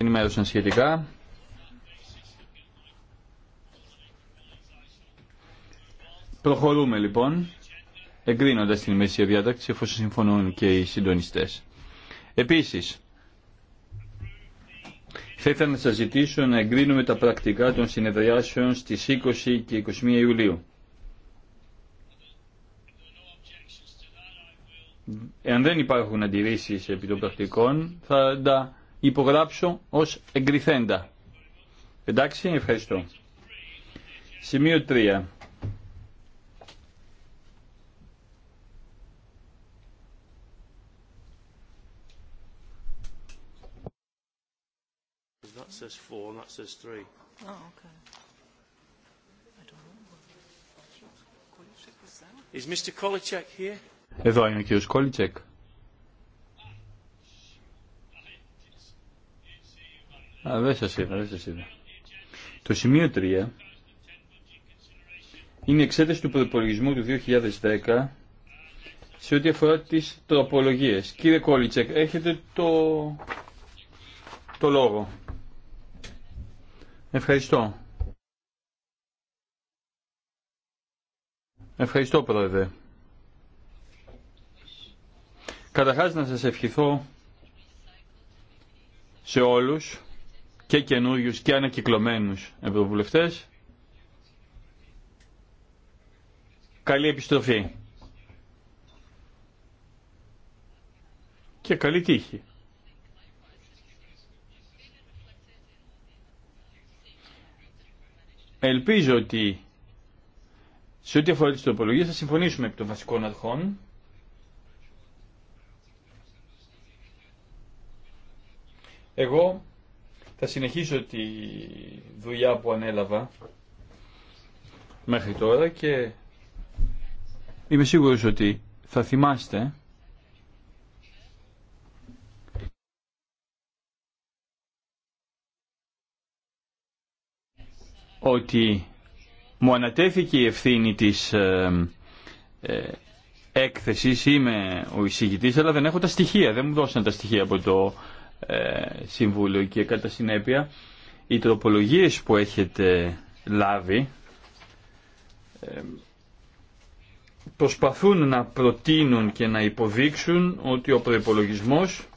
ενημέρωσαν σχετικά. Προχωρούμε λοιπόν, εγκρίνοντας την ημερήσια διάταξη, εφόσον συμφωνούν και οι συντονιστές. Επίσης, θα ήθελα να σας ζητήσω να εγκρίνουμε τα πρακτικά των συνεδριάσεων στις 20 και 21 Ιουλίου. Εάν δεν υπάρχουν αντιρρήσεις επί των πρακτικών, θα τα υπογράψω ως εγκριθέντα. Εντάξει, ευχαριστώ. Σημείο 3. Εδώ είναι ο κύριος Κόλιτσεκ. Α, δεν δεν Το σημείο 3 είναι η εξέταση του προπολογισμού του 2010 σε ό,τι αφορά τις τροπολογίες. Κύριε Κόλιτσεκ, έχετε το, το λόγο. Ευχαριστώ. Ευχαριστώ, Πρόεδρε. Καταρχάς να σας ευχηθώ σε όλους και καινούριου και ανακυκλωμένους ευρωβουλευτές. Καλή επιστροφή. Και καλή τύχη. Ελπίζω ότι σε ό,τι αφορά τις τροπολογίες θα συμφωνήσουμε επί των βασικών αρχών. Εγώ θα συνεχίσω τη δουλειά που ανέλαβα μέχρι τώρα και είμαι σίγουρος ότι θα θυμάστε ότι μου ανατέθηκε η ευθύνη της ε, ε έκθεσης, είμαι ο εισηγητής, αλλά δεν έχω τα στοιχεία, δεν μου δώσαν τα στοιχεία από το ε, Συμβούλιο και κατά συνέπεια οι τροπολογίες που έχετε λάβει ε, προσπαθούν να προτείνουν και να υποδείξουν ότι ο προϋπολογισμός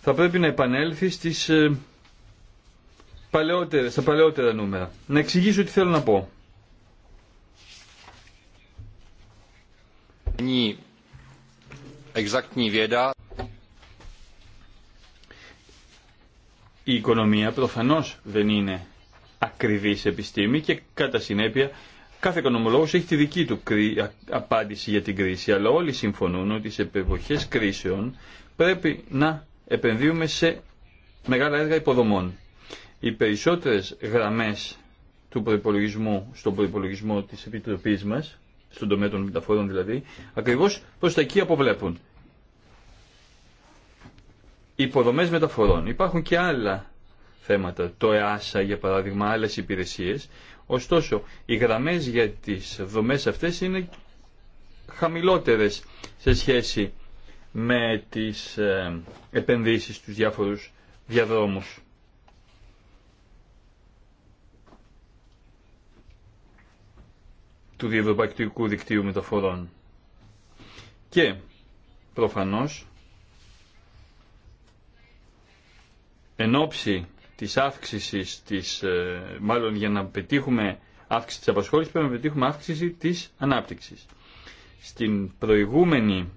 θα πρέπει να επανέλθει στις ε, παλαιότερες, στα παλαιότερα νούμερα. Να εξηγήσω τι θέλω να πω exaktní Η οικονομία προφανώς δεν είναι ακριβής επιστήμη και κατά συνέπεια κάθε οικονομολόγος έχει τη δική του απάντηση για την κρίση, αλλά όλοι συμφωνούν ότι σε περιοχές κρίσεων πρέπει να επενδύουμε σε μεγάλα έργα υποδομών. Οι περισσότερε γραμμέ του προπολογισμού στον προπολογισμό τη επιτροπή μα στον τομέα των μεταφορών δηλαδή, ακριβώς προς τα εκεί αποβλέπουν. Υποδομές μεταφορών. Υπάρχουν και άλλα θέματα, το ΕΑΣΑ για παράδειγμα, άλλες υπηρεσίες. Ωστόσο, οι γραμμές για τις δομές αυτές είναι χαμηλότερες σε σχέση με τις ε, επενδύσεις τους διάφορους διαδρόμους. του διευρωπαϊκού δικτύου μεταφορών. Και προφανώς εν ώψη της αύξησης της, ε, μάλλον για να πετύχουμε αύξηση της απασχόλησης πρέπει να πετύχουμε αύξηση της ανάπτυξης. Στην προηγούμενη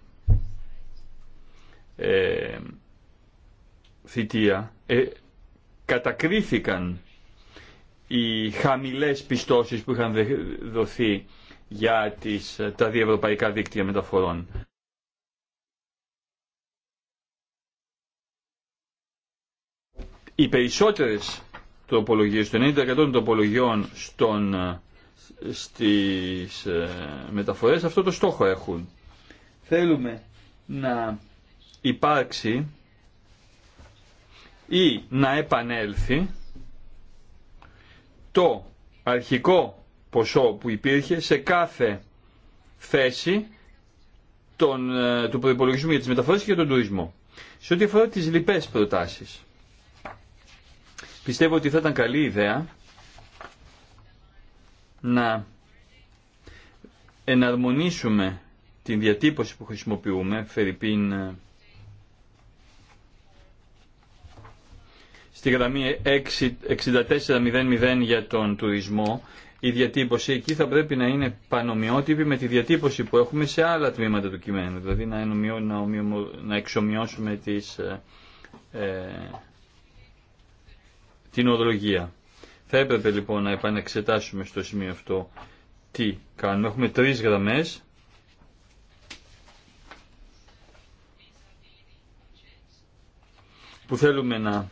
ε, θητεία ε, κατακρίθηκαν οι χαμηλές πιστώσεις που είχαν δοθεί για τις, τα διευρωπαϊκά δίκτυα μεταφορών. Οι περισσότερες τροπολογίες, το 90% των τροπολογιών στον, στις ε, μεταφορές αυτό το στόχο έχουν. Θέλουμε να υπάρξει ή να επανέλθει το αρχικό ποσό που υπήρχε σε κάθε θέση τον, ε, του προπολογισμού για τις μεταφορές και για τον τουρισμό. Σε ό,τι αφορά τις λοιπές προτάσεις, πιστεύω ότι θα ήταν καλή ιδέα να εναρμονίσουμε την διατύπωση που χρησιμοποιούμε, Φερρυπίν, ε, στη γραμμή 6400 για τον τουρισμό η διατύπωση εκεί θα πρέπει να είναι πανομοιότυπη με τη διατύπωση που έχουμε σε άλλα τμήματα του κειμένου. Δηλαδή να, ενομοιώ, να, να εξομοιώσουμε τις, ε, ε, την οδολογία. Θα έπρεπε λοιπόν να επανεξετάσουμε στο σημείο αυτό τι κάνουμε. Έχουμε τρεις γραμμές. που θέλουμε να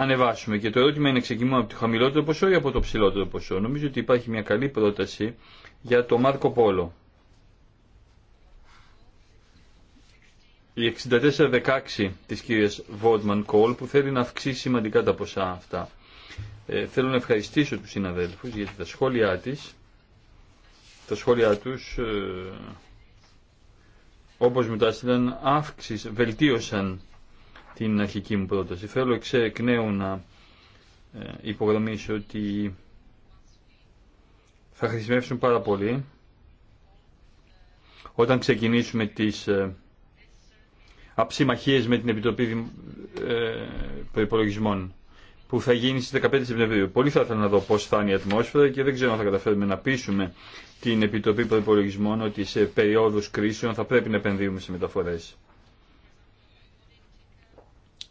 ανεβάσουμε. Και το ερώτημα είναι ξεκινούμε από το χαμηλότερο ποσό ή από το ψηλότερο ποσό. Νομίζω ότι υπάρχει μια καλή πρόταση για το Μάρκο Πόλο. Η 6416 της κυρίας Βόρτμαν Κόλ που θέλει να αυξήσει σημαντικά τα ποσά αυτά. Ε, θέλω να ευχαριστήσω τους συναδέλφους γιατί τα σχόλιά της, τα σχόλιά τους ε, όπως βελτίωσαν την αρχική μου πρόταση. Θέλω εξ να ε, υπογραμμίσω ότι θα χρησιμεύσουν πάρα πολύ όταν ξεκινήσουμε τις ε, αψιμαχίες με την Επιτροπή ε, Προϋπολογισμών που θα γίνει στις 15 Σεπτεμβρίου. Πολύ θα ήθελα να δω πώς θα είναι η ατμόσφαιρα και δεν ξέρω αν θα καταφέρουμε να πείσουμε την Επιτροπή Προϋπολογισμών ότι σε περίοδους κρίσεων θα πρέπει να επενδύουμε σε μεταφορές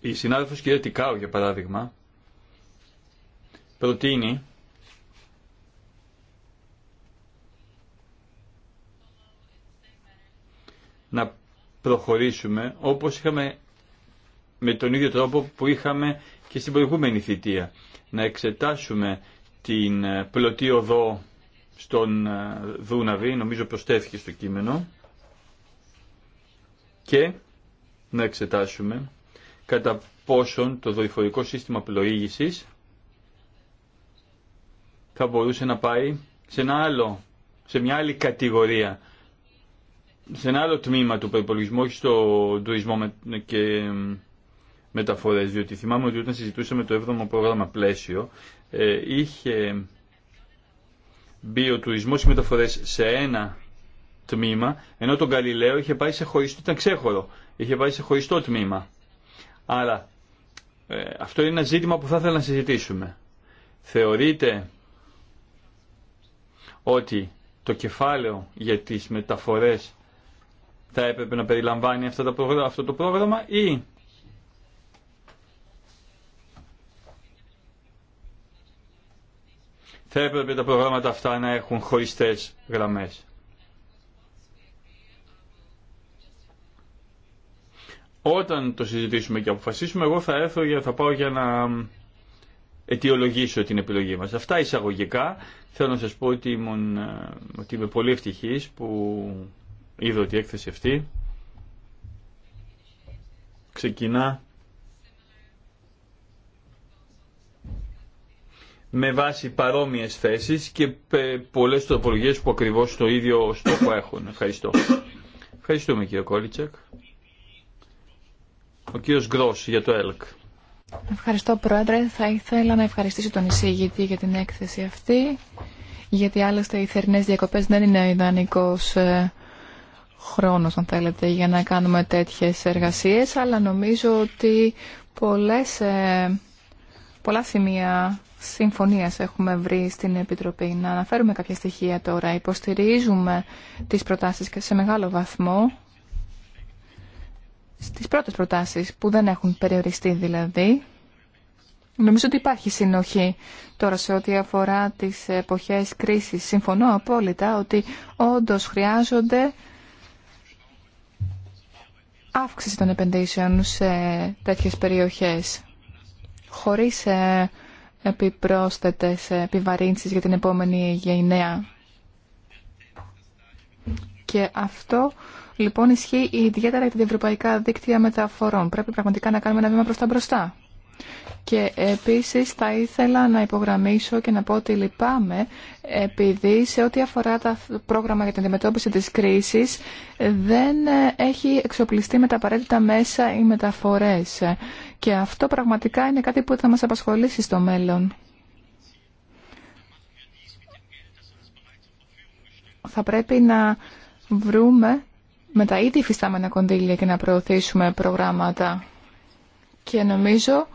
η συνάδελφος κυρία Τικάου για παράδειγμα προτείνει να προχωρήσουμε όπως είχαμε με τον ίδιο τρόπο που είχαμε και στην προηγούμενη θητεία. Να εξετάσουμε την ε, πλωτή οδό στον ε, Δούναβη, νομίζω προστέθηκε στο κείμενο, και να εξετάσουμε κατά πόσον το δορυφορικό σύστημα πλοήγησης θα μπορούσε να πάει σε, ένα άλλο, σε μια άλλη κατηγορία, σε ένα άλλο τμήμα του προπολογισμού, όχι στο τουρισμό και μεταφορές, διότι θυμάμαι ότι όταν συζητούσαμε το 7ο πρόγραμμα πλαίσιο, ε, είχε μπει ο τουρισμός και μεταφορές σε ένα τμήμα, ενώ τον Γαλιλαίο είχε πάει σε χωριστό, ήταν ξέχωρο, είχε πάει σε χωριστό τμήμα. Άρα ε, αυτό είναι ένα ζήτημα που θα ήθελα να συζητήσουμε. Θεωρείτε ότι το κεφάλαιο για τις μεταφορές θα έπρεπε να περιλαμβάνει αυτό το πρόγραμμα ή θα έπρεπε τα προγράμματα αυτά να έχουν χωριστές γραμμές. Όταν το συζητήσουμε και αποφασίσουμε, εγώ θα έρθω για θα πάω για να αιτιολογήσω την επιλογή μας. Αυτά εισαγωγικά. Θέλω να σας πω ότι, ήμουν, ε, ότι είμαι πολύ ευτυχής που είδα ότι η έκθεση αυτή ξεκινά με βάση παρόμοιες θέσεις και πολλές τοπολογίες που ακριβώς το ίδιο στόχο έχουν. Ευχαριστώ. Ευχαριστούμε κύριε Κόλιτσεκ. Ο κύριος Γκρός για το ΕΛΚ. Ευχαριστώ Πρόεδρε. Θα ήθελα να ευχαριστήσω τον εισηγητή για την έκθεση αυτή, γιατί άλλωστε οι θερινές διακοπές δεν είναι ο ιδανικός ε, χρόνος, αν θέλετε, για να κάνουμε τέτοιες εργασίες, αλλά νομίζω ότι πολλές, ε, πολλά σημεία συμφωνίας έχουμε βρει στην Επιτροπή. Να αναφέρουμε κάποια στοιχεία τώρα. Υποστηρίζουμε τις προτάσεις και σε μεγάλο βαθμό στις πρώτες προτάσεις που δεν έχουν περιοριστεί δηλαδή. Νομίζω ότι υπάρχει συνοχή τώρα σε ό,τι αφορά τις εποχές κρίσης. Συμφωνώ απόλυτα ότι όντως χρειάζονται αύξηση των επενδύσεων σε τέτοιες περιοχές χωρίς ε, επιπρόσθετες επιβαρύνσεις για την επόμενη γενιά. Και αυτό λοιπόν ισχύει ιδιαίτερα για τα ευρωπαϊκά δίκτυα μεταφορών. Πρέπει πραγματικά να κάνουμε ένα βήμα προς τα μπροστά. Και επίσης θα ήθελα να υπογραμμίσω και να πω ότι λυπάμαι επειδή σε ό,τι αφορά το πρόγραμμα για την αντιμετώπιση της κρίσης δεν έχει εξοπλιστεί με τα απαραίτητα μέσα οι μεταφορές. Και αυτό πραγματικά είναι κάτι που θα μας απασχολήσει στο μέλλον. Θα πρέπει να βρούμε με τα ήδη φυστάμενα κονδύλια και να προωθήσουμε προγράμματα. Και νομίζω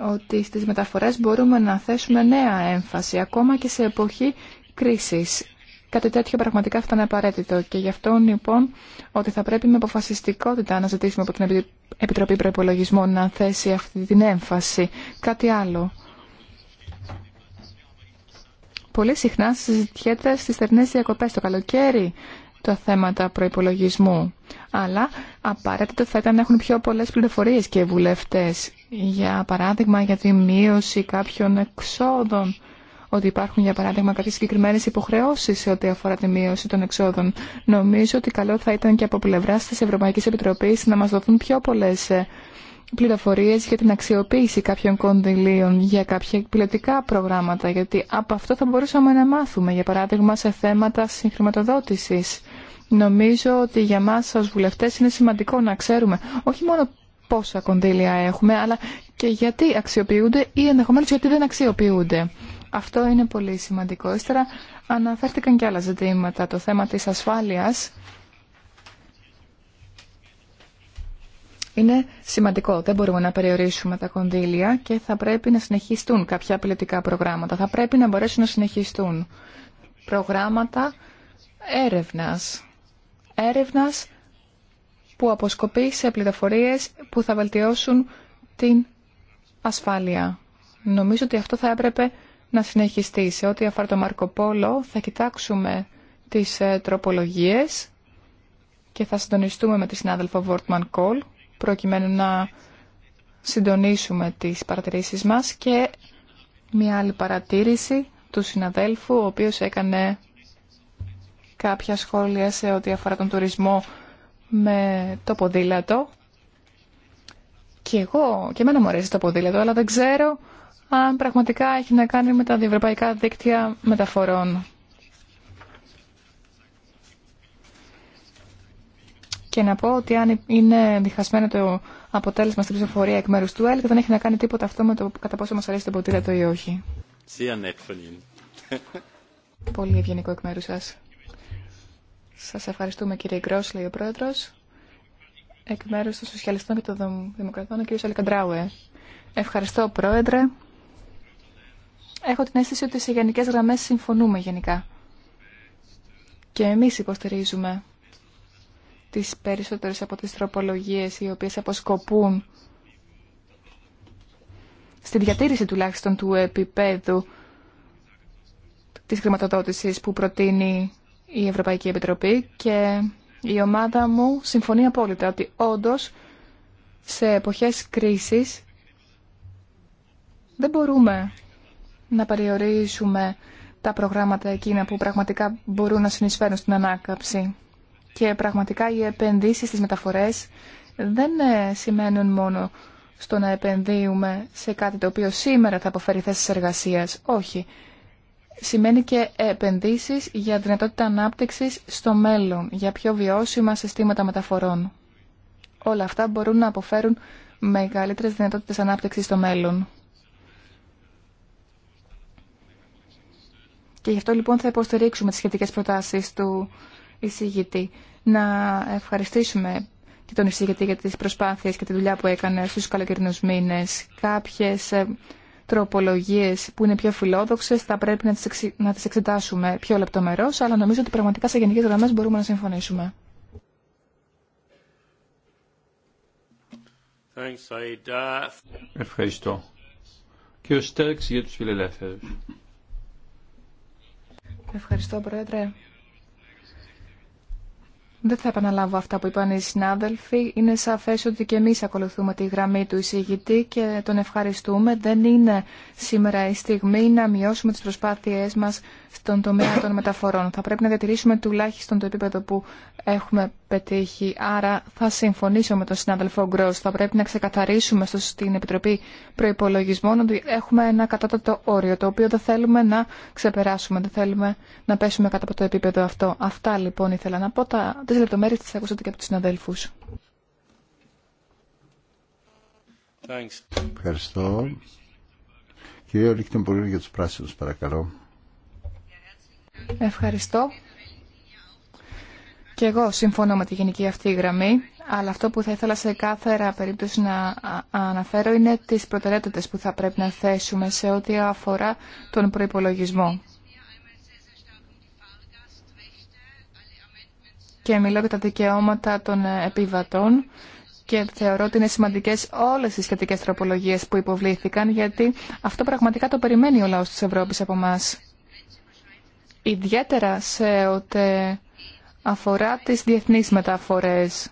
ότι στις μεταφορές μπορούμε να θέσουμε νέα έμφαση, ακόμα και σε εποχή κρίσης. Κάτι τέτοιο πραγματικά θα απαραίτητο και γι' αυτό λοιπόν ότι θα πρέπει με αποφασιστικότητα να ζητήσουμε από την Επιτροπή Προπολογισμών να θέσει αυτή την έμφαση. Κάτι άλλο. Πολύ συχνά συζητιέται στις θερινές διακοπές το καλοκαίρι τα θέματα προϋπολογισμού. Αλλά απαραίτητο θα ήταν να έχουν πιο πολλές πληροφορίες και οι βουλευτές. Για παράδειγμα για τη μείωση κάποιων εξόδων. Ότι υπάρχουν για παράδειγμα κάποιες συγκεκριμένες υποχρεώσεις σε ό,τι αφορά τη μείωση των εξόδων. Νομίζω ότι καλό θα ήταν και από πλευρά της Ευρωπαϊκής Επιτροπής να μας δοθούν πιο πολλές ε, πληροφορίες για την αξιοποίηση κάποιων κονδυλίων για κάποια πιλωτικά προγράμματα, γιατί από αυτό θα μπορούσαμε να μάθουμε, για παράδειγμα, σε θέματα συγχρηματοδότησης. Νομίζω ότι για μας ως βουλευτές είναι σημαντικό να ξέρουμε όχι μόνο πόσα κονδύλια έχουμε, αλλά και γιατί αξιοποιούνται ή ενδεχομένως γιατί δεν αξιοποιούνται. Αυτό είναι πολύ σημαντικό. Ύστερα αναφέρθηκαν και άλλα ζητήματα. Το θέμα της ασφάλειας είναι σημαντικό. Δεν μπορούμε να περιορίσουμε τα κονδύλια και θα πρέπει να συνεχιστούν κάποια πολιτικά προγράμματα. Θα πρέπει να μπορέσουν να συνεχιστούν προγράμματα έρευνας. Έρευνας που αποσκοπεί σε πληροφορίες που θα βελτιώσουν την ασφάλεια. Νομίζω ότι αυτό θα έπρεπε να συνεχιστεί. Σε ό,τι αφορά το Μαρκοπόλο θα κοιτάξουμε τις ε, τροπολογίες και θα συντονιστούμε με τη συνάδελφο Βόρτμαν Κόλ προκειμένου να συντονίσουμε τις παρατηρήσεις μας και μια άλλη παρατήρηση του συναδέλφου, ο οποίος έκανε κάποια σχόλια σε ό,τι αφορά τον τουρισμό με το ποδήλατο. Και εγώ, και εμένα μου αρέσει το ποδήλατο, αλλά δεν ξέρω αν πραγματικά έχει να κάνει με τα διευρωπαϊκά δίκτυα μεταφορών. Και να πω ότι αν είναι διχασμένο το αποτέλεσμα στην ψηφοφορία εκ μέρου του ΕΛΚ, δεν έχει να κάνει τίποτα αυτό με το κατά πόσο μα αρέσει το το ή όχι. Πολύ ευγενικό εκ μέρου σα. Σα ευχαριστούμε κύριε Γκρό, λέει ο πρόεδρο. Εκ μέρου των Σοσιαλιστών και των Δημοκρατών, ο κ. Αλικαντράουε. Ευχαριστώ, πρόεδρε. Έχω την αίσθηση ότι σε γενικέ γραμμέ συμφωνούμε γενικά. Και εμεί υποστηρίζουμε τις περισσότερες από τις τροπολογίες οι οποίες αποσκοπούν στη διατήρηση τουλάχιστον του επίπεδου της χρηματοδότησης που προτείνει η Ευρωπαϊκή Επιτροπή και η ομάδα μου συμφωνεί απόλυτα ότι όντως σε εποχές κρίσης δεν μπορούμε να παριορίσουμε τα προγράμματα εκείνα που πραγματικά μπορούν να συνεισφέρουν στην ανάκαψη. Και πραγματικά οι επενδύσεις στις μεταφορές δεν ε, σημαίνουν μόνο στο να επενδύουμε σε κάτι το οποίο σήμερα θα αποφέρει θέσεις εργασίας. Όχι. Σημαίνει και επενδύσεις για δυνατότητα ανάπτυξης στο μέλλον, για πιο βιώσιμα συστήματα μεταφορών. Όλα αυτά μπορούν να αποφέρουν μεγαλύτερες δυνατότητες ανάπτυξης στο μέλλον. Και γι' αυτό λοιπόν θα υποστηρίξουμε τις σχετικές προτάσεις του εισηγητή. Να ευχαριστήσουμε και τον εισηγητή για τις προσπάθειες και τη δουλειά που έκανε στους καλοκαιρινούς μήνες. Κάποιες ε, τροπολογίες που είναι πιο φιλόδοξες θα πρέπει να τις, να τις εξετάσουμε πιο λεπτομερώς, αλλά νομίζω ότι πραγματικά σε γενικές γραμμές μπορούμε να συμφωνήσουμε. Ευχαριστώ. ο Στέρξ για τους φιλελεύθερους. Ευχαριστώ, Πρόεδρε. Δεν θα επαναλάβω αυτά που είπαν οι συνάδελφοι. Είναι σαφές ότι και εμεί ακολουθούμε τη γραμμή του εισηγητή και τον ευχαριστούμε. Δεν είναι σήμερα η στιγμή να μειώσουμε τι προσπάθειε μα στον τομέα των μεταφορών. Θα πρέπει να διατηρήσουμε τουλάχιστον το επίπεδο που έχουμε πετύχει. Άρα θα συμφωνήσω με τον συνάδελφο Γκρό. Θα πρέπει να ξεκαθαρίσουμε στην Επιτροπή προπολογισμών ότι έχουμε ένα κατάτατο όριο, το οποίο δεν θέλουμε να ξεπεράσουμε, δεν θέλουμε να πέσουμε κάτω το επίπεδο αυτό. Αυτά λοιπόν ήθελα να πω. Αυτές οι λεπτομέρειες τις ακούσατε και από τους συναδέλφους. Thanks. Ευχαριστώ. Κυρία Λίχτεμπορή για τους πράσινους παρακαλώ. Ευχαριστώ. Και εγώ συμφωνώ με τη γενική αυτή γραμμή, αλλά αυτό που θα ήθελα σε κάθε περίπτωση να αναφέρω είναι τις προτεραιότητες που θα πρέπει να θέσουμε σε ό,τι αφορά τον προϋπολογισμό. και μιλώ για τα δικαιώματα των ε, επιβατών και θεωρώ ότι είναι σημαντικές όλες οι σχετικές τροπολογίες που υποβλήθηκαν γιατί αυτό πραγματικά το περιμένει ο λαός της Ευρώπης από μας. Ιδιαίτερα σε ό,τι αφορά τις διεθνείς μεταφορές.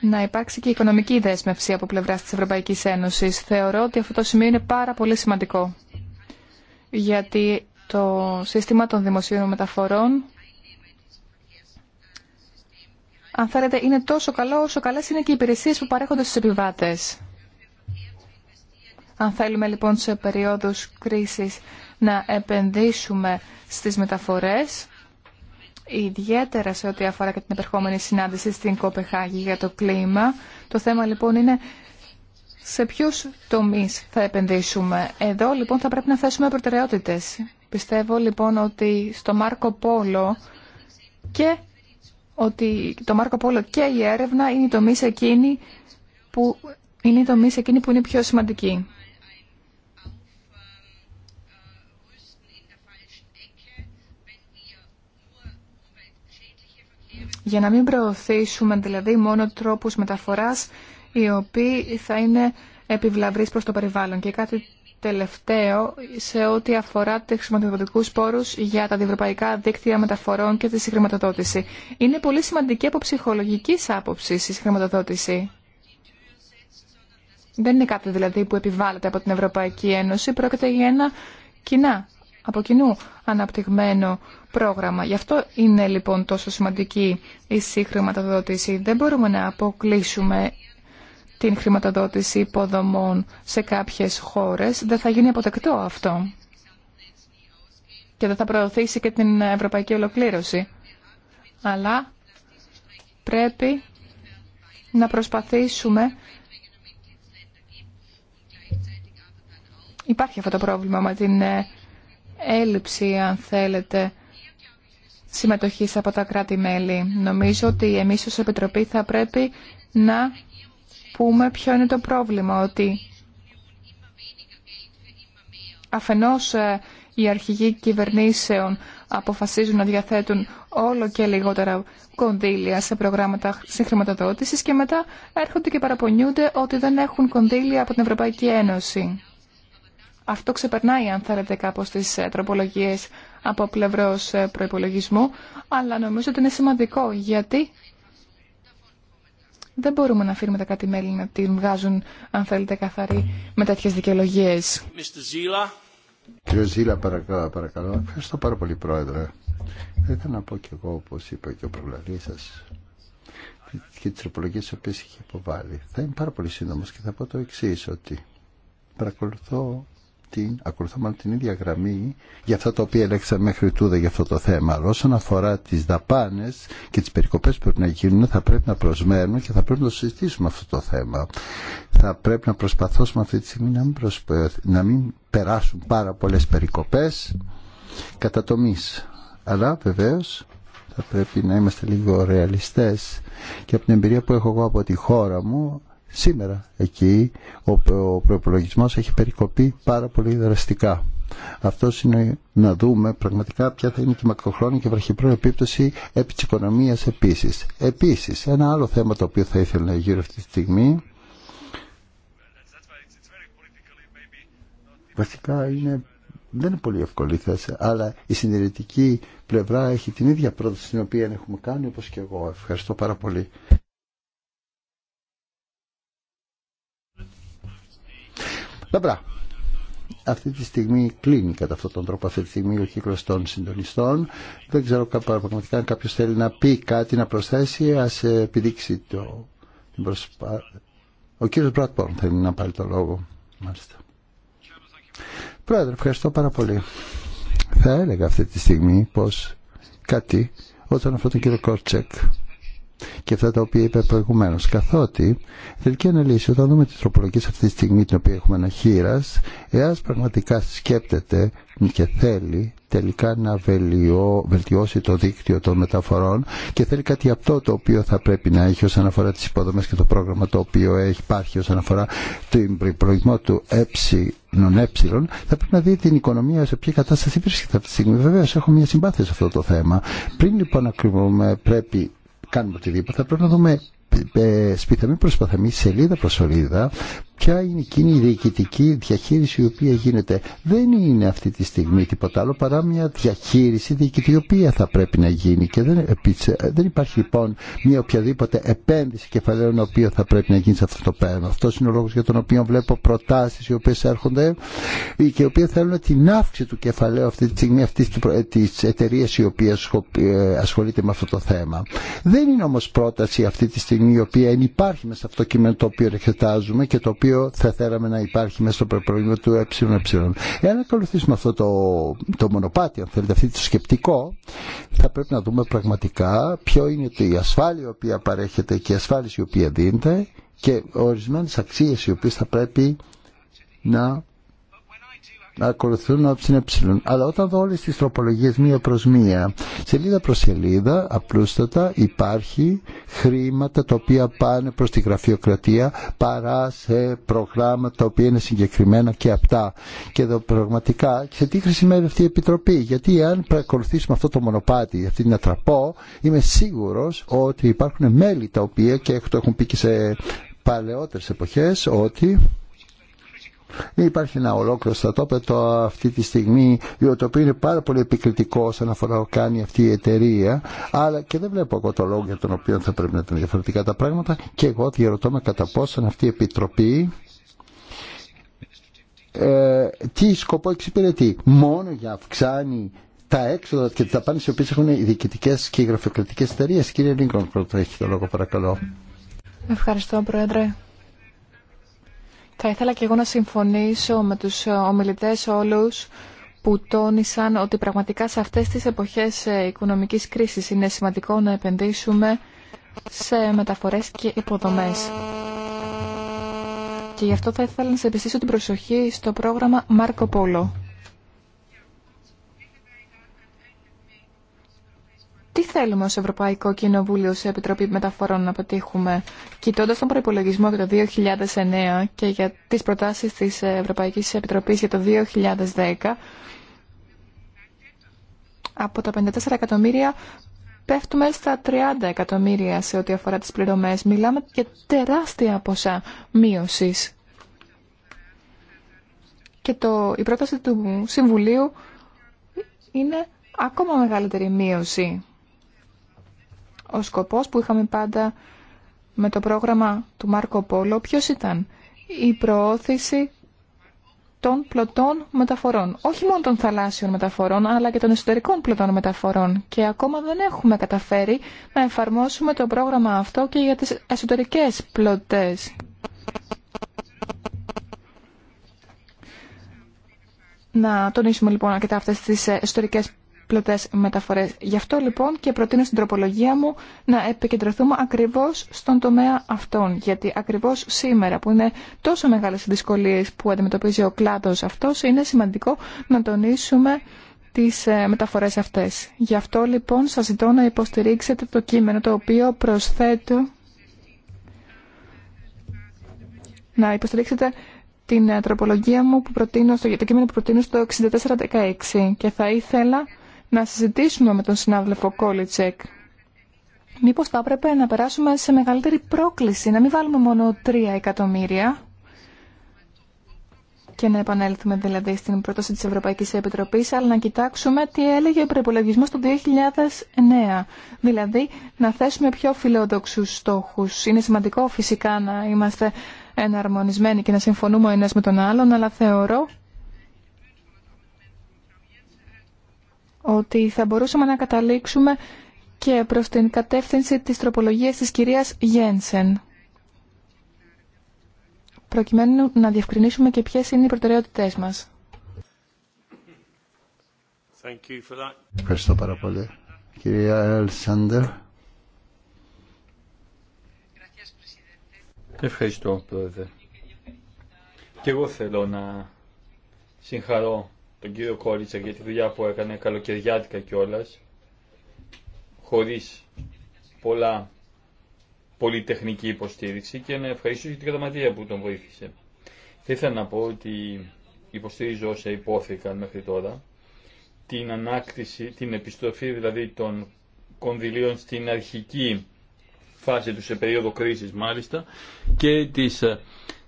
Να υπάρξει και οικονομική δέσμευση από πλευρά τη Ευρωπαϊκή Ένωση, Θεωρώ ότι αυτό το σημείο είναι πάρα πολύ σημαντικό. Γιατί το σύστημα των δημοσίων μεταφορών αν θέλετε, είναι τόσο καλό όσο καλές είναι και οι υπηρεσίες που παρέχονται στους επιβάτες. Αν θέλουμε λοιπόν σε περίοδους κρίσης να επενδύσουμε στις μεταφορές, ιδιαίτερα σε ό,τι αφορά και την επερχόμενη συνάντηση στην Κοπεχάγη για το κλίμα, το θέμα λοιπόν είναι σε ποιους τομείς θα επενδύσουμε. Εδώ λοιπόν θα πρέπει να θέσουμε προτεραιότητες. Πιστεύω λοιπόν ότι στο Μάρκο Πόλο και ότι το Μάρκο Πόλο και η έρευνα είναι η τομή εκείνη που είναι η που είναι πιο σημαντική. Για να μην προωθήσουμε δηλαδή μόνο τρόπους μεταφοράς οι οποίοι θα είναι επιβλαβείς προς το περιβάλλον. Και κάτι τελευταίο σε ό,τι αφορά του χρηματοδοτικούς πόρους για τα διευρωπαϊκά δίκτυα μεταφορών και τη συγχρηματοδότηση. Είναι πολύ σημαντική από ψυχολογικής άποψης η συγχρηματοδότηση. Δεν είναι κάτι δηλαδή που επιβάλλεται από την Ευρωπαϊκή Ένωση, πρόκειται για ένα κοινά, από κοινού αναπτυγμένο πρόγραμμα. Γι' αυτό είναι λοιπόν τόσο σημαντική η συγχρηματοδότηση. Δεν μπορούμε να αποκλείσουμε την χρηματοδότηση υποδομών σε κάποιες χώρες, δεν θα γίνει αποτεκτό αυτό και δεν θα προωθήσει και την ευρωπαϊκή ολοκλήρωση. Αλλά πρέπει να προσπαθήσουμε Υπάρχει αυτό το πρόβλημα με την ε, έλλειψη, αν θέλετε, συμμετοχής από τα κράτη-μέλη. Νομίζω ότι εμείς ως Επιτροπή θα πρέπει να πούμε ποιο είναι το πρόβλημα, ότι αφενός ε, οι αρχηγοί κυβερνήσεων αποφασίζουν να διαθέτουν όλο και λιγότερα κονδύλια σε προγράμματα συγχρηματοδότησης και μετά έρχονται και παραπονιούνται ότι δεν έχουν κονδύλια από την Ευρωπαϊκή Ένωση. Αυτό ξεπερνάει, αν θέλετε, κάπως τις ε, τροπολογίες από πλευρός ε, προϋπολογισμού, αλλά νομίζω ότι είναι σημαντικό γιατί δεν μπορούμε να αφήνουμε τα κάτι μελη να την βγάζουν, αν θέλετε, καθαρή με τέτοιε δικαιολογίε. Κύριε Ζήλα, παρακαλώ, παρακαλώ. Ευχαριστώ πάρα πολύ, Πρόεδρε. Θα ε, ήθελα να πω κι εγώ, όπω είπε και ο προλαλή σα, και τι τροπολογίε τι οποίε είχε υποβάλει. Θα είμαι πάρα πολύ σύντομο και θα πω το εξή, ότι παρακολουθώ την, ακολουθούμε την ίδια γραμμή για αυτά τα οποία έλεξα μέχρι τούδε για αυτό το θέμα. Αλλά όσον αφορά τις δαπάνε και τις περικοπές που πρέπει να γίνουν θα πρέπει να προσμένουμε και θα πρέπει να το συζητήσουμε αυτό το θέμα. Θα πρέπει να προσπαθώσουμε αυτή τη στιγμή να μην, να περάσουν πάρα πολλέ περικοπές κατά τομή. Αλλά βεβαίω, θα πρέπει να είμαστε λίγο ρεαλιστέ και από την εμπειρία που έχω εγώ από τη χώρα μου Σήμερα εκεί ο, προπολογισμό έχει περικοπεί πάρα πολύ δραστικά. Αυτό είναι να δούμε πραγματικά ποια θα είναι και η μακροχρόνια και βραχυπρόθεσμη επίπτωση επί της οικονομίας επίσης. Επίσης, ένα άλλο θέμα το οποίο θα ήθελα να γύρω αυτή τη στιγμή βασικά είναι, δεν είναι πολύ εύκολη θέση, αλλά η συντηρητική πλευρά έχει την ίδια πρόταση την οποία έχουμε κάνει όπως και εγώ. Ευχαριστώ πάρα πολύ. Λαμπρά. Αυτή τη στιγμή κλείνει κατά αυτόν τον τρόπο αυτή τη στιγμή ο κύκλο των συντονιστών. Δεν ξέρω πραγματικά αν κάποιο θέλει να πει κάτι, να προσθέσει. Α ε, επιδείξει το, Ο κύριο Μπράτπορν θέλει να πάρει το λόγο. Μάλιστα. Πρόεδρε, ευχαριστώ πάρα πολύ. Θα έλεγα αυτή τη στιγμή πω κάτι όταν αυτόν τον κύριο Κόρτσεκ και αυτά τα οποία είπε προηγουμένω. Καθότι, τελική αναλύση, όταν δούμε τι τροπολογίε αυτή τη στιγμή την οποία έχουμε αναχείρα, εάν πραγματικά σκέπτεται και θέλει τελικά να βελτιώσει το δίκτυο των μεταφορών και θέλει κάτι αυτό το οποίο θα πρέπει να έχει όσον αφορά τις υποδομές και το πρόγραμμα το οποίο έχει υπάρχει όσον αφορά την προηγμό του ε, ε, θα πρέπει να δει την οικονομία σε ποια κατάσταση βρίσκεται αυτή τη στιγμή. Βεβαίω έχω μια συμπάθεια σε αυτό το θέμα. Πριν λοιπόν ακριβώς πρέπει κάνουμε οτιδήποτε, πρέπει να δούμε σπιθαμή προς σελίδα προς σελίδα, ποια είναι εκείνη η διοικητική διαχείριση η οποία γίνεται. Δεν είναι αυτή τη στιγμή τίποτα άλλο παρά μια διαχείριση διοικητική η οποία θα πρέπει να γίνει και δεν, δεν υπάρχει λοιπόν μια οποιαδήποτε επένδυση κεφαλαίων η οποία θα πρέπει να γίνει σε αυτό το πέρα. Αυτό είναι ο λόγος για τον οποίο βλέπω προτάσεις οι οποίες έρχονται και οι οποίε θέλουν την αύξηση του κεφαλαίου αυτή τη στιγμή αυτής της εταιρεία η οποία ε, ασχολείται με αυτό το θέμα. Δεν είναι όμως πρόταση αυτή τη στιγμή η οποία υπάρχει μέσα σε αυτό το κείμενο το οποίο εξετάζουμε και το οποίο θα θέλαμε να υπάρχει μέσα στο προπολογισμό του ΕΕ. Εάν ακολουθήσουμε αυτό το, το μονοπάτι, αν θέλετε, αυτή το σκεπτικό, θα πρέπει να δούμε πραγματικά ποιο είναι η ασφάλεια η οποία παρέχεται και η ασφάλιση η οποία δίνεται και ορισμένες αξίες οι οποίες θα πρέπει να ακολουθούν ώψιν ε. Αλλά όταν δω όλες τις τροπολογίες μία προς μία, σελίδα προς σελίδα, απλούστατα υπάρχει χρήματα τα οποία πάνε προς τη γραφειοκρατία παρά σε προγράμματα τα οποία είναι συγκεκριμένα και αυτά. Και εδώ πραγματικά σε τι χρησιμεύει αυτή η Επιτροπή. Γιατί αν παρακολουθήσουμε αυτό το μονοπάτι, αυτή την ατραπό, είμαι σίγουρος ότι υπάρχουν μέλη τα οποία και το έχουν πει και σε παλαιότερες εποχές ότι Υπάρχει ένα ολόκληρο στρατόπεδο αυτή τη στιγμή, το οποίο είναι πάρα πολύ επικριτικό όσον αφορά κάνει αυτή η εταιρεία, αλλά και δεν βλέπω εγώ το λόγο για τον οποίο θα πρέπει να ήταν διαφορετικά τα πράγματα και εγώ διαρωτώ με κατά πόσον αυτή η επιτροπή ε, τι σκοπό εξυπηρετεί. Μόνο για αυξάνει τα έξοδα και τα πάνε οι οποίε έχουν οι διοικητικέ και οι γραφειοκρατικέ εταιρείε. Κύριε Λίγκον πρώτο έχει το λόγο, παρακαλώ. Ευχαριστώ, Πρόεδρε. Θα ήθελα και εγώ να συμφωνήσω με τους ομιλητές όλους που τόνισαν ότι πραγματικά σε αυτές τις εποχές ε, οικονομικής κρίσης είναι σημαντικό να επενδύσουμε σε μεταφορές και υποδομές. Και γι' αυτό θα ήθελα να σε επιστήσω την προσοχή στο πρόγραμμα «Μάρκο Πόλο». τι θέλουμε ως Ευρωπαϊκό Κοινοβούλιο, σε Επιτροπή Μεταφορών να πετύχουμε, κοιτώντας τον προϋπολογισμό για το 2009 και για τις προτάσεις της Ευρωπαϊκής Επιτροπής για το 2010, από τα 54 εκατομμύρια πέφτουμε στα 30 εκατομμύρια σε ό,τι αφορά τις πληρωμές. Μιλάμε για τεράστια ποσά μείωσης. Και το, η πρόταση του Συμβουλίου είναι ακόμα μεγαλύτερη μείωση. Ο σκοπός που είχαμε πάντα με το πρόγραμμα του Μάρκο Πόλο ποιος ήταν η προώθηση των πλωτών μεταφορών. Όχι μόνο των θαλάσσιων μεταφορών, αλλά και των εσωτερικών πλωτών μεταφορών. Και ακόμα δεν έχουμε καταφέρει να εφαρμόσουμε το πρόγραμμα αυτό και για τις εσωτερικές πλωτές. Να τονίσουμε λοιπόν αρκετά αυτές τις ε, εσωτερικές πλωτέ μεταφορέ. Γι' αυτό λοιπόν και προτείνω στην τροπολογία μου να επικεντρωθούμε ακριβώ στον τομέα αυτών. Γιατί ακριβώ σήμερα που είναι τόσο μεγάλε οι δυσκολίε που αντιμετωπίζει ο κλάδο αυτό, είναι σημαντικό να τονίσουμε τι ε, μεταφορέ αυτέ. Γι' αυτό λοιπόν σα ζητώ να υποστηρίξετε το κείμενο το οποίο προσθέτω να υποστηρίξετε την ε, τροπολογία μου που προτείνω στο, το κείμενο που προτείνω στο 6416 και θα ήθελα να συζητήσουμε με τον συνάδελφο Κόλιτσεκ. Μήπως θα έπρεπε να περάσουμε σε μεγαλύτερη πρόκληση, να μην βάλουμε μόνο 3 εκατομμύρια και να επανέλθουμε δηλαδή στην πρόταση της Ευρωπαϊκής Επιτροπής, αλλά να κοιτάξουμε τι έλεγε ο προπολογισμό το 2009. Δηλαδή, να θέσουμε πιο φιλόδοξους στόχους. Είναι σημαντικό φυσικά να είμαστε εναρμονισμένοι και να συμφωνούμε ο ένας με τον άλλον, αλλά θεωρώ ότι θα μπορούσαμε να καταλήξουμε και προς την κατεύθυνση της τροπολογίας της κυρίας Γένσεν προκειμένου να διευκρινίσουμε και ποιες είναι οι προτεραιότητές μας. Ευχαριστώ πάρα πολύ. Κυρία Ελσάντερ. Ευχαριστώ, Πρόεδρε. Και εγώ θέλω να συγχαρώ τον κύριο Κόριτσα για τη δουλειά που έκανε καλοκαιριάτικα κιόλα, χωρίς πολλά πολυτεχνική υποστήριξη και να ευχαριστήσω και την Καταματία που τον βοήθησε. Θα ήθελα να πω ότι υποστηρίζω όσα υπόθηκαν μέχρι τώρα, την ανάκτηση, την επιστροφή δηλαδή των κονδυλίων στην αρχική φάση του σε περίοδο κρίσης μάλιστα και τις ε,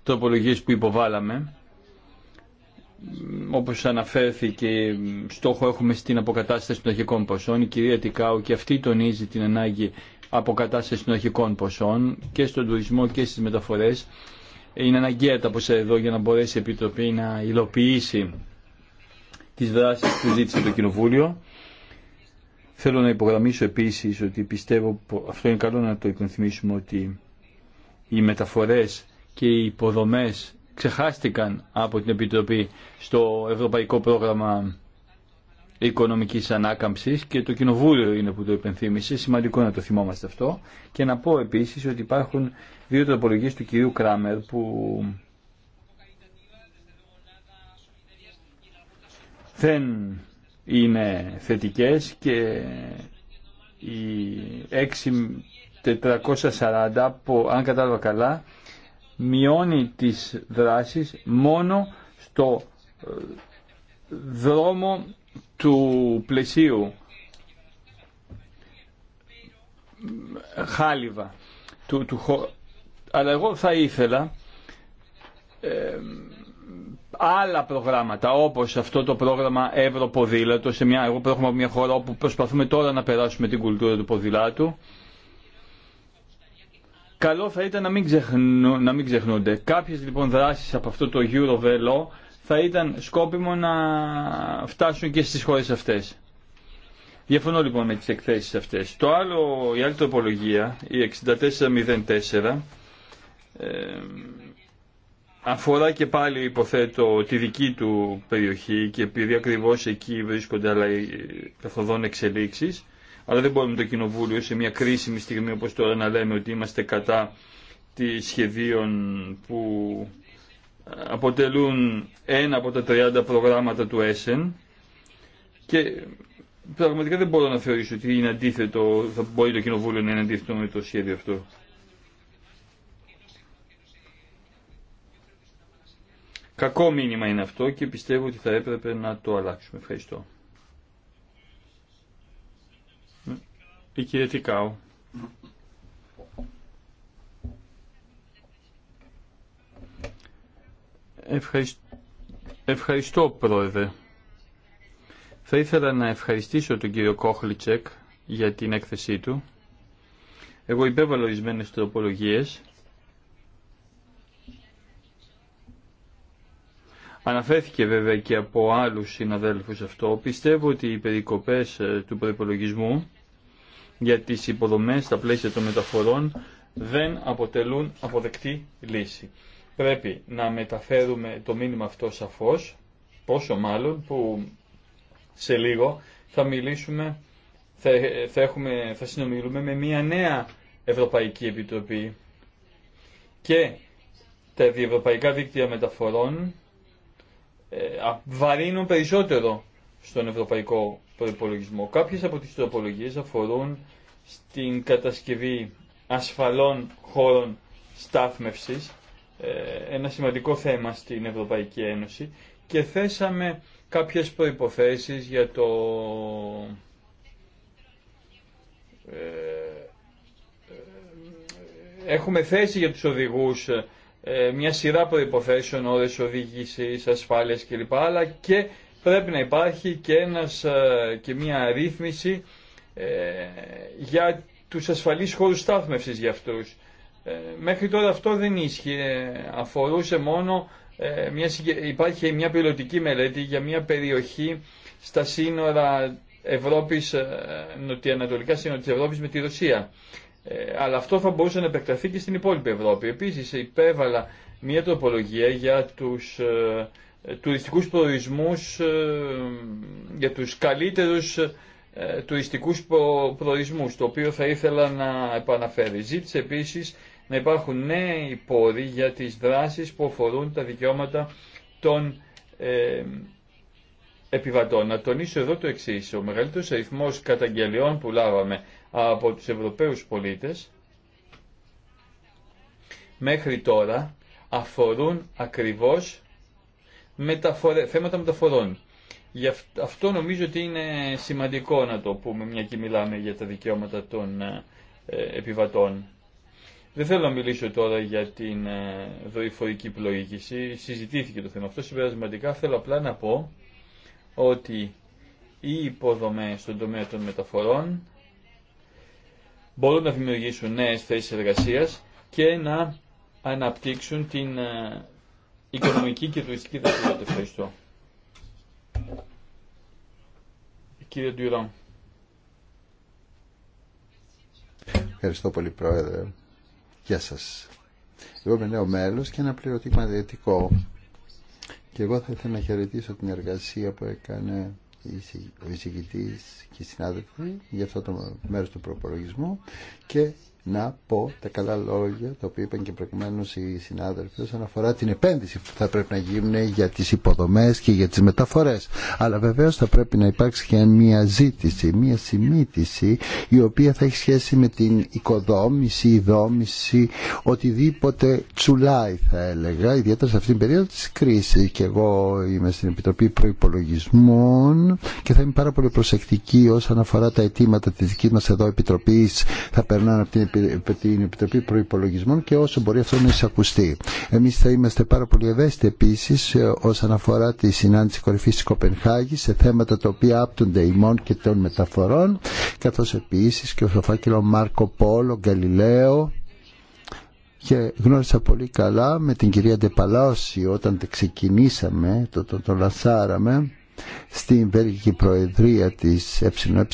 τροπολογίες που υποβάλαμε όπως αναφέρθηκε, στόχο έχουμε στην αποκατάσταση των αρχικών ποσών. Η κυρία Τικάου και αυτή τονίζει την ανάγκη αποκατάσταση των αρχικών ποσών και στον τουρισμό και στις μεταφορές. Είναι αναγκαία τα ποσά εδώ για να μπορέσει η Επιτροπή να υλοποιήσει τις δράσεις που ζήτησε το Κοινοβούλιο. Θέλω να υπογραμμίσω επίσης ότι πιστεύω, αυτό είναι καλό να το υπενθυμίσουμε, ότι οι μεταφορές και οι υποδομές ξεχάστηκαν από την Επιτροπή στο Ευρωπαϊκό Πρόγραμμα Οικονομικής Ανάκαμψης και το Κοινοβούλιο είναι που το υπενθύμησε, σημαντικό να το θυμόμαστε αυτό και να πω επίσης ότι υπάρχουν δύο τροπολογίες του κυρίου Κράμερ που δεν είναι θετικές και οι 6440 που αν κατάλαβα καλά μειώνει τις δράσεις μόνο στο ε, δρόμο του πλαισίου χάλιβα αλλά εγώ θα ήθελα ε, άλλα προγράμματα όπως αυτό το πρόγραμμα Ευρωποδήλατο σε μια, εγώ πρόγραμμα μια χώρα όπου προσπαθούμε τώρα να περάσουμε την κουλτούρα του ποδηλάτου Καλό θα ήταν να μην, ξεχνο, να μην ξεχνούνται. Κάποιες λοιπόν δράσεις από αυτό το Eurovelo θα ήταν σκόπιμο να φτάσουν και στις χώρες αυτές. Διαφωνώ λοιπόν με τις εκθέσεις αυτές. Το άλλο, η άλλη τροπολογία, η 6404, ε, αφορά και πάλι υποθέτω τη δική του περιοχή και επειδή ακριβώ εκεί βρίσκονται αλλά ε, καθοδόν εξελίξεις, αλλά δεν μπορούμε το Κοινοβούλιο σε μια κρίσιμη στιγμή όπως τώρα να λέμε ότι είμαστε κατά τη σχεδίων που ε, αποτελούν ένα από τα 30 προγράμματα του ΕΣΕΝ και πραγματικά δεν μπορώ να θεωρήσω ότι είναι αντίθετο, θα μπορεί το Κοινοβούλιο να είναι αντίθετο με το σχέδιο αυτό. Κακό μήνυμα είναι αυτό και πιστεύω ότι θα έπρεπε να το αλλάξουμε. Ευχαριστώ. Ευχαριστώ, πρόεδρε. Θα ήθελα να ευχαριστήσω τον κύριο Κόχλιτσεκ για την έκθεσή του. Εγώ υπέβαλα ορισμένε τροπολογίες. Αναφέρθηκε βέβαια και από άλλους συναδέλφους αυτό. Πιστεύω ότι οι περικοπές ε, του προπολογισμού για τις υποδομές στα πλαίσια των μεταφορών δεν αποτελούν αποδεκτή λύση. Πρέπει να μεταφέρουμε το μήνυμα αυτό σαφώς, πόσο μάλλον που σε λίγο θα μιλήσουμε, θα, θα, έχουμε, θα συνομιλούμε με μια νέα Ευρωπαϊκή Επιτροπή και τα διευρωπαϊκά δίκτυα μεταφορών ε, βαρύνουν περισσότερο στον ευρωπαϊκό προπολογισμό. Κάποιες από τι τροπολογίε αφορούν στην κατασκευή ασφαλών χώρων στάθμευσης, ε, ένα σημαντικό θέμα στην Ευρωπαϊκή Ένωση και θέσαμε κάποιες προποθέσει για το ε, ε, έχουμε θέσει για τους οδηγούς μια σειρά προϋποθέσεων, ώρες οδήγησης, ασφάλειας κλπ. αλλά και πρέπει να υπάρχει και, ένας, ε, και μια ρύθμιση ε, για τους ασφαλείς χώρους στάθμευσης για αυτούς. Ε, μέχρι τώρα αυτό δεν ίσχυε, αφορούσε μόνο, μια, υπάρχει μια πιλωτική μελέτη για μια περιοχή στα σύνορα Ευρώπης, νοτιοανατολικά σύνορα της Ευρώπης με τη Ρωσία. αλλά αυτό θα μπορούσε να επεκταθεί και στην υπόλοιπη Ευρώπη. Επίσης υπέβαλα μια τροπολογία για τους ε, τουριστικούς προορισμούς ε, για τους καλύτερους ε, τουριστικούς προορισμούς, το οποίο θα ήθελα να επαναφέρει. Ζήτησε επίσης να υπάρχουν νέοι πόροι για τις δράσεις που αφορούν τα δικαιώματα των επιβατών. Να τονίσω εδώ το εξής, ο μεγαλύτερος αριθμός καταγγελιών που λάβαμε από τους Ευρωπαίους πολίτες μέχρι τώρα αφορούν ακριβώς μεταφορε, θέματα μεταφορών. Γι' αυτό νομίζω ότι είναι σημαντικό να το πούμε, μια και μιλάμε για τα δικαιώματα των ε, ε, επιβατών. Δεν θέλω να μιλήσω τώρα για την ε, δορυφορική πλοήγηση. Συζητήθηκε το θέμα αυτό. Συμπερασματικά θέλω απλά να πω ότι οι υποδομέ στον τομέα των μεταφορών μπορούν να δημιουργήσουν νέες θέσεις εργασίας και να αναπτύξουν την Οικονομική και τουριστική δραστηριότητα. Ευχαριστώ. Κύριε Ντουιρόν. Ευχαριστώ πολύ, Πρόεδρε. Γεια σας. Εγώ είμαι νέο μέλος και ένα πληρωτήμα διαιτικό. Και εγώ θα ήθελα να χαιρετήσω την εργασία που έκανε ο εισηγητής και οι συνάδελφοι για αυτό το μέρος του προπολογισμού και να πω τα καλά λόγια τα οποία είπαν και προηγουμένω οι συνάδελφοι όσον αφορά την επένδυση που θα πρέπει να γίνουν για τις υποδομές και για τις μεταφορές αλλά βεβαίως θα πρέπει να υπάρξει και μια ζήτηση, μια συμμήτηση η οποία θα έχει σχέση με την οικοδόμηση, η δόμηση οτιδήποτε τσουλάει θα έλεγα ιδιαίτερα σε αυτήν την περίοδο της κρίσης και εγώ είμαι στην Επιτροπή Προϋπολογισμών και θα είμαι πάρα πολύ προσεκτική όσον αφορά τα αιτήματα της δική μας εδώ Επιτροπής θα περνάνε από την την Επιτροπή Προπολογισμών και όσο μπορεί αυτό να εισακουστεί. Εμεί θα είμαστε πάρα πολύ ευαίσθητοι επίση ε, όσον αφορά τη συνάντηση κορυφή τη Κοπενχάγη σε θέματα τα οποία άπτονται ημών και των μεταφορών, καθώ επίση και ο φάκελο Μάρκο Πόλο, Γκαλιλαίο, και γνώρισα πολύ καλά με την κυρία Ντεπαλάωση όταν ξεκινήσαμε, το, το, το στην Βέλγικη Προεδρία της ΕΕ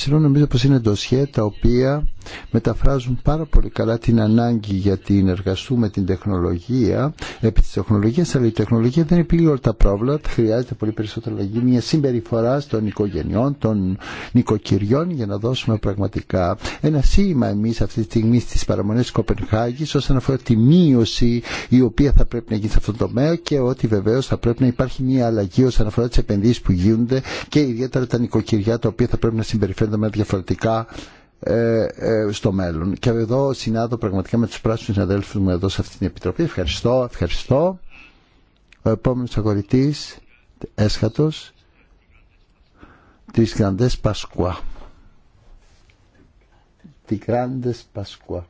νομίζω πως είναι ντοσιέ τα οποία μεταφράζουν πάρα πολύ καλά την ανάγκη για την εργαστούμε την τεχνολογία επί της τεχνολογίας αλλά η τεχνολογία δεν επιλύει όλα τα πρόβληματα χρειάζεται πολύ περισσότερο αλλαγή, μια συμπεριφορά των οικογενειών, των νοικοκυριών για να δώσουμε πραγματικά ένα σήμα εμεί, αυτή τη στιγμή στι παραμονέ τη Κοπενχάγη όσον αφορά τη μείωση η οποία θα πρέπει να γίνει σε αυτό το τομέα και ότι βεβαίω θα πρέπει να υπάρχει μια αλλαγή όσον αφορά τι επενδύσει που γίνονται και ιδιαίτερα τα νοικοκυριά τα οποία θα πρέπει να συμπεριφέρονται με διαφορετικά ε, ε, στο μέλλον. Και εδώ συνάδω πραγματικά με τους πράσινους συναδέλφους μου εδώ σε αυτή την επιτροπή. Ευχαριστώ, ευχαριστώ. Ο επόμενος αγορητής, έσχατος, της Γραντές Πασκουά. Τη Γραντές Πασκουά.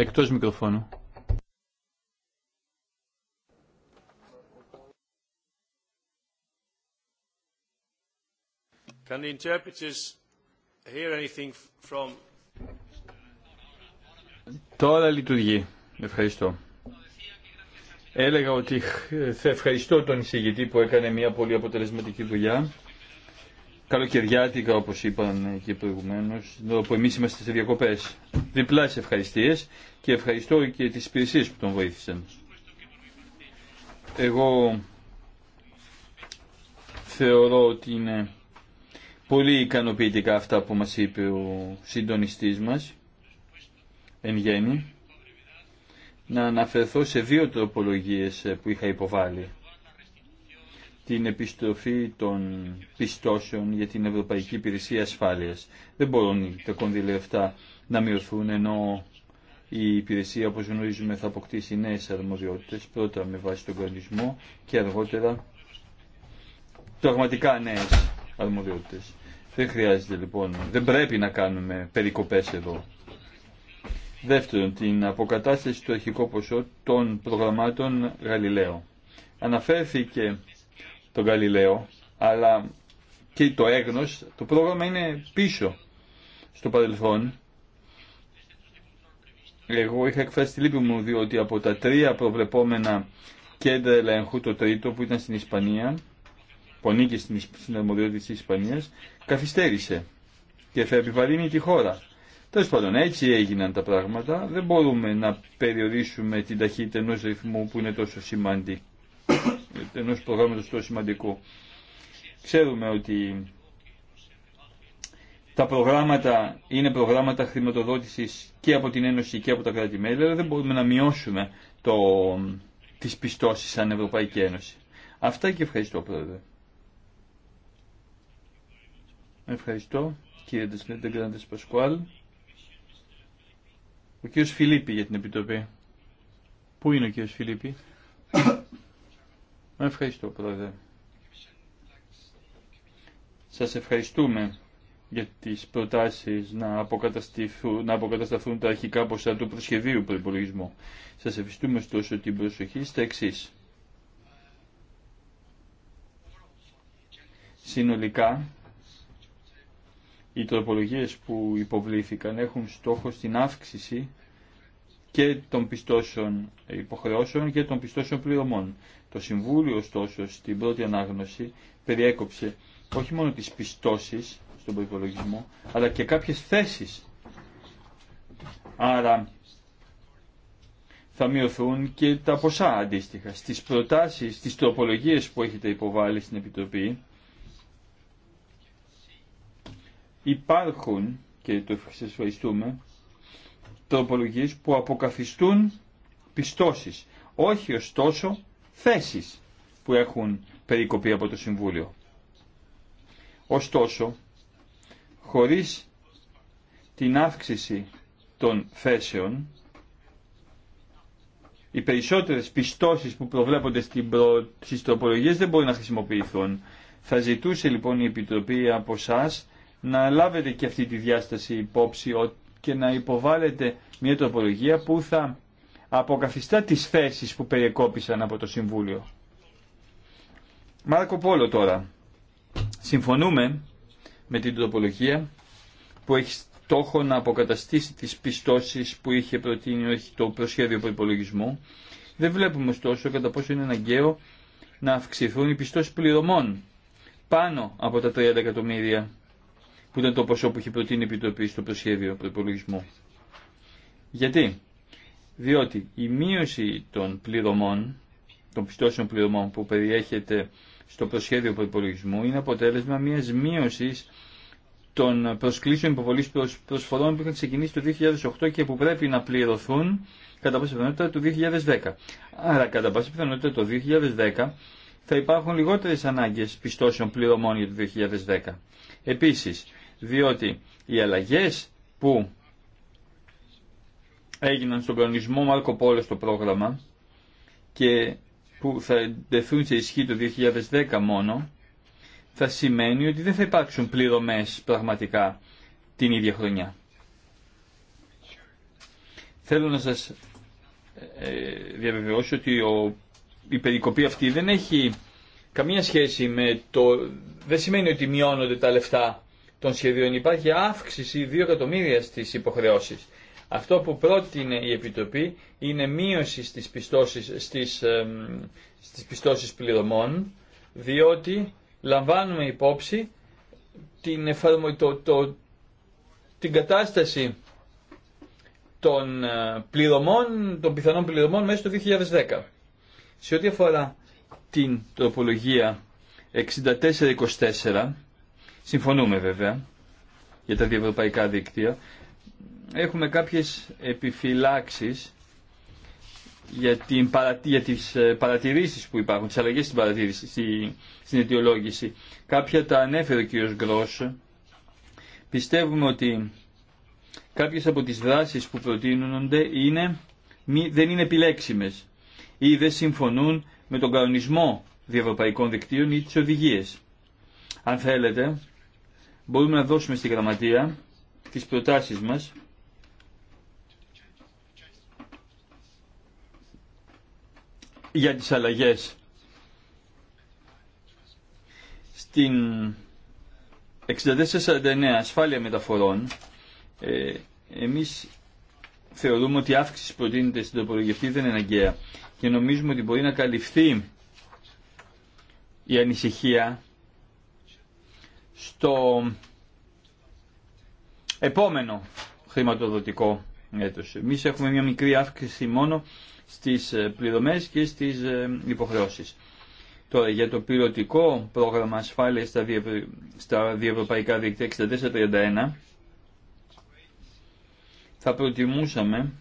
Εκτός μικροφώνου. Can the interpreters hear anything from... Τώρα λειτουργεί. Ευχαριστώ. Έλεγα ότι θα ευχαριστώ τον εισηγητή που έκανε μια πολύ αποτελεσματική δουλειά καλοκαιριάτικα όπως είπαν και προηγουμένως, όπου εμείς είμαστε σε διακοπές. Διπλάς ευχαριστίες και ευχαριστώ και τις υπηρεσίε που τον βοήθησαν. Εγώ θεωρώ ότι είναι πολύ ικανοποιητικά αυτά που μας είπε ο συντονιστής μας, εν γέννη, να αναφερθώ σε δύο τροπολογίες που είχα υποβάλει την επιστροφή των πιστώσεων για την Ευρωπαϊκή Υπηρεσία Ασφάλειας. Δεν μπορούν τα κονδύλια αυτά να μειωθούν ενώ η υπηρεσία όπως γνωρίζουμε θα αποκτήσει νέες αρμοδιότητες πρώτα με βάση τον κανονισμό και αργότερα πραγματικά νέες αρμοδιότητες. Δεν χρειάζεται λοιπόν, δεν πρέπει να κάνουμε περικοπές εδώ. Δεύτερον, την αποκατάσταση του αρχικού ποσό των προγραμμάτων Γαλιλαίο. Αναφέρθηκε τον Γαλιλαίο, αλλά και το έγνος, το πρόγραμμα είναι πίσω στο παρελθόν. Εγώ είχα εκφράσει τη λύπη μου διότι από τα τρία προβλεπόμενα κέντρα ελεγχού το τρίτο που ήταν στην Ισπανία, που ανήκε στην, στην αρμοδιότητα της Ισπανίας, καθυστέρησε και θα επιβαρύνει τη χώρα. Τέλο πάντων, έτσι έγιναν τα πράγματα. Δεν μπορούμε να περιορίσουμε την ταχύτητα ενό ρυθμού που είναι τόσο σημαντική. Ενό προγράμματο τόσο σημαντικού. Ξέρουμε ότι τα προγράμματα είναι προγράμματα χρηματοδότηση και από την Ένωση και από τα κράτη-μέλη, αλλά δεν μπορούμε να μειώσουμε το, τις πιστώσεις σαν Ευρωπαϊκή Ένωση. Αυτά και ευχαριστώ πρόεδρε. Ευχαριστώ κύριε Τεσλέντεγκραντες Πασκουάλ. Ο κύριος Φιλίππη για την Επιτροπή. Πού είναι ο κύριος Φιλίπη, Ευχαριστώ, Πρόεδρε. Σας ευχαριστούμε για τις προτάσεις να, αποκατασταθούν, να αποκατασταθούν τα αρχικά ποσά του προσχεδίου προπολογισμού. Σας ευχαριστούμε ωστόσο την προσοχή στα εξή. Συνολικά, οι τροπολογίες που υποβλήθηκαν έχουν στόχο στην αύξηση και των πιστώσεων υποχρεώσεων και των πιστώσεων πληρωμών. Το Συμβούλιο, ωστόσο, στην πρώτη ανάγνωση περιέκοψε όχι μόνο τις πιστώσεις στον προϋπολογισμό, αλλά και κάποιες θέσεις. Άρα θα μειωθούν και τα ποσά αντίστοιχα. Στις προτάσεις, στις τροπολογίες που έχετε υποβάλει στην Επιτροπή, υπάρχουν, και το ευχαριστούμε, τροπολογίες που αποκαθιστούν πιστώσεις. Όχι ωστόσο θέσεις που έχουν περικοπεί από το Συμβούλιο. Ωστόσο, χωρίς την αύξηση των θέσεων, οι περισσότερες πιστώσεις που προβλέπονται στις τροπολογίες δεν μπορεί να χρησιμοποιηθούν. Θα ζητούσε λοιπόν η Επιτροπή από εσά να λάβετε και αυτή τη διάσταση υπόψη και να υποβάλλετε μια τροπολογία που θα αποκαθιστά τις θέσεις που περιεκόπησαν από το Συμβούλιο. Μάρκο Πόλο τώρα. Συμφωνούμε με την τροπολογία που έχει στόχο να αποκαταστήσει τις πιστώσεις που είχε προτείνει το προσχέδιο προπολογισμού. Δεν βλέπουμε ωστόσο κατά πόσο είναι αναγκαίο να αυξηθούν οι πιστώσεις πληρωμών πάνω από τα 30 εκατομμύρια που ήταν το ποσό που είχε προτείνει η Επιτροπή στο προσχέδιο προπολογισμού. Γιατί διότι η μείωση των πληρωμών, των πιστώσεων πληρωμών που περιέχεται στο προσχέδιο προπολογισμού είναι αποτέλεσμα μιας μείωσης των προσκλήσεων υποβολή προσφορών που είχαν ξεκινήσει το 2008 και που πρέπει να πληρωθούν κατά πάσα πιθανότητα το 2010. Άρα, κατά πάσα πιθανότητα το 2010 θα υπάρχουν λιγότερε ανάγκε πιστώσεων πληρωμών για το 2010. Επίση, διότι οι αλλαγέ που έγιναν στον κανονισμό Μάρκο Πόλο στο πρόγραμμα και που θα εντεθούν σε ισχύ το 2010 μόνο, θα σημαίνει ότι δεν θα υπάρξουν πληρωμές πραγματικά την ίδια χρονιά. Θέλω να σας ε, ε, διαβεβαιώσω ότι ο, η περικοπή αυτή δεν έχει καμία σχέση με το... Δεν σημαίνει ότι μειώνονται τα λεφτά των σχεδίων. Υπάρχει αύξηση 2 εκατομμύρια στις υποχρεώσεις. Αυτό που πρότεινε η Επιτροπή είναι μείωση στις πιστώσεις, στις, στις πιστώσεις πληρωμών, διότι λαμβάνουμε υπόψη την, το, το, την κατάσταση των, ε, πληρωμών, των πιθανών πληρωμών μέσα στο 2010. Σε ό,τι αφορά την τροπολογία 64-24, συμφωνούμε βέβαια για τα διευρωπαϊκά δίκτυα, έχουμε κάποιες επιφυλάξεις για, την, για τις ε, παρατηρήσεις που υπάρχουν, τις αλλαγές στην, παρατήρηση, στην αιτιολόγηση. Κάποια τα ανέφερε ο κ. Γκρός. Πιστεύουμε ότι κάποιες από τις δράσεις που προτείνονται είναι, δεν είναι επιλέξιμες ή δεν συμφωνούν με τον κανονισμό διευρωπαϊκών δικτύων ή τις οδηγίες. Αν θέλετε, μπορούμε να δώσουμε στη γραμματεία τις προτάσεις μας για τις αλλαγές στην 64-49 ασφάλεια μεταφορών ε, εμείς θεωρούμε ότι η αύξηση που προτείνεται στην τροπολογία δεν είναι αναγκαία και νομίζουμε ότι μπορεί να καλυφθεί η ανησυχία στο επόμενο χρηματοδοτικό έτος. Εμείς έχουμε μια μικρή αύξηση μόνο στις ε, πληρωμές και στις ε, υποχρεώσεις. Τώρα για το πιλωτικό πρόγραμμα ασφάλεια στα, στα διευρωπαϊκά δίκτυα 6431 θα προτιμούσαμε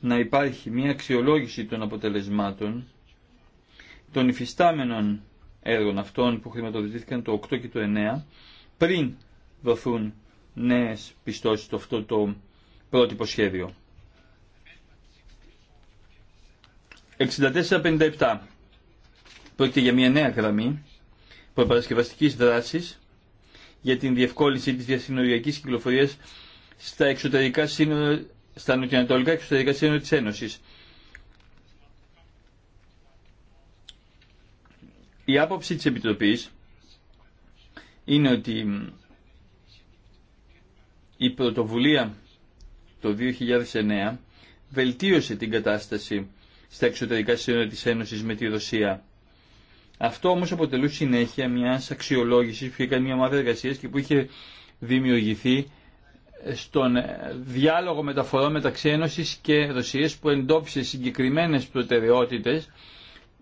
να υπάρχει μια αξιολόγηση των αποτελεσμάτων των υφιστάμενων έργων αυτών που χρηματοδοτήθηκαν το 8 και το 9 πριν δοθούν νέες πιστώσεις στο αυτό το πρότυπο σχέδιο. 64-57. Πρόκειται για μια νέα γραμμή προπαρασκευαστική δράση για την διευκόλυνση της διασυνοριακής κυκλοφορία στα, εξωτερικά στα νοτιοανατολικά εξωτερικά σύνορα τη Ένωση. Η άποψη της Επιτροπής είναι ότι η πρωτοβουλία το 2009 βελτίωσε την κατάσταση στα εξωτερικά σύνορα της Ένωσης με τη Ρωσία. Αυτό όμως αποτελούσε συνέχεια μιας αξιολόγησης που έκανε μια ομάδα εργασίας και που είχε δημιουργηθεί στον διάλογο μεταφορών μεταξύ Ένωσης και Ρωσίας που εντόπισε συγκεκριμένες προτεραιότητες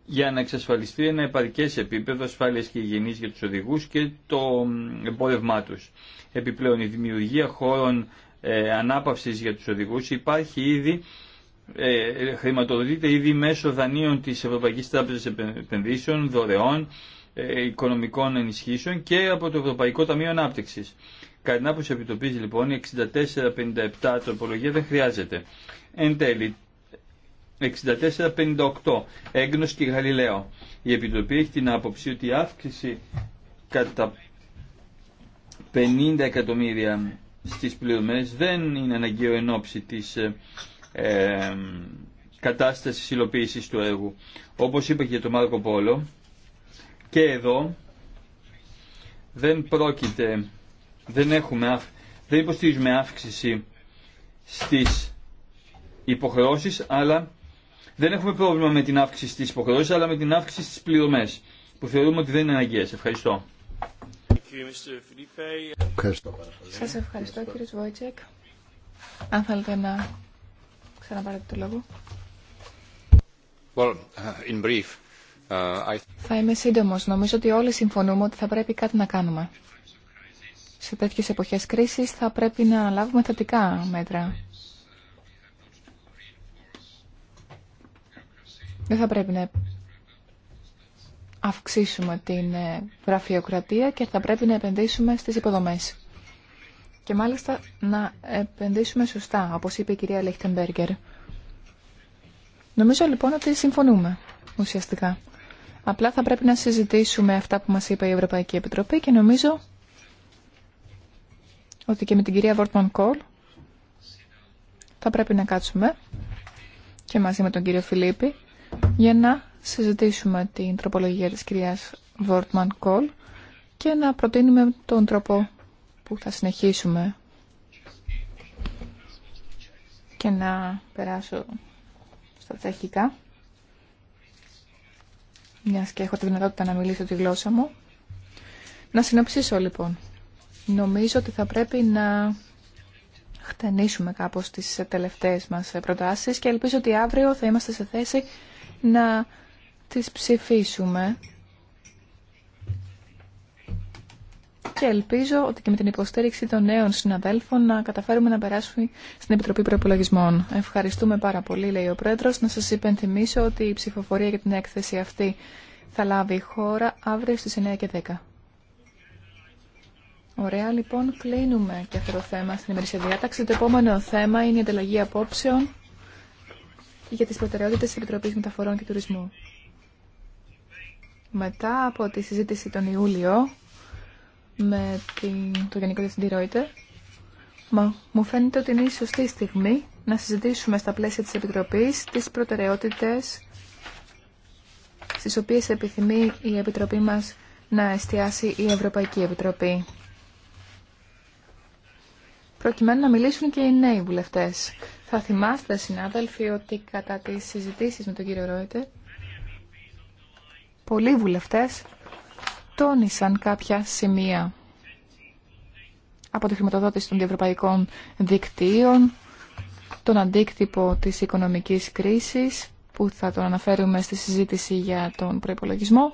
για να εξασφαλιστεί ένα επαρκές επίπεδο ασφάλειας και υγιεινής για τους οδηγούς και το εμπόρευμά τους. Επιπλέον η δημιουργία χώρων ε, ανάπαυσης για τους οδηγού υπάρχει ήδη ε, χρηματοδοτείται ήδη μέσω δανείων της Ευρωπαϊκής Τράπεζας Επενδύσεων, δωρεών, ε, οικονομικών ενισχύσεων και από το Ευρωπαϊκό Ταμείο Ανάπτυξης. Κατά που άποψη επιτοπίζει λοιπόν η 64-57 τροπολογία δεν χρειάζεται. Εν τέλει, 64-58 έγνωση και Γαλιλαίο. Η Επιτροπή έχει την άποψη ότι η αύξηση κατά 50 εκατομμύρια στις πληρωμές δεν είναι αναγκαίο εν ώψη της ε, ε, κατάστασης υλοποίησης του έργου. Όπως είπε και το Μάρκο Πόλο, και εδώ δεν πρόκειται, δεν, έχουμε, δεν υποστηρίζουμε αύξηση στις υποχρεώσεις, αλλά δεν έχουμε πρόβλημα με την αύξηση στις υποχρεώσεις, αλλά με την αύξηση στις πληρωμές, που θεωρούμε ότι δεν είναι αναγκαίες. Ευχαριστώ. Ευχαριστώ. Σας ευχαριστώ κύριε Βόιτσεκ. Αν θέλετε να Uh, uh, θα είμαι σύντομο. Νομίζω ότι όλοι συμφωνούμε ότι θα πρέπει κάτι να κάνουμε. Σε τέτοιε εποχέ κρίση θα πρέπει να λάβουμε θετικά μέτρα. Δεν θα πρέπει να αυξήσουμε την ε, γραφειοκρατία και θα πρέπει να επενδύσουμε στις υποδομές και μάλιστα να επενδύσουμε σωστά, όπως είπε η κυρία Λεχτεμπέργκερ. Νομίζω λοιπόν ότι συμφωνούμε ουσιαστικά. Απλά θα πρέπει να συζητήσουμε αυτά που μας είπε η Ευρωπαϊκή Επιτροπή και νομίζω ότι και με την κυρία Βόρτμαν Κόλ θα πρέπει να κάτσουμε και μαζί με τον κύριο Φιλίππη για να συζητήσουμε την τροπολογία της κυρίας Βόρτμαν Κόλ και να προτείνουμε τον τρόπο που θα συνεχίσουμε και να περάσω στα τσεχικά Μια και έχω τη δυνατότητα να μιλήσω τη γλώσσα μου να συνοψίσω λοιπόν νομίζω ότι θα πρέπει να χτενίσουμε κάπως τις τελευταίες μας προτάσεις και ελπίζω ότι αύριο θα είμαστε σε θέση να τις ψηφίσουμε και ελπίζω ότι και με την υποστήριξη των νέων συναδέλφων να καταφέρουμε να περάσουμε στην Επιτροπή Προπολογισμών. Ευχαριστούμε πάρα πολύ, λέει ο Πρόεδρος. Να σας υπενθυμίσω ότι η ψηφοφορία για την έκθεση αυτή θα λάβει η χώρα αύριο στις 9 και 10. Ωραία, λοιπόν, κλείνουμε και αυτό το θέμα στην ημερήσια διάταξη. Το επόμενο θέμα είναι η ανταλλαγή απόψεων για τις προτεραιότητες της Επιτροπής Μεταφορών και Τουρισμού. Μετά από τη συζήτηση τον Ιούλιο, με την, το Γενικό Διευθυντή Ρόιτερ. Μα μου φαίνεται ότι είναι η σωστή στιγμή να συζητήσουμε στα πλαίσια της Επιτροπής τις προτεραιότητες στις οποίες επιθυμεί η Επιτροπή μας να εστιάσει η Ευρωπαϊκή Επιτροπή. Προκειμένου να μιλήσουν και οι νέοι βουλευτές. Θα θυμάστε, συνάδελφοι, ότι κατά τις συζητήσεις με τον κύριο Ρόιτερ, πολλοί βουλευτές τόνισαν κάποια σημεία από τη χρηματοδότηση των διευρωπαϊκών δικτύων, τον αντίκτυπο της οικονομικής κρίσης, που θα τον αναφέρουμε στη συζήτηση για τον προϋπολογισμό,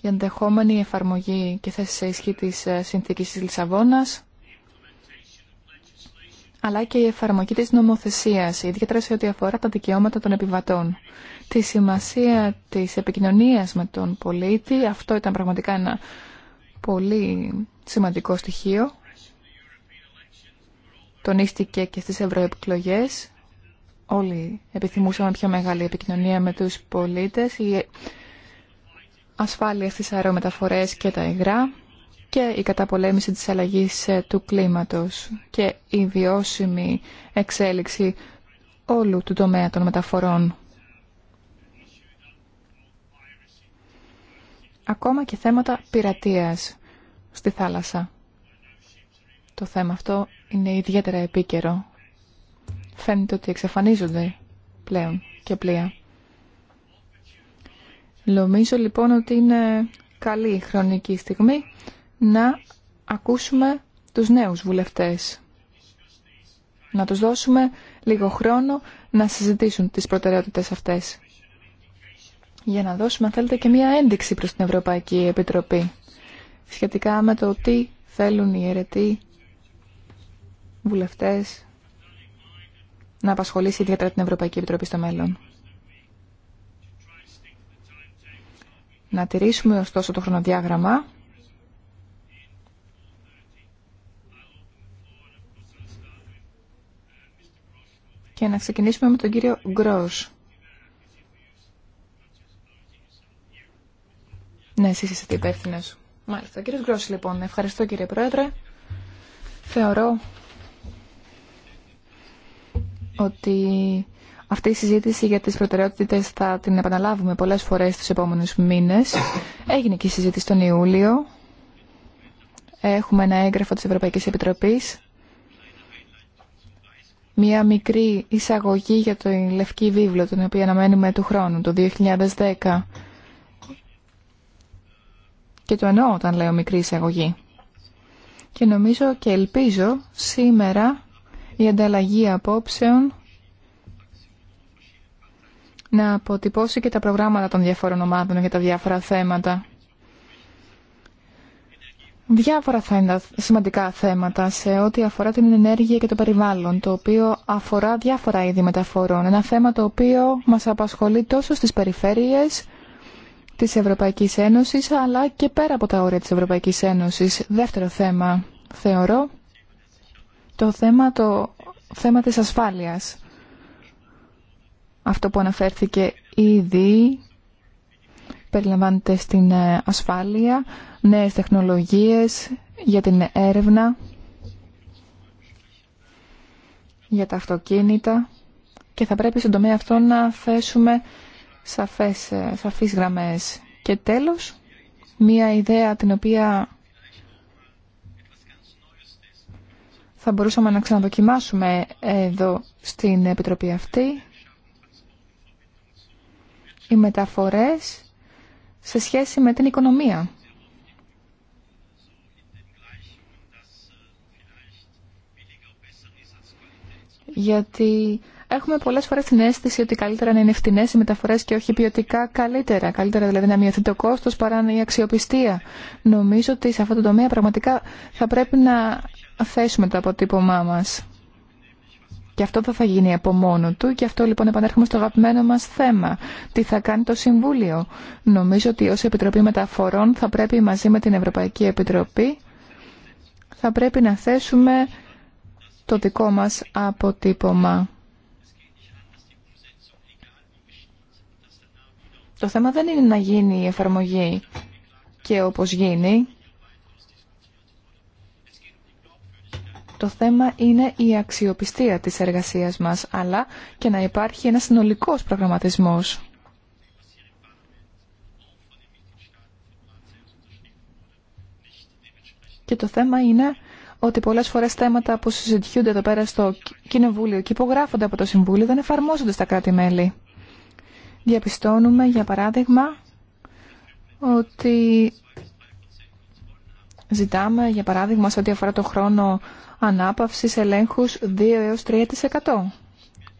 η ενδεχόμενη εφαρμογή και θέση σε ισχύ της ε, συνθήκης της Λισαβόνας, αλλά και η εφαρμογή της νομοθεσίας, ιδιαίτερα σε ό,τι αφορά τα δικαιώματα των επιβατών. Τη σημασία της επικοινωνίας με τον πολίτη, αυτό ήταν πραγματικά ένα πολύ σημαντικό στοιχείο. Τονίστηκε και στις ευρωεκλογέ. Όλοι επιθυμούσαμε πιο μεγάλη επικοινωνία με τους πολίτες, η ασφάλεια στις αερομεταφορές και τα υγρά και η καταπολέμηση της αλλαγής ε, του κλίματος και η βιώσιμη εξέλιξη όλου του τομέα των μεταφορών. Ακόμα και θέματα πειρατείας στη θάλασσα. Το θέμα αυτό είναι ιδιαίτερα επίκαιρο. Φαίνεται ότι εξαφανίζονται πλέον και πλοία. Νομίζω λοιπόν ότι είναι καλή χρονική στιγμή να ακούσουμε τους νέους βουλευτές. Να τους δώσουμε λίγο χρόνο να συζητήσουν τις προτεραιότητες αυτές. Για να δώσουμε, αν θέλετε, και μία ένδειξη προς την Ευρωπαϊκή Επιτροπή σχετικά με το τι θέλουν οι αιρετοί βουλευτές να απασχολήσει ιδιαίτερα την Ευρωπαϊκή Επιτροπή στο μέλλον. Να τηρήσουμε ωστόσο το χρονοδιάγραμμα Και να ξεκινήσουμε με τον κύριο Γκρός. Ναι, εσείς είστε υπεύθυνε. Μάλιστα. Κύριος Γκρός, λοιπόν. Ευχαριστώ, κύριε Πρόεδρε. Θεωρώ ότι αυτή η συζήτηση για τις προτεραιότητες θα την επαναλάβουμε πολλές φορές στους επόμενους μήνες. Έγινε και η συζήτηση τον Ιούλιο. Έχουμε ένα έγγραφο της Ευρωπαϊκής Επιτροπής μία μικρή εισαγωγή για το Λευκή Βίβλο, την οποία αναμένουμε του χρόνου, το 2010. Και το εννοώ όταν λέω μικρή εισαγωγή. Και νομίζω και ελπίζω σήμερα η ανταλλαγή απόψεων να αποτυπώσει και τα προγράμματα των διαφόρων ομάδων για τα διάφορα θέματα. Διάφορα θα είναι σημαντικά θέματα σε ό,τι αφορά την ενέργεια και το περιβάλλον, το οποίο αφορά διάφορα είδη μεταφορών. Ένα θέμα το οποίο μας απασχολεί τόσο στις περιφέρειες της Ευρωπαϊκής Ένωσης, αλλά και πέρα από τα όρια της Ευρωπαϊκής Ένωσης. Δεύτερο θέμα, θεωρώ, το θέμα, το θέμα της ασφάλειας. Αυτό που αναφέρθηκε ήδη περιλαμβάνεται στην ε, ασφάλεια, νέες τεχνολογίες για την έρευνα, για τα αυτοκίνητα και θα πρέπει στον τομέα αυτό να θέσουμε σαφές, ε, σαφείς γραμμές. Και τέλος, μία ιδέα την οποία θα μπορούσαμε να ξαναδοκιμάσουμε εδώ στην Επιτροπή αυτή. Οι μεταφορές σε σχέση με την οικονομία. Γιατί έχουμε πολλέ φορέ την αίσθηση ότι καλύτερα να είναι φτηνέ οι μεταφορέ και όχι ποιοτικά καλύτερα. Καλύτερα δηλαδή να μειωθεί το κόστο παρά η αξιοπιστία. Νομίζω ότι σε αυτό το τομέα πραγματικά θα πρέπει να θέσουμε το αποτύπωμά μας. Και αυτό δεν θα γίνει από μόνο του και αυτό λοιπόν επανέρχομαι στο αγαπημένο μας θέμα. Τι θα κάνει το Συμβούλιο. Νομίζω ότι ως Επιτροπή Μεταφορών θα πρέπει μαζί με την Ευρωπαϊκή Επιτροπή θα πρέπει να θέσουμε το δικό μας αποτύπωμα. Το θέμα δεν είναι να γίνει η εφαρμογή και όπως γίνει Το θέμα είναι η αξιοπιστία της εργασίας μας, αλλά και να υπάρχει ένας συνολικός προγραμματισμός. Και το θέμα είναι ότι πολλέ φορέ θέματα που συζητιούνται εδώ πέρα στο Κοινοβούλιο και υπογράφονται από το Συμβούλιο δεν εφαρμόζονται στα κράτη-μέλη. Διαπιστώνουμε, για παράδειγμα, ότι ζητάμε, για παράδειγμα, σε ό,τι αφορά το χρόνο ανάπαυσης ελέγχους 2 έως 3%.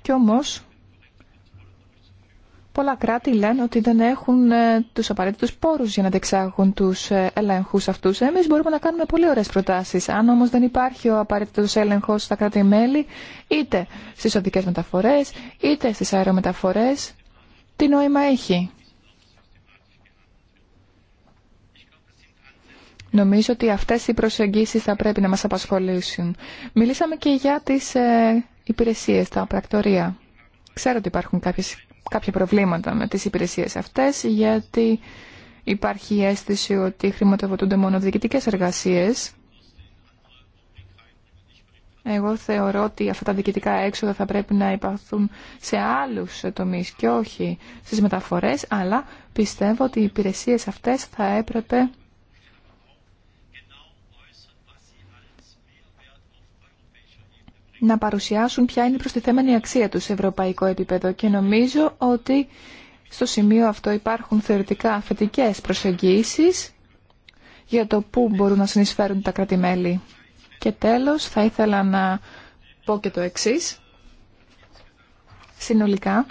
Κι όμως πολλά κράτη λένε ότι δεν έχουν ε, τους απαραίτητους πόρους για να δεξάγουν τους ε, ελέγχους αυτούς. Εμείς μπορούμε να κάνουμε πολύ ωραίες προτάσεις. Αν όμως δεν υπάρχει ο απαραίτητος έλεγχος στα κράτη-μέλη, είτε στις οδικές μεταφορές, είτε στις αερομεταφορές, τι νόημα έχει. Νομίζω ότι αυτές οι προσεγγίσεις θα πρέπει να μας απασχολήσουν. Μιλήσαμε και για τις ε, υπηρεσίες, τα πρακτορία. Ξέρω ότι υπάρχουν κάποιες, κάποια προβλήματα με τις υπηρεσίες αυτές, γιατί υπάρχει η αίσθηση ότι χρηματοδοτούνται μόνο διοικητικές εργασίες. Εγώ θεωρώ ότι αυτά τα διοικητικά έξοδα θα πρέπει να υπαθούν σε άλλους τομείς και όχι στις μεταφορές, αλλά πιστεύω ότι οι υπηρεσίες αυτές θα έπρεπε να παρουσιάσουν ποια είναι η προστιθέμενη αξία του σε ευρωπαϊκό επίπεδο και νομίζω ότι στο σημείο αυτό υπάρχουν θεωρητικά θετικές προσεγγίσεις για το πού μπορούν να συνεισφέρουν τα κρατη Και τέλος θα ήθελα να πω και το εξής. Συνολικά,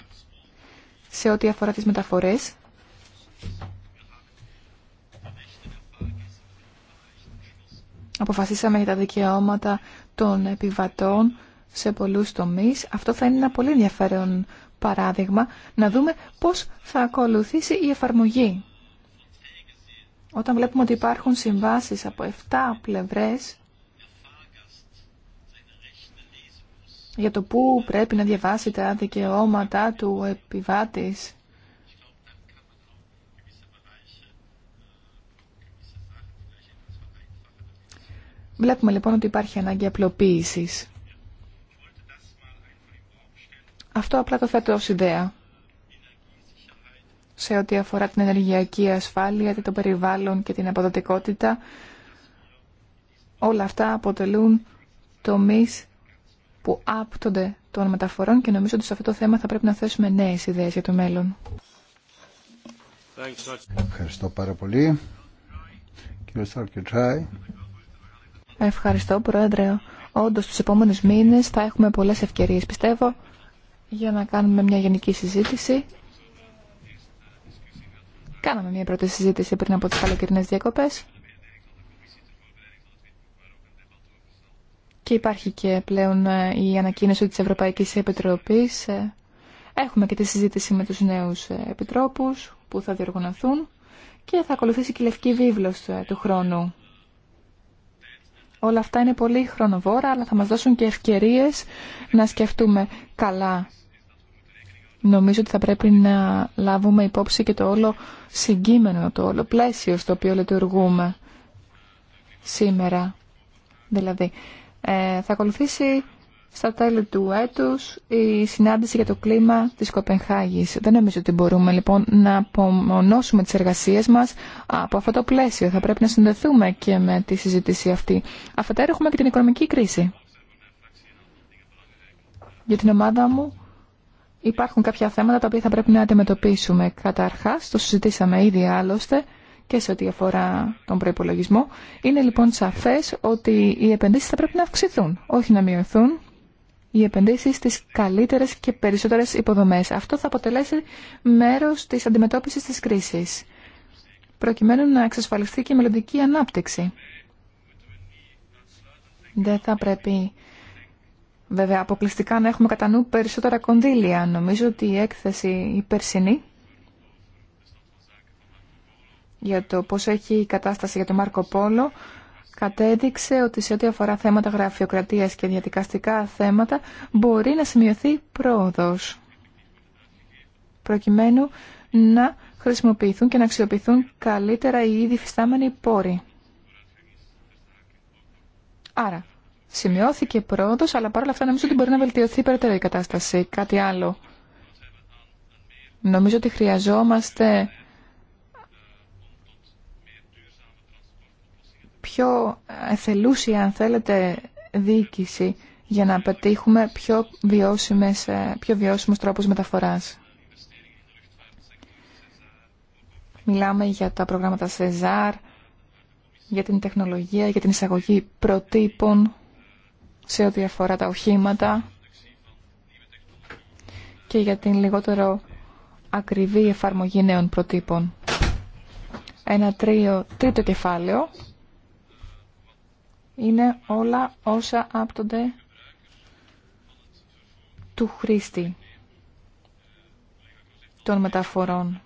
σε ό,τι αφορά τις μεταφορές, αποφασίσαμε για τα δικαιώματα των επιβατών σε πολλούς τομείς. Αυτό θα είναι ένα πολύ ενδιαφέρον παράδειγμα να δούμε πώς θα ακολουθήσει η εφαρμογή. Όταν βλέπουμε ότι υπάρχουν συμβάσεις από 7 πλευρές για το πού πρέπει να διαβάσει τα δικαιώματα του επιβάτης Βλέπουμε λοιπόν ότι υπάρχει ανάγκη απλοποίησης. Αυτό απλά το θέτω ως ιδέα σε ό,τι αφορά την ενεργειακή ασφάλεια, το περιβάλλον και την αποδοτικότητα. Όλα αυτά αποτελούν τομείς που άπτονται των μεταφορών και νομίζω ότι σε αυτό το θέμα θα πρέπει να θέσουμε νέες ιδέες για το μέλλον. Ευχαριστώ πάρα πολύ. Κύριε Ευχαριστώ, Πρόεδρε. Όντω, του επόμενου μήνε θα έχουμε πολλέ ευκαιρίε, πιστεύω, για να κάνουμε μια γενική συζήτηση. Κάναμε μια πρώτη συζήτηση πριν από τι καλοκαιρινέ διακοπέ. Και υπάρχει και πλέον ε, η ανακοίνωση της Ευρωπαϊκής Επιτροπής. Ε, έχουμε και τη συζήτηση με τους νέους ε, επιτρόπους που θα διοργανωθούν και θα ακολουθήσει και η Λευκή Βίβλος του χρόνου. Όλα αυτά είναι πολύ χρονοβόρα, αλλά θα μας δώσουν και ευκαιρίες να σκεφτούμε καλά. Νομίζω ότι θα πρέπει να λάβουμε υπόψη και το όλο συγκείμενο, το όλο πλαίσιο στο οποίο λειτουργούμε σήμερα. Δηλαδή, ε, θα ακολουθήσει στα τέλη του έτους η συνάντηση για το κλίμα της Κοπενχάγης. Δεν νομίζω ότι μπορούμε λοιπόν να απομονώσουμε τις εργασίες μας από αυτό το πλαίσιο. Θα πρέπει να συνδεθούμε και με τη συζήτηση αυτή. Αφετέρου έχουμε και την οικονομική κρίση. Για την ομάδα μου υπάρχουν κάποια θέματα τα οποία θα πρέπει να αντιμετωπίσουμε. Καταρχάς, το συζητήσαμε ήδη άλλωστε, και σε ό,τι αφορά τον προπολογισμό. Είναι λοιπόν σαφέ ότι οι επενδύσει θα πρέπει να αυξηθούν, όχι να μειωθούν οι επενδύσει στι καλύτερες και περισσότερες υποδομές. Αυτό θα αποτελέσει μέρος της αντιμετώπισης της κρίσης, προκειμένου να εξασφαλιστεί και η μελλοντική ανάπτυξη. Δεν θα πρέπει βέβαια αποκλειστικά να έχουμε κατά νου περισσότερα κονδύλια. Νομίζω ότι η έκθεση η περσινή για το πώς έχει η κατάσταση για τον Μάρκο Πόλο κατέδειξε ότι σε ό,τι αφορά θέματα γραφειοκρατίας και διαδικαστικά θέματα μπορεί να σημειωθεί πρόοδος προκειμένου να χρησιμοποιηθούν και να αξιοποιηθούν καλύτερα οι ήδη φυστάμενοι πόροι. Άρα, σημειώθηκε πρόοδος, αλλά παρόλα αυτά νομίζω ότι μπορεί να βελτιωθεί περαιτέρω η κατάσταση. Κάτι άλλο. Νομίζω ότι χρειαζόμαστε πιο εθελούσια, αν θέλετε, διοίκηση για να πετύχουμε πιο, βιώσιμες, ε, πιο βιώσιμους τρόπους μεταφοράς. Μιλάμε για τα προγράμματα ΣΕΖΑΡ, για την τεχνολογία, για την εισαγωγή προτύπων σε ό,τι αφορά τα οχήματα και για την λιγότερο ακριβή εφαρμογή νέων προτύπων. Ένα τρίο, τρίτο κεφάλαιο είναι όλα όσα άπτονται του χρήστη των μεταφορών.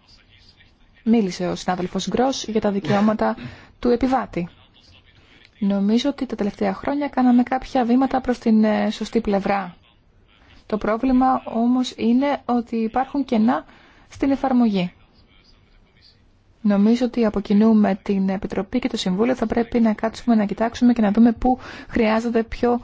Μίλησε ο συνάδελφος Γκρός για τα δικαιώματα του επιβάτη. Νομίζω ότι τα τελευταία χρόνια κάναμε κάποια βήματα προς την ε, σωστή πλευρά. Το πρόβλημα όμως είναι ότι υπάρχουν κενά στην εφαρμογή. Νομίζω ότι από κοινού με την Επιτροπή και το Συμβούλιο θα πρέπει να κάτσουμε να κοιτάξουμε και να δούμε πού χρειάζονται πιο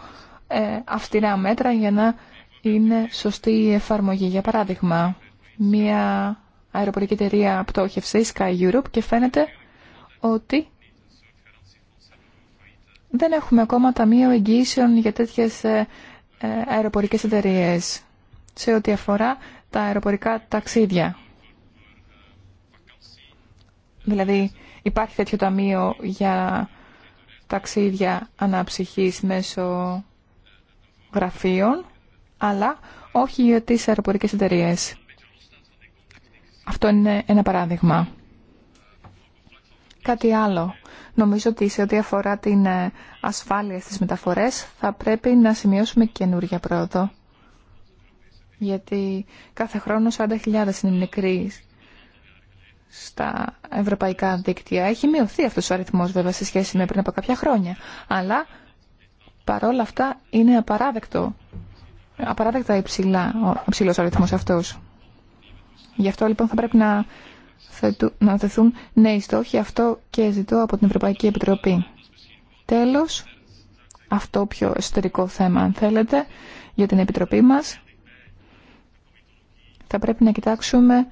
ε, αυστηρά μέτρα για να είναι σωστή η εφαρμογή. Για παράδειγμα, μια αεροπορική εταιρεία η Sky Europe, και φαίνεται ότι δεν έχουμε ακόμα ταμείο εγγύησεων για τέτοιες ε, ε, αεροπορικές εταιρείες σε ό,τι αφορά τα αεροπορικά ταξίδια. Δηλαδή υπάρχει τέτοιο ταμείο για ταξίδια αναψυχής μέσω γραφείων, αλλά όχι για τις αεροπορικές εταιρείε. Αυτό είναι ένα παράδειγμα. Κάτι άλλο. Νομίζω ότι σε ό,τι αφορά την ε, ασφάλεια στις μεταφορές θα πρέπει να σημειώσουμε καινούργια πρόοδο. Γιατί κάθε χρόνο 40.000 είναι νεκροί στα ευρωπαϊκά δίκτυα. Έχει μειωθεί αυτός ο αριθμός βέβαια σε σχέση με πριν από κάποια χρόνια. Αλλά παρόλα αυτά είναι απαράδεκτο, απαράδεκτα υψηλά, ο υψηλός αριθμός αυτός. Γι' αυτό λοιπόν θα πρέπει να, θετου, να θεθούν νέοι στόχοι αυτό και ζητώ από την Ευρωπαϊκή Επιτροπή. Τέλος, αυτό πιο εσωτερικό θέμα αν θέλετε για την Επιτροπή μας. Θα πρέπει να κοιτάξουμε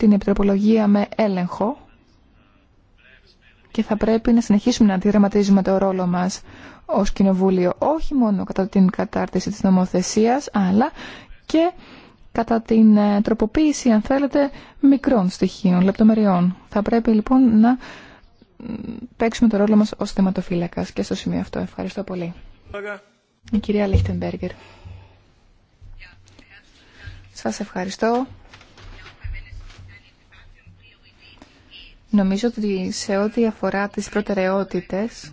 την επιτροπολογία με έλεγχο και θα πρέπει να συνεχίσουμε να αντιδραματίζουμε το ρόλο μας ως Κοινοβούλιο όχι μόνο κατά την κατάρτιση της νομοθεσίας αλλά και κατά την ε, τροποποίηση αν θέλετε μικρών στοιχείων, λεπτομεριών. Θα πρέπει λοιπόν να παίξουμε το ρόλο μας ως θεματοφύλακας και στο σημείο αυτό. Ευχαριστώ πολύ. Η κυρία Λίχτεμπέργκερ. Σας ευχαριστώ. Νομίζω ότι σε ό,τι αφορά τις προτεραιότητες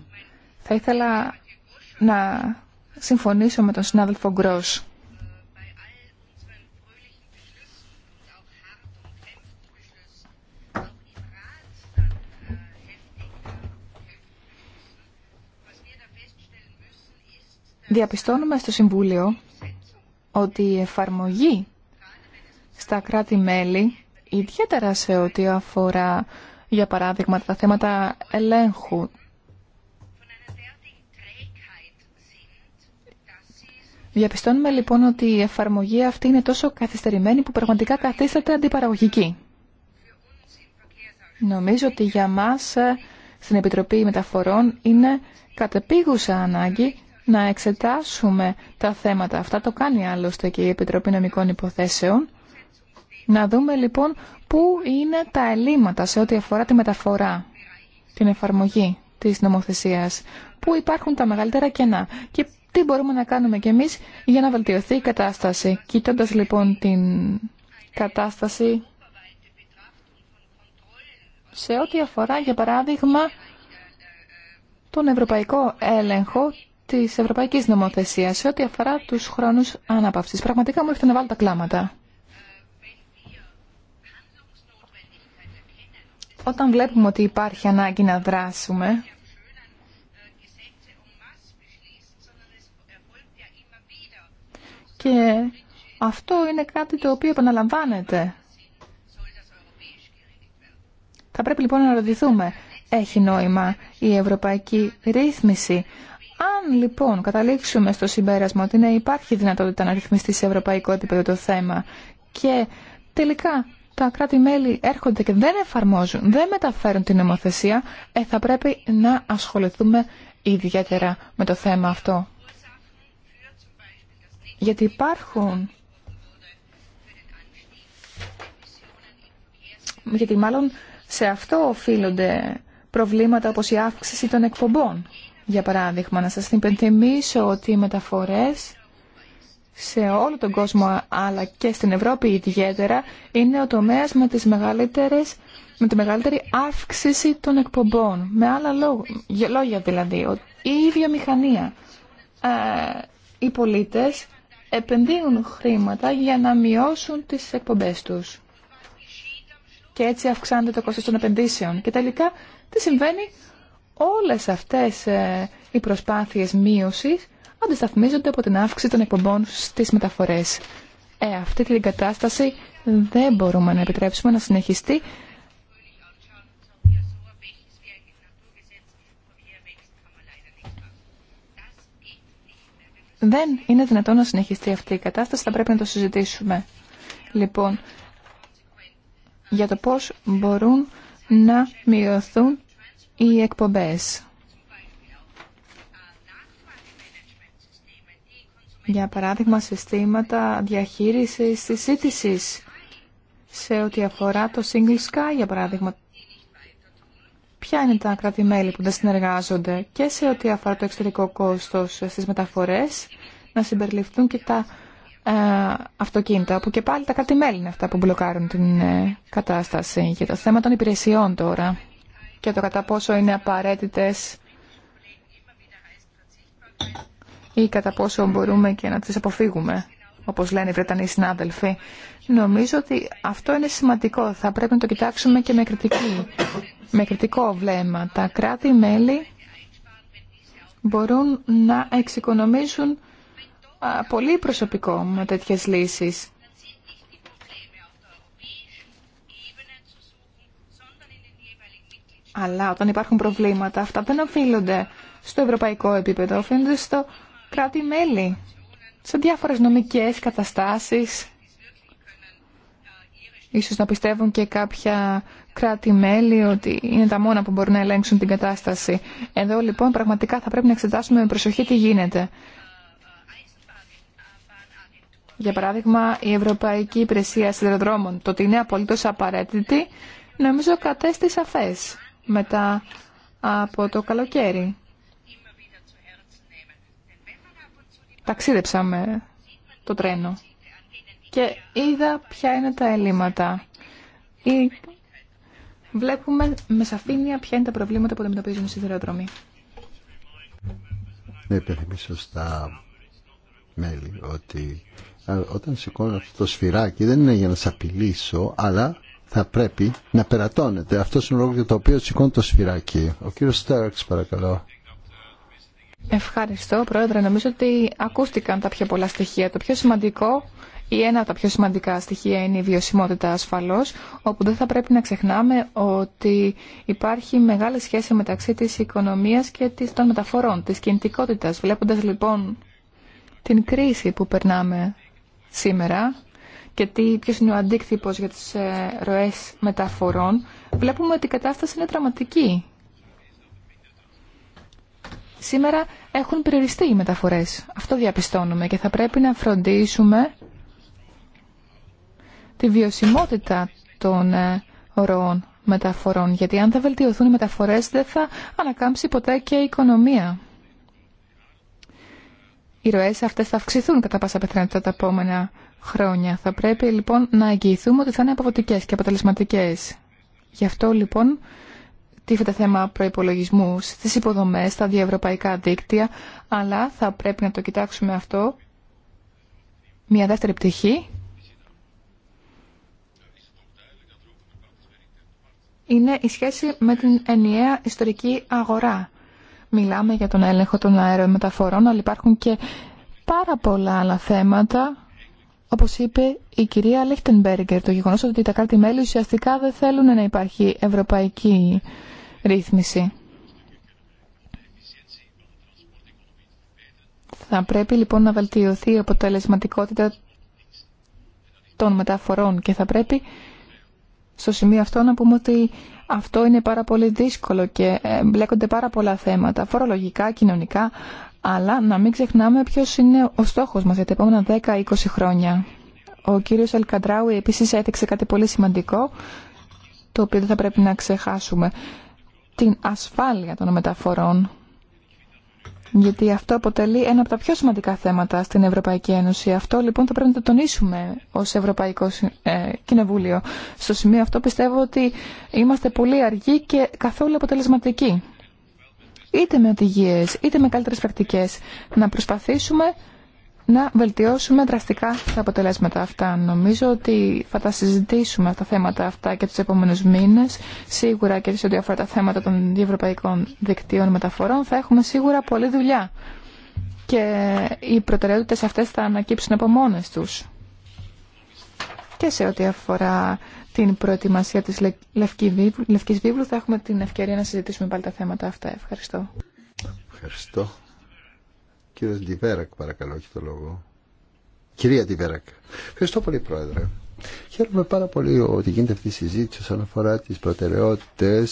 θα ήθελα να συμφωνήσω με τον συνάδελφο Γκρός. Διαπιστώνουμε στο Συμβούλιο ότι η εφαρμογή στα κράτη-μέλη, ιδιαίτερα σε ό,τι αφορά για παράδειγμα τα θέματα ελέγχου. Διαπιστώνουμε λοιπόν ότι η εφαρμογή αυτή είναι τόσο καθυστερημένη που πραγματικά καθίσταται αντιπαραγωγική. Νομίζω ότι για μας ε, στην Επιτροπή Μεταφορών είναι κατεπίγουσα ανάγκη να εξετάσουμε τα θέματα αυτά. Το κάνει άλλωστε και η Επιτροπή Νομικών Υποθέσεων να δούμε λοιπόν πού είναι τα ελλείμματα σε ό,τι αφορά τη μεταφορά, την εφαρμογή της νομοθεσίας, πού υπάρχουν τα μεγαλύτερα κενά και τι μπορούμε να κάνουμε κι εμείς για να βελτιωθεί η κατάσταση. Κοιτώντας λοιπόν την κατάσταση σε ό,τι αφορά για παράδειγμα τον ευρωπαϊκό έλεγχο της ευρωπαϊκής νομοθεσίας, σε ό,τι αφορά τους χρόνους ανάπαυσης. Πραγματικά μου να βάλω τα κλάματα. όταν βλέπουμε ότι υπάρχει ανάγκη να δράσουμε, και αυτό είναι κάτι το οποίο επαναλαμβάνεται. Θα πρέπει λοιπόν να ρωτηθούμε, έχει νόημα η ευρωπαϊκή ρύθμιση. Αν λοιπόν καταλήξουμε στο συμπέρασμα ότι ναι, υπάρχει δυνατότητα να ρυθμιστεί σε ευρωπαϊκό επίπεδο το θέμα και τελικά τα κράτη-μέλη έρχονται και δεν εφαρμόζουν, δεν μεταφέρουν την νομοθεσία, ε, θα πρέπει να ασχοληθούμε ιδιαίτερα με το θέμα αυτό. Γιατί υπάρχουν... Γιατί μάλλον σε αυτό οφείλονται προβλήματα όπως η αύξηση των εκπομπών. Για παράδειγμα, να σας υπενθυμίσω ότι οι μεταφορές σε όλο τον κόσμο αλλά και στην Ευρώπη ιδιαίτερα είναι ο τομέας με, τις μεγαλύτερες, με τη μεγαλύτερη αύξηση των εκπομπών. Με άλλα λόγια δηλαδή, η ίδια μηχανία. Ε, οι πολίτες επενδύουν χρήματα για να μειώσουν τις εκπομπές τους. Και έτσι αυξάνεται το κόστος των επενδύσεων. Και τελικά τι συμβαίνει, όλες αυτές ε, οι προσπάθειες μείωσης αντισταθμίζονται από την αύξηση των εκπομπών στις μεταφορές. Ε, αυτή την κατάσταση δεν μπορούμε να επιτρέψουμε να συνεχιστεί Δεν είναι δυνατόν να συνεχιστεί αυτή η κατάσταση, θα πρέπει να το συζητήσουμε. Λοιπόν, για το πώς μπορούν να μειωθούν οι εκπομπές. Για παράδειγμα, συστήματα διαχείρισης της ζήτησης σε ό,τι αφορά το Single Sky, για παράδειγμα. Ποια είναι τα κρατη που δεν συνεργάζονται και σε ό,τι αφορά το εξωτερικό κόστος στις μεταφορές, να συμπεριληφθούν και τα ε, αυτοκίνητα, που και πάλι τα κρατη είναι αυτά που μπλοκάρουν την ε, κατάσταση. Για το θέμα των υπηρεσιών τώρα και το κατά πόσο είναι απαραίτητες ή κατά πόσο μπορούμε και να τις αποφύγουμε, όπως λένε οι Βρετανοί συνάδελφοι. Νομίζω ότι αυτό είναι σημαντικό. Θα πρέπει να το κοιτάξουμε και με, κριτική, με κριτικό βλέμμα. Τα κράτη-μέλη μπορούν να εξοικονομήσουν πολύ προσωπικό με τέτοιες λύσεις. Αλλά όταν υπάρχουν προβλήματα, αυτά δεν οφείλονται στο ευρωπαϊκό επίπεδο, οφείλονται στο κράτη-μέλη σε διάφορες νομικές καταστάσεις. Ίσως να πιστεύουν και κάποια κράτη-μέλη ότι είναι τα μόνα που μπορούν να ελέγξουν την κατάσταση. Εδώ λοιπόν πραγματικά θα πρέπει να εξετάσουμε με προσοχή τι γίνεται. Για παράδειγμα, η Ευρωπαϊκή Υπηρεσία Σιδεροδρόμων, το ότι είναι απολύτως απαραίτητη, νομίζω κατέστη σαφές μετά από το καλοκαίρι. ταξίδεψα με το τρένο και είδα ποια είναι τα ελλείμματα. Ή βλέπουμε με σαφήνεια ποια είναι τα προβλήματα που αντιμετωπίζουν οι σιδηροδρομοί. Να υπενθυμίσω στα μέλη ότι όταν σηκώνω αυτό το σφυράκι δεν είναι για να σα απειλήσω, αλλά θα πρέπει να περατώνετε. Αυτό είναι ο λόγο για το οποίο σηκώνω το σφυράκι. Ο κύριο Στερξ, παρακαλώ. Ευχαριστώ, Πρόεδρε. Νομίζω ότι ακούστηκαν τα πιο πολλά στοιχεία. Το πιο σημαντικό ή ένα από τα πιο σημαντικά στοιχεία είναι η βιωσιμότητα ασφαλώς, όπου δεν θα πρέπει να ξεχνάμε ότι υπάρχει μεγάλη σχέση μεταξύ της οικονομίας και των μεταφορών, της κινητικότητας. Βλέποντας λοιπόν την κρίση που περνάμε σήμερα και τι, ποιος είναι ο αντίκτυπος για τις ε, ροές μεταφορών, βλέπουμε ότι η κατάσταση είναι δραματική σήμερα έχουν περιοριστεί οι μεταφορές. Αυτό διαπιστώνουμε και θα πρέπει να φροντίσουμε τη βιωσιμότητα των ε, ροών μεταφορών. Γιατί αν θα βελτιωθούν οι μεταφορές δεν θα ανακάμψει ποτέ και η οικονομία. Οι ροές αυτές θα αυξηθούν κατά πάσα πιθανότητα τα επόμενα χρόνια. Θα πρέπει λοιπόν να εγγυηθούμε ότι θα είναι αποδοτικές και αποτελεσματικές. Γι' αυτό λοιπόν τίθεται θέμα προϋπολογισμού στις υποδομές, στα διευρωπαϊκά δίκτυα, αλλά θα πρέπει να το κοιτάξουμε αυτό μια δεύτερη πτυχή. Είναι η σχέση με την ενιαία ιστορική αγορά. Μιλάμε για τον έλεγχο των αερομεταφορών, αλλά υπάρχουν και πάρα πολλά άλλα θέματα όπως είπε η κυρία Λίχτενμπέργκερ, το γεγονός ότι τα κράτη-μέλη ουσιαστικά δεν θέλουν να υπάρχει ευρωπαϊκή ρύθμιση. Θα πρέπει λοιπόν να βελτιωθεί η αποτελεσματικότητα των μεταφορών και θα πρέπει στο σημείο αυτό να πούμε ότι αυτό είναι πάρα πολύ δύσκολο και ε, μπλέκονται πάρα πολλά θέματα, φορολογικά, κοινωνικά, αλλά να μην ξεχνάμε ποιος είναι ο στόχος μας για τα επόμενα 10-20 χρόνια. Ο κύριος Αλκαντράουι επίσης έδειξε κάτι πολύ σημαντικό, το οποίο δεν θα πρέπει να ξεχάσουμε την ασφάλεια των μεταφορών. Γιατί αυτό αποτελεί ένα από τα πιο σημαντικά θέματα στην Ευρωπαϊκή Ένωση. Αυτό λοιπόν θα πρέπει να το τονίσουμε ως Ευρωπαϊκό ε, Κοινοβούλιο. Στο σημείο αυτό πιστεύω ότι είμαστε πολύ αργοί και καθόλου αποτελεσματικοί. Είτε με οδηγίε, είτε με καλύτερες πρακτικές. Να προσπαθήσουμε να βελτιώσουμε δραστικά τα αποτελέσματα αυτά. Νομίζω ότι θα τα συζητήσουμε τα θέματα αυτά και τους επόμενους μήνες. Σίγουρα και σε ό,τι αφορά τα θέματα των διευρωπαϊκών δικτύων μεταφορών θα έχουμε σίγουρα πολλή δουλειά. Και οι προτεραιότητες αυτές θα ανακύψουν από μόνες τους. Και σε ό,τι αφορά την προετοιμασία της Λευκής Βίβλου θα έχουμε την ευκαιρία να συζητήσουμε πάλι τα θέματα αυτά. Ευχαριστώ. Ευχαριστώ. Κύριε Ντιβέρακ, παρακαλώ, έχει το λόγο. Κυρία Ντιβέρακ. Ευχαριστώ πολύ, Πρόεδρε. Χαίρομαι πάρα πολύ ότι γίνεται αυτή η συζήτηση όσον αφορά τι προτεραιότητε,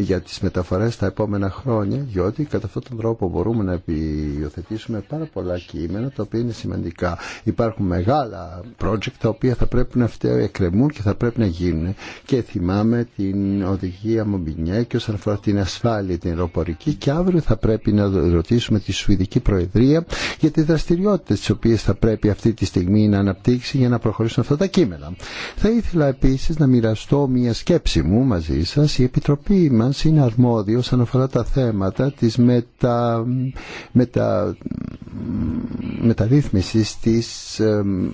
για τις μεταφορές τα επόμενα χρόνια διότι κατά αυτόν τον τρόπο μπορούμε να υιοθετήσουμε πάρα πολλά κείμενα τα οποία είναι σημαντικά. Υπάρχουν μεγάλα project τα οποία θα πρέπει να εκκρεμούν και θα πρέπει να γίνουν και θυμάμαι την οδηγία Μομπινιέ και όσον αφορά την ασφάλεια την αεροπορική και αύριο θα πρέπει να ρωτήσουμε τη Σουηδική Προεδρία για τις δραστηριότητες τις οποίες θα πρέπει αυτή τη στιγμή να αναπτύξει για να προχωρήσουν αυτά τα κείμενα. Θα ήθελα επίσης να μοιραστώ μια σκέψη μου μαζί σας. Η Επιτροπή Λοιπόν συναρμόδιο είναι όσον αφορά τα θέματα της μετα, μετα, μεταρρύθμισης της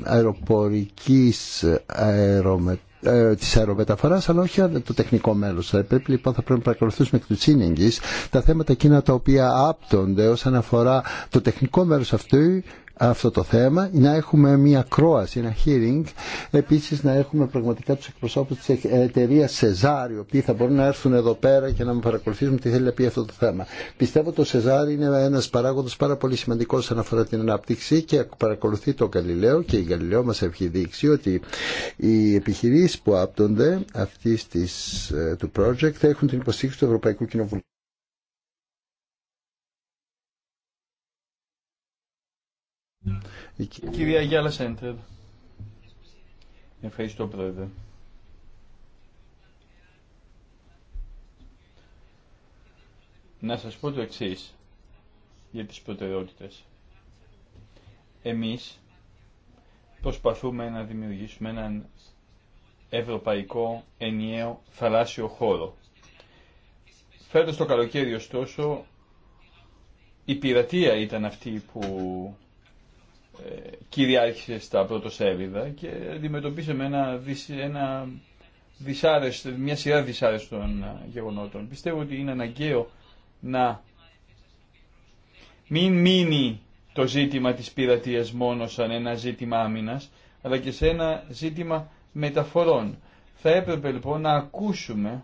αεροπορικής αερομετρικής ε, της αλλά όχι το τεχνικό μέλος. Θα πρέπει λοιπόν θα πρέπει να παρακολουθήσουμε εκ του τσίνιγκης τα θέματα εκείνα τα οποία άπτονται όσον αφορά το τεχνικό μέρος αυτού αυτό το θέμα, να έχουμε μια κρόαση, ένα hearing, επίσης να έχουμε πραγματικά τους εκπροσώπους της εταιρεία Σεζάρ, οι οποίοι θα μπορούν να έρθουν εδώ πέρα και να με παρακολουθήσουν τι θέλει να πει αυτό το θέμα. Πιστεύω το Σεζάρι είναι ένας παράγοντας πάρα πολύ σημαντικός όσον αφορά την ανάπτυξη και παρακολουθεί το Γαλιλαίο και η Γαλιλαίο μας έχει δείξει ότι οι επιχειρήσεις που άπτονται αυτή ε, του project θα έχουν την υποστήριξη του Ευρωπαϊκού Κοινοβουλίου. κυρία Γιάλα Σέντερ. Ευχαριστώ πρόεδρε. Να σας πω το εξή για τις προτεραιότητες. Εμείς προσπαθούμε να δημιουργήσουμε έναν ευρωπαϊκό ενιαίο θαλάσσιο χώρο. Φέτος το καλοκαίρι ωστόσο η πειρατεία ήταν αυτή που ε, κυριάρχησε στα πρωτοσέλιδα και αντιμετωπίσαμε ένα, ένα δυσάρεστο, μια σειρά δυσάρεστων ε, γεγονότων. Πιστεύω ότι είναι αναγκαίο να μην μείνει το ζήτημα της πειρατείας μόνο σαν ένα ζήτημα άμυνας, αλλά και σε ένα ζήτημα μεταφορών. Θα έπρεπε λοιπόν να ακούσουμε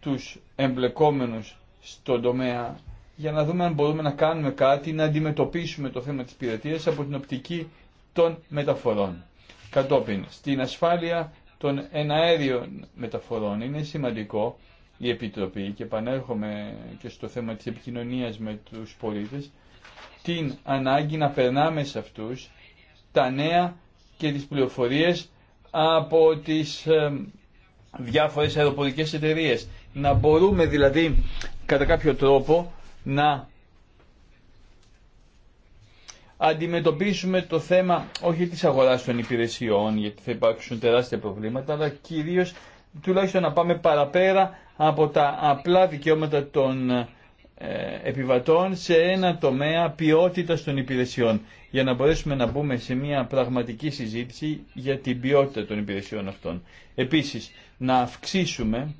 τους εμπλεκόμενους στον τομέα για να δούμε αν μπορούμε να κάνουμε κάτι, να αντιμετωπίσουμε το θέμα της πειρατείας από την οπτική των μεταφορών. Κατόπιν, στην ασφάλεια των εναέριων μεταφορών είναι σημαντικό η Επιτροπή και επανέρχομαι και στο θέμα της επικοινωνίας με τους πολίτες την ανάγκη να περνάμε σε αυτούς τα νέα και τις πληροφορίες από τις ε, διάφορες αεροπορικές εταιρείες. Να μπορούμε δηλαδή κατά κάποιο τρόπο να αντιμετωπίσουμε το θέμα όχι της αγοράς των υπηρεσιών, γιατί θα υπάρξουν τεράστια προβλήματα, αλλά κυρίως τουλάχιστον να πάμε παραπέρα από τα απλά δικαιώματα των ε, επιβατών σε ένα τομέα ποιότητας των υπηρεσιών, για να μπορέσουμε να μπούμε σε μια πραγματική συζήτηση για την ποιότητα των υπηρεσιών αυτών. Επίσης, να αυξήσουμε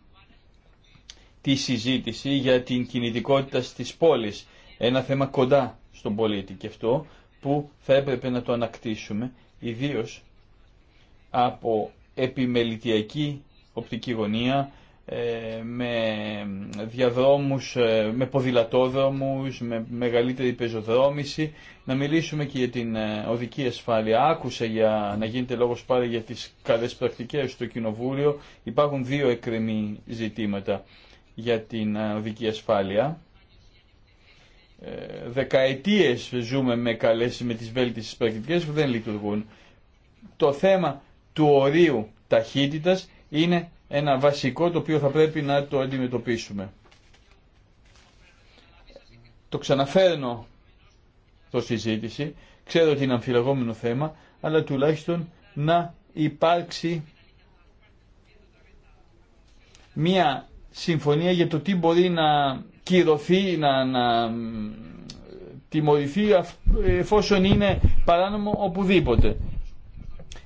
τη συζήτηση για την κινητικότητα στις πόλεις. Ένα θέμα κοντά στον πολίτη και αυτό που θα έπρεπε να το ανακτήσουμε, ιδίως από επιμελητιακή οπτική γωνία, ε, με διαδρόμους, ε, με ποδηλατόδρομους, με μεγαλύτερη πεζοδρόμηση, να μιλήσουμε και για την ε, οδική ασφάλεια. Άκουσα για, να γίνεται λόγος πάλι για τις καλές πρακτικές στο Κοινοβούλιο. Υπάρχουν δύο εκκρεμή ζητήματα για την ε, οδική ασφάλεια. Ε, δεκαετίες ζούμε με καλές, με τις βέλτιστες πρακτικές που δεν λειτουργούν. Το θέμα του ορίου ταχύτητας είναι ένα βασικό το οποίο θα πρέπει να το αντιμετωπίσουμε. Το ξαναφέρνω το συζήτηση, ξέρω ότι είναι αμφιλεγόμενο θέμα, αλλά τουλάχιστον να υπάρξει μία συμφωνία για το τι μπορεί να κυρωθεί, να, να τιμωρηθεί εφόσον είναι παράνομο οπουδήποτε.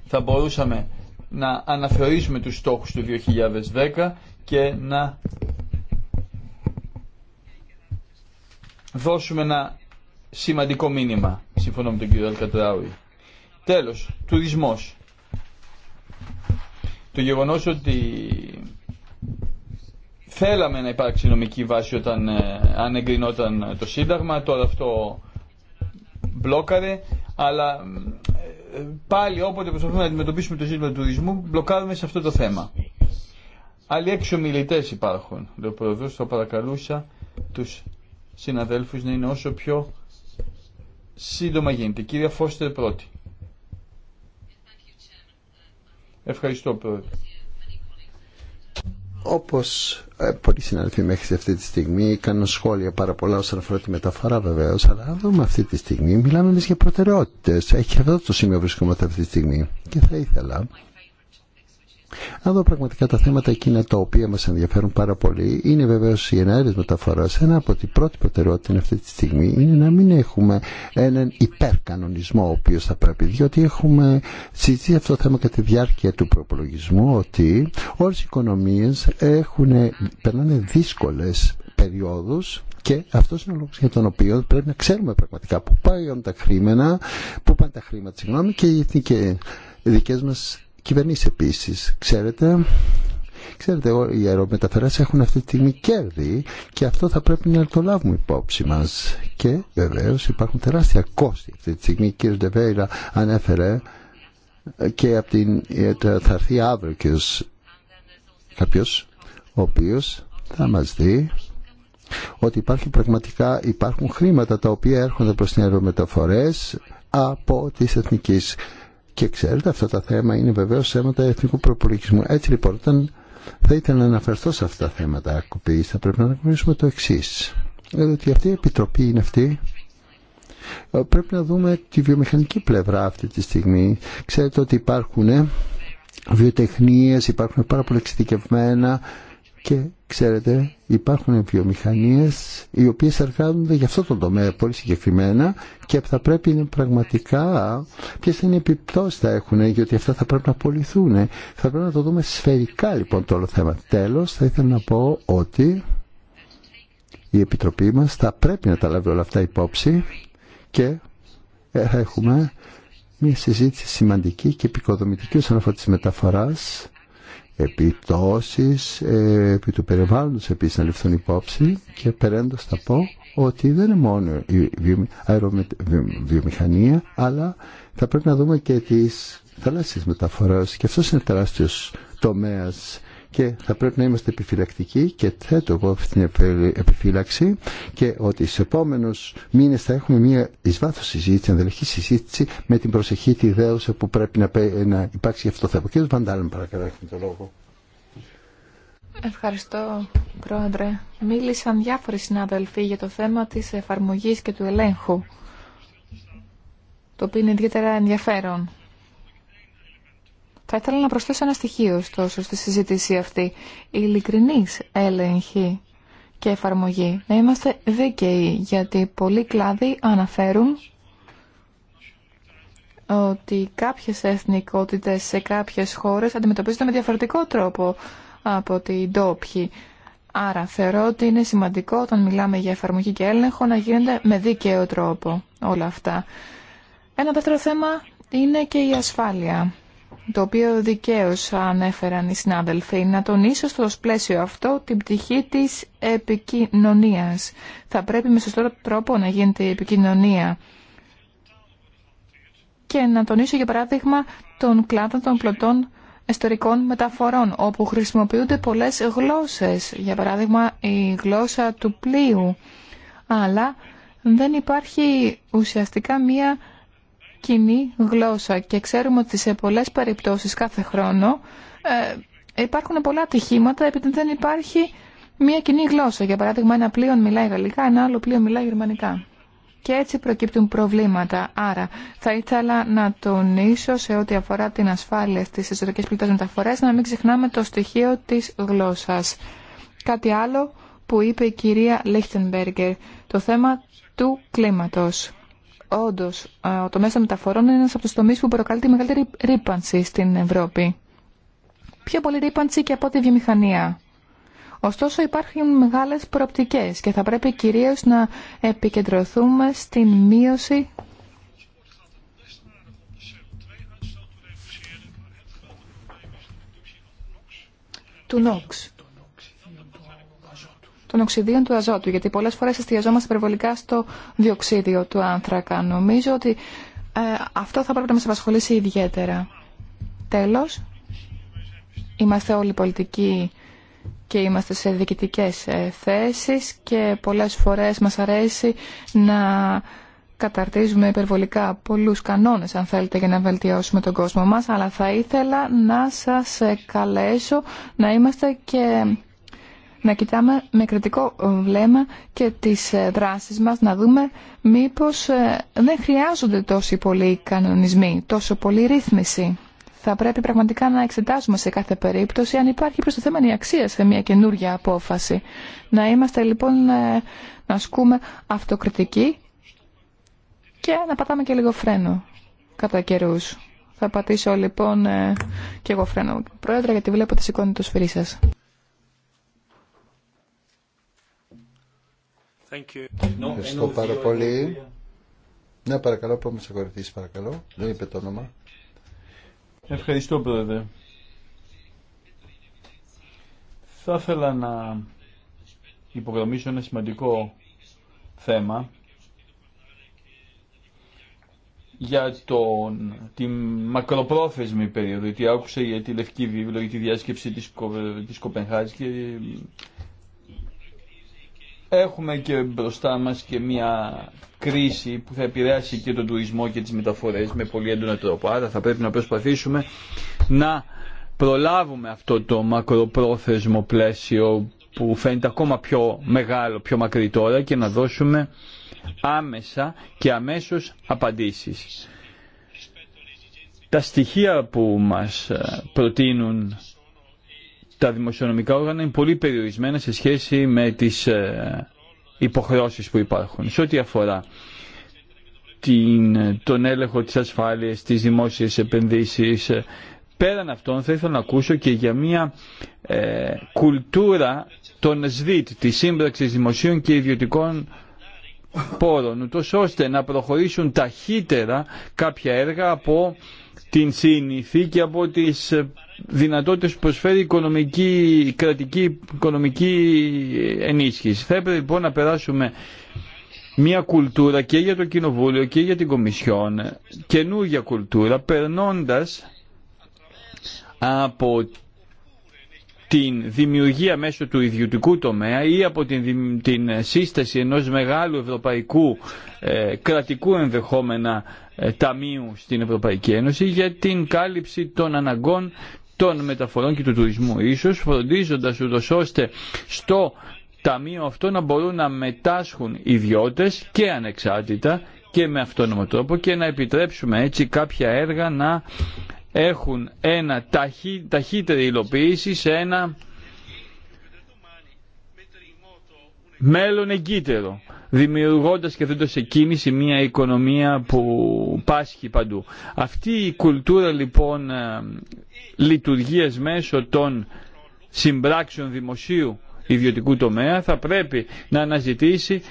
Θα μπορούσαμε να αναθεωρήσουμε τους στόχους του 2010 και να δώσουμε ένα σημαντικό μήνυμα, συμφωνώ με τον κύριο Αλκατράουη. Τέλος, τουρισμός. Το γεγονός ότι Θέλαμε να υπάρξει νομική βάση όταν, ε, αν εγκρινόταν το Σύνταγμα, τώρα αυτό μπλόκαρε, αλλά ε, πάλι όποτε προσπαθούμε να αντιμετωπίσουμε το ζήτημα του τουρισμού, μπλοκάρουμε σε αυτό το θέμα. Άλλοι έξι ομιλητέ υπάρχουν. Λέω θα παρακαλούσα του συναδέλφου να είναι όσο πιο σύντομα γίνεται. Κύρια Φώστερ πρώτη. Ευχαριστώ Πρόεδρε. Όπως ε, πολλοί συναδελφοί μέχρι αυτή τη στιγμή κάνω σχόλια πάρα πολλά όσον αφορά τη μεταφορά βεβαίω, αλλά δούμε αυτή τη στιγμή μιλάμε για προτεραιότητε. Έχει αυτό το σημείο βρισκόμαστε αυτή τη στιγμή. Και θα ήθελα αν δω πραγματικά τα θέματα εκείνα τα οποία μας ενδιαφέρουν πάρα πολύ είναι βεβαίως οι ενέργειες μεταφοράς. Ένα από την πρώτη προτεραιότητα αυτή τη στιγμή είναι να μην έχουμε έναν υπερκανονισμό ο οποίο θα πρέπει διότι έχουμε συζητήσει αυτό το θέμα κατά τη διάρκεια του προπολογισμού ότι όλες οι οικονομίες περνάνε δύσκολες περιόδους και αυτό είναι ο λόγο για τον οποίο πρέπει να ξέρουμε πραγματικά πού πάει τα χρήματα, πού πάνε τα χρήματα, συγγνώμη, και οι δικέ μα κυβερνήσει επίση, Ξέρετε, ξέρετε οι αερομεταφορές έχουν αυτή τη στιγμή κέρδη και αυτό θα πρέπει να το λάβουμε υπόψη μας. Και βεβαίω υπάρχουν τεράστια κόστη αυτή τη στιγμή. Ο κ. Ντεβέιρα ανέφερε ε, και από την, ε, θα έρθει αύριο κάποιος ο οποίο θα μας δει ότι υπάρχουν πραγματικά υπάρχουν χρήματα τα οποία έρχονται προς την αερομεταφορές από τις εθνικές και ξέρετε αυτά τα θέματα είναι βεβαίως θέματα εθνικού προπολογισμού. Έτσι λοιπόν όταν θα ήθελα να αναφερθώ σε αυτά τα θέματα ακουπής θα πρέπει να αναγνωρίσουμε το εξή. ότι αυτή η επιτροπή είναι αυτή ε, πρέπει να δούμε τη βιομηχανική πλευρά αυτή τη στιγμή. Ξέρετε ότι υπάρχουν βιοτεχνίες, υπάρχουν πάρα πολύ εξειδικευμένα και ξέρετε υπάρχουν βιομηχανίες οι οποίες εργάζονται για αυτό το τομέα πολύ συγκεκριμένα και θα πρέπει είναι πραγματικά θα είναι οι επιπτώσεις θα έχουν γιατί αυτά θα πρέπει να απολυθούν. Θα πρέπει να το δούμε σφαιρικά λοιπόν το όλο θέμα. Τέλος θα ήθελα να πω ότι η Επιτροπή μας θα πρέπει να τα λάβει όλα αυτά υπόψη και θα έχουμε μια συζήτηση σημαντική και επικοδομητική όσον αφορά τη μεταφορά επιπτώσεις ε, επί του περιβάλλοντος επίσης να ληφθούν υπόψη και περέντος θα πω ότι δεν είναι μόνο η αεροβιομηχανία αλλά θα πρέπει να δούμε και τις θαλάσσιες μεταφορές και αυτός είναι τεράστιος τομέας και θα πρέπει να είμαστε επιφυλακτικοί και θέτω εγώ αυτή την επιφύλαξη και ότι σε επόμενου μήνε θα έχουμε μια ει βάθο συζήτηση, ανδελεχή συζήτηση με την προσεχή τη δέωση που πρέπει να, να υπάρξει για αυτό το θέμα. Κύριε Βαντάλεν, παρακαλώ, έχετε το λόγο. Ευχαριστώ, Πρόεδρε. Μίλησαν διάφοροι συνάδελφοι για το θέμα της εφαρμογής και του ελέγχου, το οποίο είναι ιδιαίτερα ενδιαφέρον. Θα ήθελα να προσθέσω ένα στοιχείο, ωστόσο, στη συζήτηση αυτή. Η Ειλικρινή έλεγχη και εφαρμογή. Να είμαστε δίκαιοι, γιατί πολλοί κλάδοι αναφέρουν ότι κάποιες εθνικότητες σε κάποιες χώρες αντιμετωπίζονται με διαφορετικό τρόπο από την ντόπιοι. Άρα θεωρώ ότι είναι σημαντικό όταν μιλάμε για εφαρμογή και έλεγχο να γίνονται με δίκαιο τρόπο όλα αυτά. Ένα δεύτερο θέμα είναι και η ασφάλεια το οποίο δικαίως ανέφεραν οι συνάδελφοι, να τονίσω στο πλαίσιο αυτό την πτυχή της επικοινωνία. Θα πρέπει με σωστό τρόπο να γίνεται η επικοινωνία. Και να τονίσω για παράδειγμα τον κλάδο των πλωτών ιστορικών μεταφορών, όπου χρησιμοποιούνται πολλές γλώσσες, για παράδειγμα η γλώσσα του πλοίου. Αλλά δεν υπάρχει ουσιαστικά μία κοινή γλώσσα και ξέρουμε ότι σε πολλές περιπτώσεις κάθε χρόνο ε, υπάρχουν πολλά ατυχήματα επειδή δεν υπάρχει μια κοινή γλώσσα. Για παράδειγμα ένα πλοίο μιλάει γαλλικά, ένα άλλο πλοίο μιλάει γερμανικά. Και έτσι προκύπτουν προβλήματα. Άρα θα ήθελα να τονίσω σε ό,τι αφορά την ασφάλεια στις εσωτερικές πλητές μεταφορές να μην ξεχνάμε το στοιχείο της γλώσσας. Κάτι άλλο που είπε η κυρία Λίχτενμπέργκερ, το θέμα του κλίματος. Όντω ο μέσο των μεταφορών είναι ένα από του τομεί που προκαλεί τη μεγαλύτερη ρήπανση στην Ευρώπη. Πιο πολύ ρήπανση και από τη βιομηχανία. Ωστόσο υπάρχουν μεγάλες προοπτικές και θα πρέπει κυρίως να επικεντρωθούμε στην μείωση του νόξ των οξυδίων του αζότου, γιατί πολλές φορές εστιαζόμαστε υπερβολικά στο διοξίδιο του άνθρακα. Νομίζω ότι ε, αυτό θα πρέπει να μας απασχολήσει ιδιαίτερα. Τέλος, είμαστε όλοι πολιτικοί και είμαστε σε διοικητικές ε, θέσεις και πολλές φορές μας αρέσει να καταρτίζουμε υπερβολικά πολλούς κανόνες αν θέλετε για να βελτιώσουμε τον κόσμο μας αλλά θα ήθελα να σας ε, καλέσω να είμαστε και να κοιτάμε με κριτικό ε, βλέμμα και τις ε, δράσεις μας, να δούμε μήπως ε, δεν χρειάζονται τόσοι πολλοί κανονισμοί, τόσο πολλή ρύθμιση. Θα πρέπει πραγματικά να εξετάσουμε σε κάθε περίπτωση αν υπάρχει το θέμα η αξία σε μια καινούργια απόφαση. Να είμαστε λοιπόν, να ασκούμε αυτοκριτική και να πατάμε και λίγο φρένο κατά καιρού. Θα πατήσω λοιπόν και εγώ φρένο. Πρόεδρε, γιατί βλέπω ότι σηκώνει το σφυρί σας. Ευχαριστώ πάρα πολύ. Ναι, παρακαλώ, πρέπει να με παρακαλώ. Δεν είπε το όνομα. Ευχαριστώ, πρόεδρε. Θα ήθελα να υπογραμμίσω ένα σημαντικό θέμα για τον, τη μακροπρόθεσμη περίοδο, γιατί άκουσα για τη Λευκή Βίβλο, για τη διάσκεψη της, Κο, της Κοπενχάς και Έχουμε και μπροστά μας και μια κρίση που θα επηρεάσει και τον τουρισμό και τις μεταφορές με πολύ έντονο τρόπο. Άρα θα πρέπει να προσπαθήσουμε να προλάβουμε αυτό το μακροπρόθεσμο πλαίσιο που φαίνεται ακόμα πιο μεγάλο, πιο μακρύ τώρα και να δώσουμε άμεσα και αμέσως απαντήσεις. Τα στοιχεία που μας προτείνουν τα δημοσιονομικά όργανα είναι πολύ περιορισμένα σε σχέση με τις ε, υποχρεώσεις που υπάρχουν. Σε ό,τι αφορά την, τον έλεγχο της ασφάλειας, τις δημόσιες επενδύσεις, ε, πέραν αυτών θα ήθελα να ακούσω και για μια ε, κουλτούρα των ΣΔΙΤ, της σύμπραξης δημοσίων και ιδιωτικών πόρων, ούτως ώστε να προχωρήσουν ταχύτερα κάποια έργα από την συνηθή και από τις Δυνατότητε που προσφέρει οικονομική, κρατική οικονομική ενίσχυση. Θα έπρεπε λοιπόν να περάσουμε μια κουλτούρα και για το Κοινοβούλιο και για την Κομισιόν, καινούργια κουλτούρα, περνώντας από την δημιουργία μέσω του ιδιωτικού τομέα ή από την, την σύσταση ενός μεγάλου ευρωπαϊκού ε, κρατικού ενδεχόμενα ε, ταμείου στην Ευρωπαϊκή Ένωση για την κάλυψη των αναγκών των μεταφορών και του τουρισμού ίσως φροντίζοντας ούτως ώστε στο ταμείο αυτό να μπορούν να μετάσχουν ιδιώτες και ανεξάρτητα και με αυτόνομο τρόπο και να επιτρέψουμε έτσι κάποια έργα να έχουν ένα ταχύ, ταχύτερη υλοποίηση σε ένα μέλλον εγκύτερο δημιουργώντας και δίνοντας σε κίνηση μια οικονομία που πάσχει παντού. Αυτή η κουλτούρα λοιπόν ε, λειτουργίες μέσω των συμπράξεων δημοσίου ιδιωτικού τομέα θα πρέπει να αναζητήσει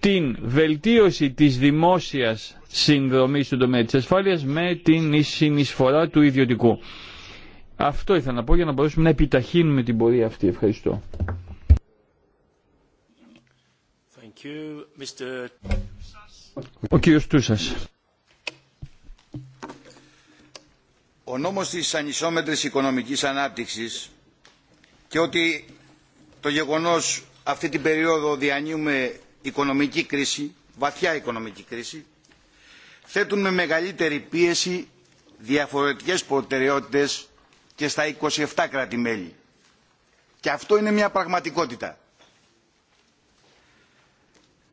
την βελτίωση της δημόσιας συνδρομής του τομέα της ασφάλειας με την συνεισφορά του ιδιωτικού. Αυτό ήθελα να πω για να μπορέσουμε να επιταχύνουμε την πορεία αυτή. Ευχαριστώ. Ο κύριος ο νόμος της ανισόμετρης οικονομικής ανάπτυξης και ότι το γεγονός αυτή την περίοδο διανύουμε οικονομική κρίση, βαθιά οικονομική κρίση, θέτουν με μεγαλύτερη πίεση διαφορετικές προτεραιότητες και στα 27 κράτη-μέλη. Και αυτό είναι μια πραγματικότητα.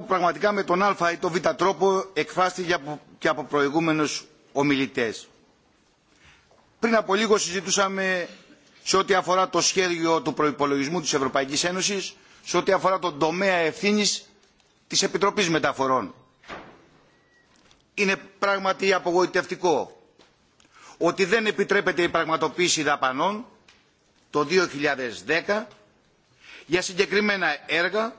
Πραγματικά με τον α ή τον β τρόπο εκφράστηκε και από προηγούμενους ομιλητές. Πριν από λίγο συζητούσαμε σε ό,τι αφορά το σχέδιο του προϋπολογισμού της Ευρωπαϊκής Ένωσης, σε ό,τι αφορά τον τομέα ευθύνης της Επιτροπής Μεταφορών. Είναι πράγματι απογοητευτικό ότι δεν επιτρέπεται η πραγματοποίηση δαπανών το 2010 για συγκεκριμένα έργα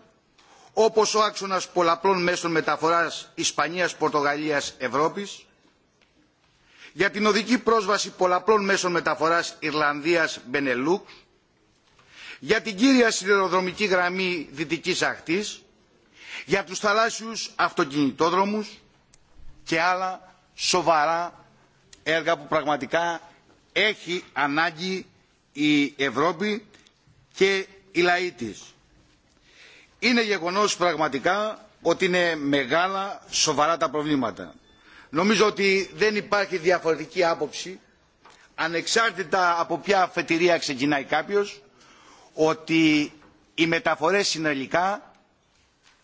όπως ο άξονας πολλαπλών μέσων μεταφοράς Ισπανίας-Πορτογαλίας-Ευρώπης για την οδική πρόσβαση πολλαπλών μέσων μεταφοράς Ιρλανδίας Μπενελούκ, για την κύρια σιδηροδρομική γραμμή Δυτικής Ακτής, για τους θαλάσσιους αυτοκινητόδρομους και άλλα σοβαρά έργα που πραγματικά έχει ανάγκη η Ευρώπη και οι λαοί της. Είναι γεγονός πραγματικά ότι είναι μεγάλα σοβαρά τα προβλήματα Νομίζω ότι δεν υπάρχει διαφορετική άποψη, ανεξάρτητα από ποια αφετηρία ξεκινάει κάποιος, ότι οι μεταφορές συνολικά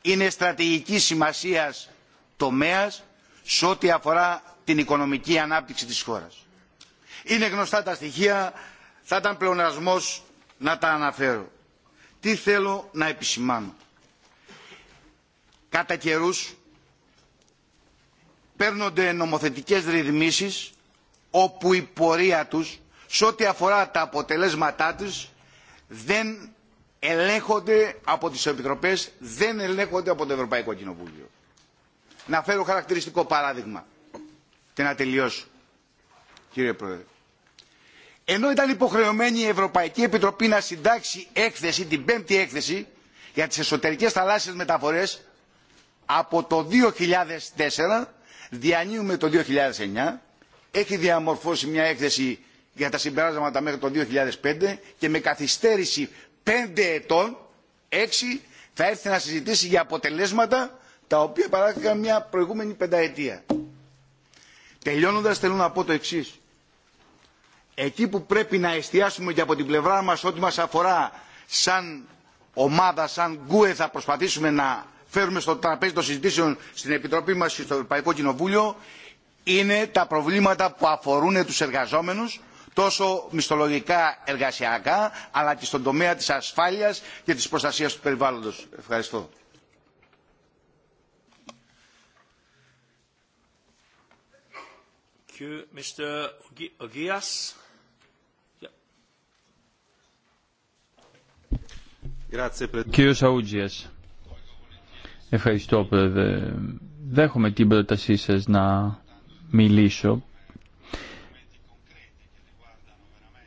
είναι στρατηγική σημασίας τομέας σε ό,τι αφορά την οικονομική ανάπτυξη της χώρας. Είναι γνωστά τα στοιχεία, θα ήταν πλεονασμός να τα αναφέρω. Τι θέλω να επισημάνω. Κατά καιρούς παίρνονται νομοθετικές ρυθμίσεις όπου η πορεία τους σε ό,τι αφορά τα αποτελέσματά τους δεν ελέγχονται από τις επιτροπές, δεν ελέγχονται από το Ευρωπαϊκό Κοινοβούλιο. Να φέρω χαρακτηριστικό παράδειγμα και να τελειώσω, κύριε Πρόεδρε. Ενώ ήταν υποχρεωμένη η Ευρωπαϊκή Επιτροπή να συντάξει έκθεση, την πέμπτη έκθεση, για τις εσωτερικές θαλάσσιες μεταφορές, από το 2004 διανύουμε το 2009, έχει διαμορφώσει μια έκθεση για τα συμπεράσματα μέχρι το 2005 και με καθυστέρηση 5 ετών, 6, θα έρθει να συζητήσει για αποτελέσματα τα οποία παράθηκαν μια προηγούμενη πενταετία. Τελειώνοντας θέλω να πω το εξή. Εκεί που πρέπει να εστιάσουμε και από την πλευρά μας ό,τι μας αφορά σαν ομάδα, σαν γκουε θα προσπαθήσουμε να φέρουμε στο τραπέζι των συζητήσεων στην Επιτροπή μας και στο Ευρωπαϊκό Κοινοβούλιο είναι τα προβλήματα που αφορούν τους εργαζόμενους τόσο μισθολογικά εργασιακά αλλά και στον τομέα της ασφάλειας και της προστασίας του περιβάλλοντος. Ευχαριστώ. Κύριε Σαούτζιας. Ευχαριστώ, Πρόεδρε. Δέχομαι την πρότασή σας να μιλήσω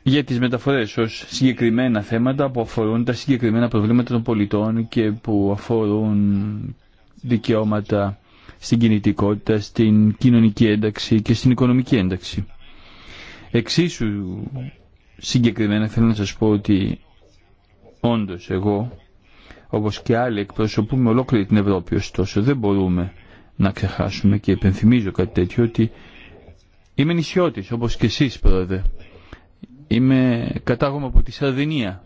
για τις μεταφορές ως συγκεκριμένα θέματα που αφορούν τα συγκεκριμένα προβλήματα των πολιτών και που αφορούν δικαιώματα στην κινητικότητα, στην κοινωνική ένταξη και στην οικονομική ένταξη. Εξίσου συγκεκριμένα θέλω να σας πω ότι όντως εγώ όπως και άλλοι εκπροσωπούμε ολόκληρη την Ευρώπη, ωστόσο δεν μπορούμε να ξεχάσουμε και επενθυμίζω κάτι τέτοιο ότι είμαι νησιώτης όπως και εσείς πρόεδρε. Είμαι κατάγομαι από τη Σαρδινία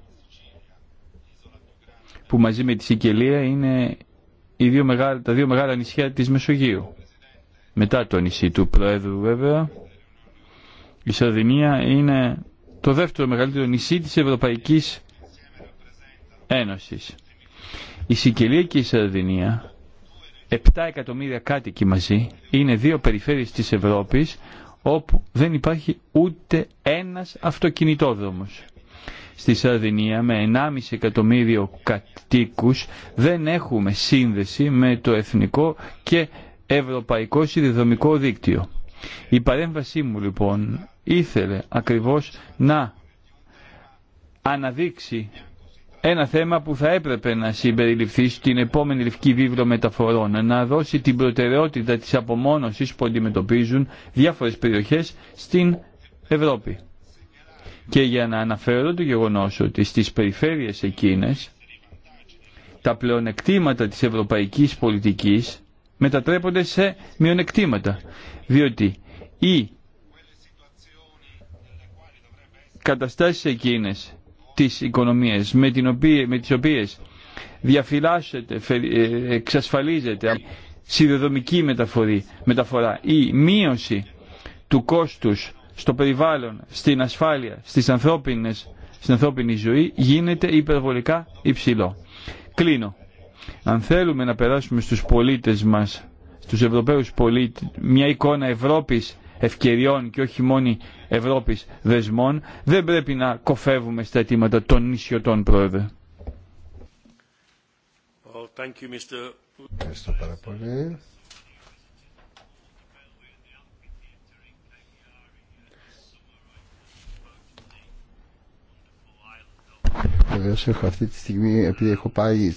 που μαζί με τη Σικελία είναι οι δύο μεγάλα, τα δύο μεγάλα νησιά της Μεσογείου. Μετά το νησί του Προέδρου βέβαια, η Σαρδινία είναι το δεύτερο μεγαλύτερο νησί της Ευρωπαϊκής Ένωσης. Η Σικελία και η Σαρδινία, 7 εκατομμύρια κάτοικοι μαζί, είναι δύο περιφέρειες της Ευρώπης όπου δεν υπάρχει ούτε ένας αυτοκινητόδρομος. Στη Σαρδινία με 1,5 εκατομμύριο κατοίκους δεν έχουμε σύνδεση με το εθνικό και ευρωπαϊκό συνδρομικό δίκτυο. Η παρέμβασή μου λοιπόν ήθελε ακριβώς να αναδείξει ένα θέμα που θα έπρεπε να συμπεριληφθεί στην επόμενη λευκή βίβλο μεταφορών, να δώσει την προτεραιότητα της απομόνωσης που αντιμετωπίζουν διάφορες περιοχές στην Ευρώπη. Και για να αναφέρω το γεγονός ότι στις περιφέρειες εκείνες τα πλεονεκτήματα της ευρωπαϊκής πολιτικής μετατρέπονται σε μειονεκτήματα, διότι οι καταστάσεις εκείνες τις οικονομίες με, την οποία, με τις οποίες διαφυλάσσεται, ε, εξασφαλίζεται συνδεδομική μεταφορά ή μείωση του κόστους στο περιβάλλον, στην ασφάλεια, στις ανθρώπινες, στην ανθρώπινη ζωή γίνεται υπερβολικά υψηλό. Κλείνω. Αν θέλουμε να περάσουμε στους πολίτες μας, στους Ευρωπαίους πολίτες, μια εικόνα Ευρώπης ευκαιριών και όχι μόνο Ευρώπης δεσμών, δεν πρέπει να κοφεύουμε στα αιτήματα των νησιωτών, Πρόεδρε. Well, thank you, Mr. Ευχαριστώ πάρα βεβαίως έχω αυτή τη στιγμή, επειδή έχω πάει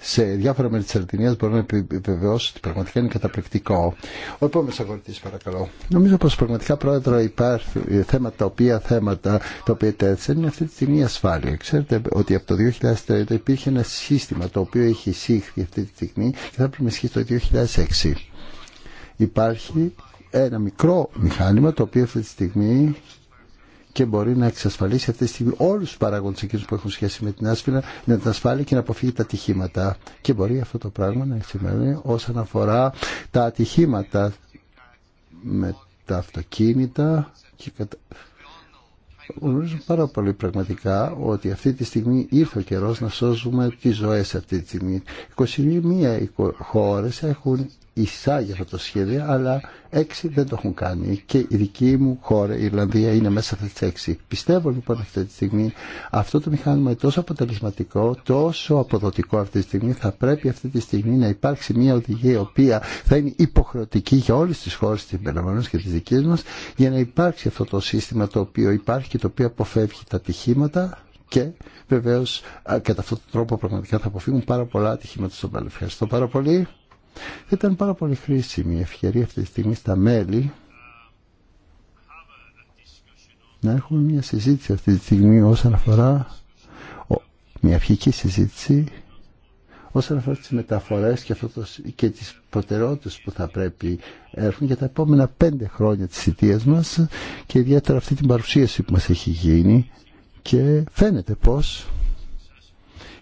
σε διάφορα μέρη της Αρτινίας μπορώ να επιβεβαιώσω ότι πραγματικά είναι καταπληκτικό. Ο επόμενος παρακαλώ. Νομίζω πως πραγματικά πρόεδρο υπάρχουν θέματα τα οποία θέματα τα οποία τέθησαν είναι αυτή τη στιγμή η ασφάλεια. Ξέρετε ότι από το 2003 υπήρχε ένα σύστημα το οποίο έχει εισήχθη αυτή τη στιγμή και θα πρέπει να ισχύει το 2006. Υπάρχει ένα μικρό μηχάνημα το οποίο αυτή τη στιγμή και μπορεί να εξασφαλίσει αυτή τη στιγμή όλου του παράγοντε εκείνου που έχουν σχέση με την άσφυνα, να την ασφάλει και να αποφύγει τα ατυχήματα. Και μπορεί αυτό το πράγμα να σημαίνει όσον αφορά τα ατυχήματα με τα αυτοκίνητα και κατα... πάρα πολύ πραγματικά ότι αυτή τη στιγμή ήρθε ο καιρός να σώζουμε τις ζωές αυτή τη στιγμή. 21 χώρες έχουν εισάγει αυτό το σχέδιο, αλλά έξι δεν το έχουν κάνει. Και η δική μου χώρα, η Ιρλανδία, είναι μέσα σε έξι. Πιστεύω λοιπόν αυτή τη στιγμή αυτό το μηχάνημα είναι τόσο αποτελεσματικό, τόσο αποδοτικό αυτή τη στιγμή. Θα πρέπει αυτή τη στιγμή να υπάρξει μια οδηγία η οποία θα είναι υποχρεωτική για όλε τι χώρε τη περιλαμβανομένε και τη δική μα, για να υπάρξει αυτό το σύστημα το οποίο υπάρχει και το οποίο αποφεύγει τα ατυχήματα και βεβαίω κατά αυτόν τον τρόπο πραγματικά θα αποφύγουν πάρα πολλά ατυχήματα στο μέλλον. πάρα πολύ ήταν πάρα πολύ χρήσιμη η ευκαιρία αυτή τη στιγμή στα μέλη να έχουμε μια συζήτηση αυτή τη στιγμή όσον αφορά μια αρχική συζήτηση όσον αφορά τις μεταφορές και, αυτό το, και τις προτεραιότητες που θα πρέπει έρθουν για τα επόμενα πέντε χρόνια της θητείας μας και ιδιαίτερα αυτή την παρουσίαση που μας έχει γίνει και φαίνεται πως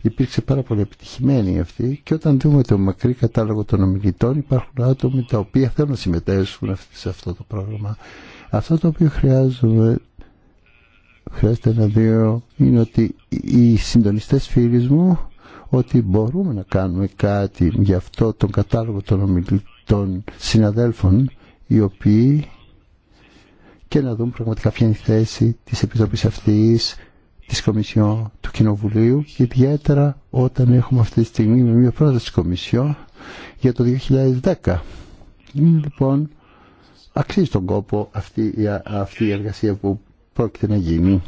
υπήρξε πάρα πολύ επιτυχημένη αυτή και όταν δούμε το μακρύ κατάλογο των ομιλητών υπάρχουν άτομα τα οποία θέλουν να συμμετέσχουν σε αυτό το πρόγραμμα. Αυτό το οποίο χρειάζομαι χρειάζεται να δύο είναι ότι οι συντονιστές φίλοι μου ότι μπορούμε να κάνουμε κάτι για αυτό τον κατάλογο των ομιλητών συναδέλφων οι οποίοι και να δουν πραγματικά ποια είναι η θέση της Επιτροπής αυτής της Κομισιόν του Κοινοβουλίου και ιδιαίτερα όταν έχουμε αυτή τη στιγμή με μια πρόταση της Κομισιόν για το 2010. Είναι λοιπόν αξίζει τον κόπο αυτή, αυτή η εργασία που πρόκειται να γίνει.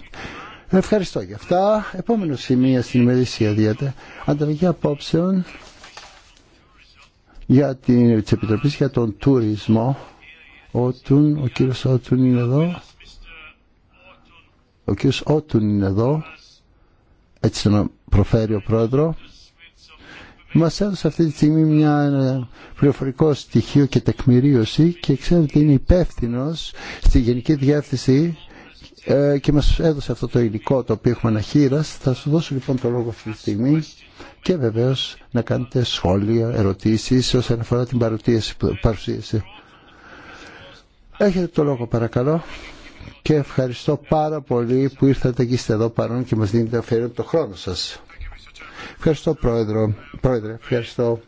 Ευχαριστώ για αυτά. Επόμενο σημείο στην ημερήσια διάτα. Ανταλλαγή απόψεων για την επιτροπή, για τον τουρισμό. Ο, κύριος Ότουν είναι εδώ. Ο κ. Ότουν είναι εδώ, έτσι να προφέρει ο πρόεδρο. μα έδωσε αυτή τη στιγμή μια ε, πληροφορικό στοιχείο και τεκμηρίωση και ξέρετε είναι υπεύθυνο στη Γενική Διάθεση ε, και μας έδωσε αυτό το υλικό το οποίο έχουμε αναχείρας. Θα σου δώσω λοιπόν το λόγο αυτή τη στιγμή και βεβαίως να κάνετε σχόλια, ερωτήσεις όσον αφορά την παρουσίαση. Έχετε το λόγο παρακαλώ και ευχαριστώ πάρα πολύ που ήρθατε και είστε εδώ παρόν και μας δίνετε αφαιρετό το χρόνο σας. Ευχαριστώ Πρόεδρο. Πρόεδρε, ευχαριστώ.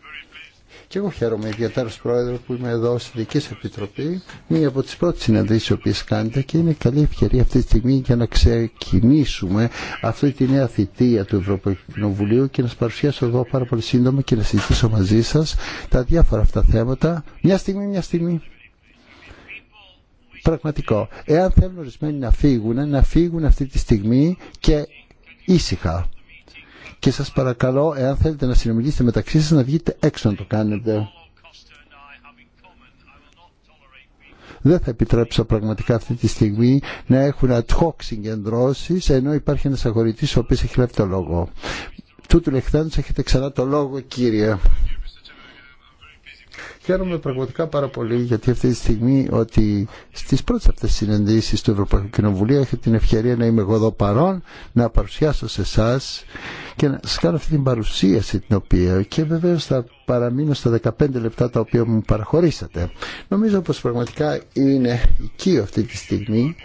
Και εγώ χαίρομαι ιδιαίτερα Πρόεδρο που είμαι εδώ στη δική σας επιτροπή. Μία από τις πρώτες συναντήσεις που κάνετε και είναι καλή ευκαιρία αυτή τη στιγμή για να ξεκινήσουμε αυτή τη νέα θητεία του Ευρωπαϊκού Κοινοβουλίου και να σας παρουσιάσω εδώ πάρα πολύ σύντομα και να συζητήσω μαζί σας τα διάφορα αυτά θέματα. Μια στιγμή, μια στιγμή πραγματικό. Εάν θέλουν ορισμένοι να φύγουν, να φύγουν αυτή τη στιγμή και ήσυχα. Και σας παρακαλώ, εάν θέλετε να συνομιλήσετε μεταξύ σας, να βγείτε έξω να το κάνετε. Δεν θα επιτρέψω πραγματικά αυτή τη στιγμή να έχουν ad hoc ενώ υπάρχει ένας αγορητής ο οποίος έχει λάβει το λόγο. Τούτου λεχθάνους έχετε ξανά το λόγο, κύριε. Χαίρομαι πραγματικά πάρα πολύ γιατί αυτή τη στιγμή ότι στις πρώτες αυτές συναντήσεις του Ευρωπαϊκού Κοινοβουλίου έχω την ευκαιρία να είμαι εγώ εδώ παρόν, να παρουσιάσω σε εσά και να σας κάνω αυτή την παρουσίαση την οποία και βεβαίω θα παραμείνω στα 15 λεπτά τα οποία μου παραχωρήσατε. Νομίζω πως πραγματικά είναι εκεί αυτή τη στιγμή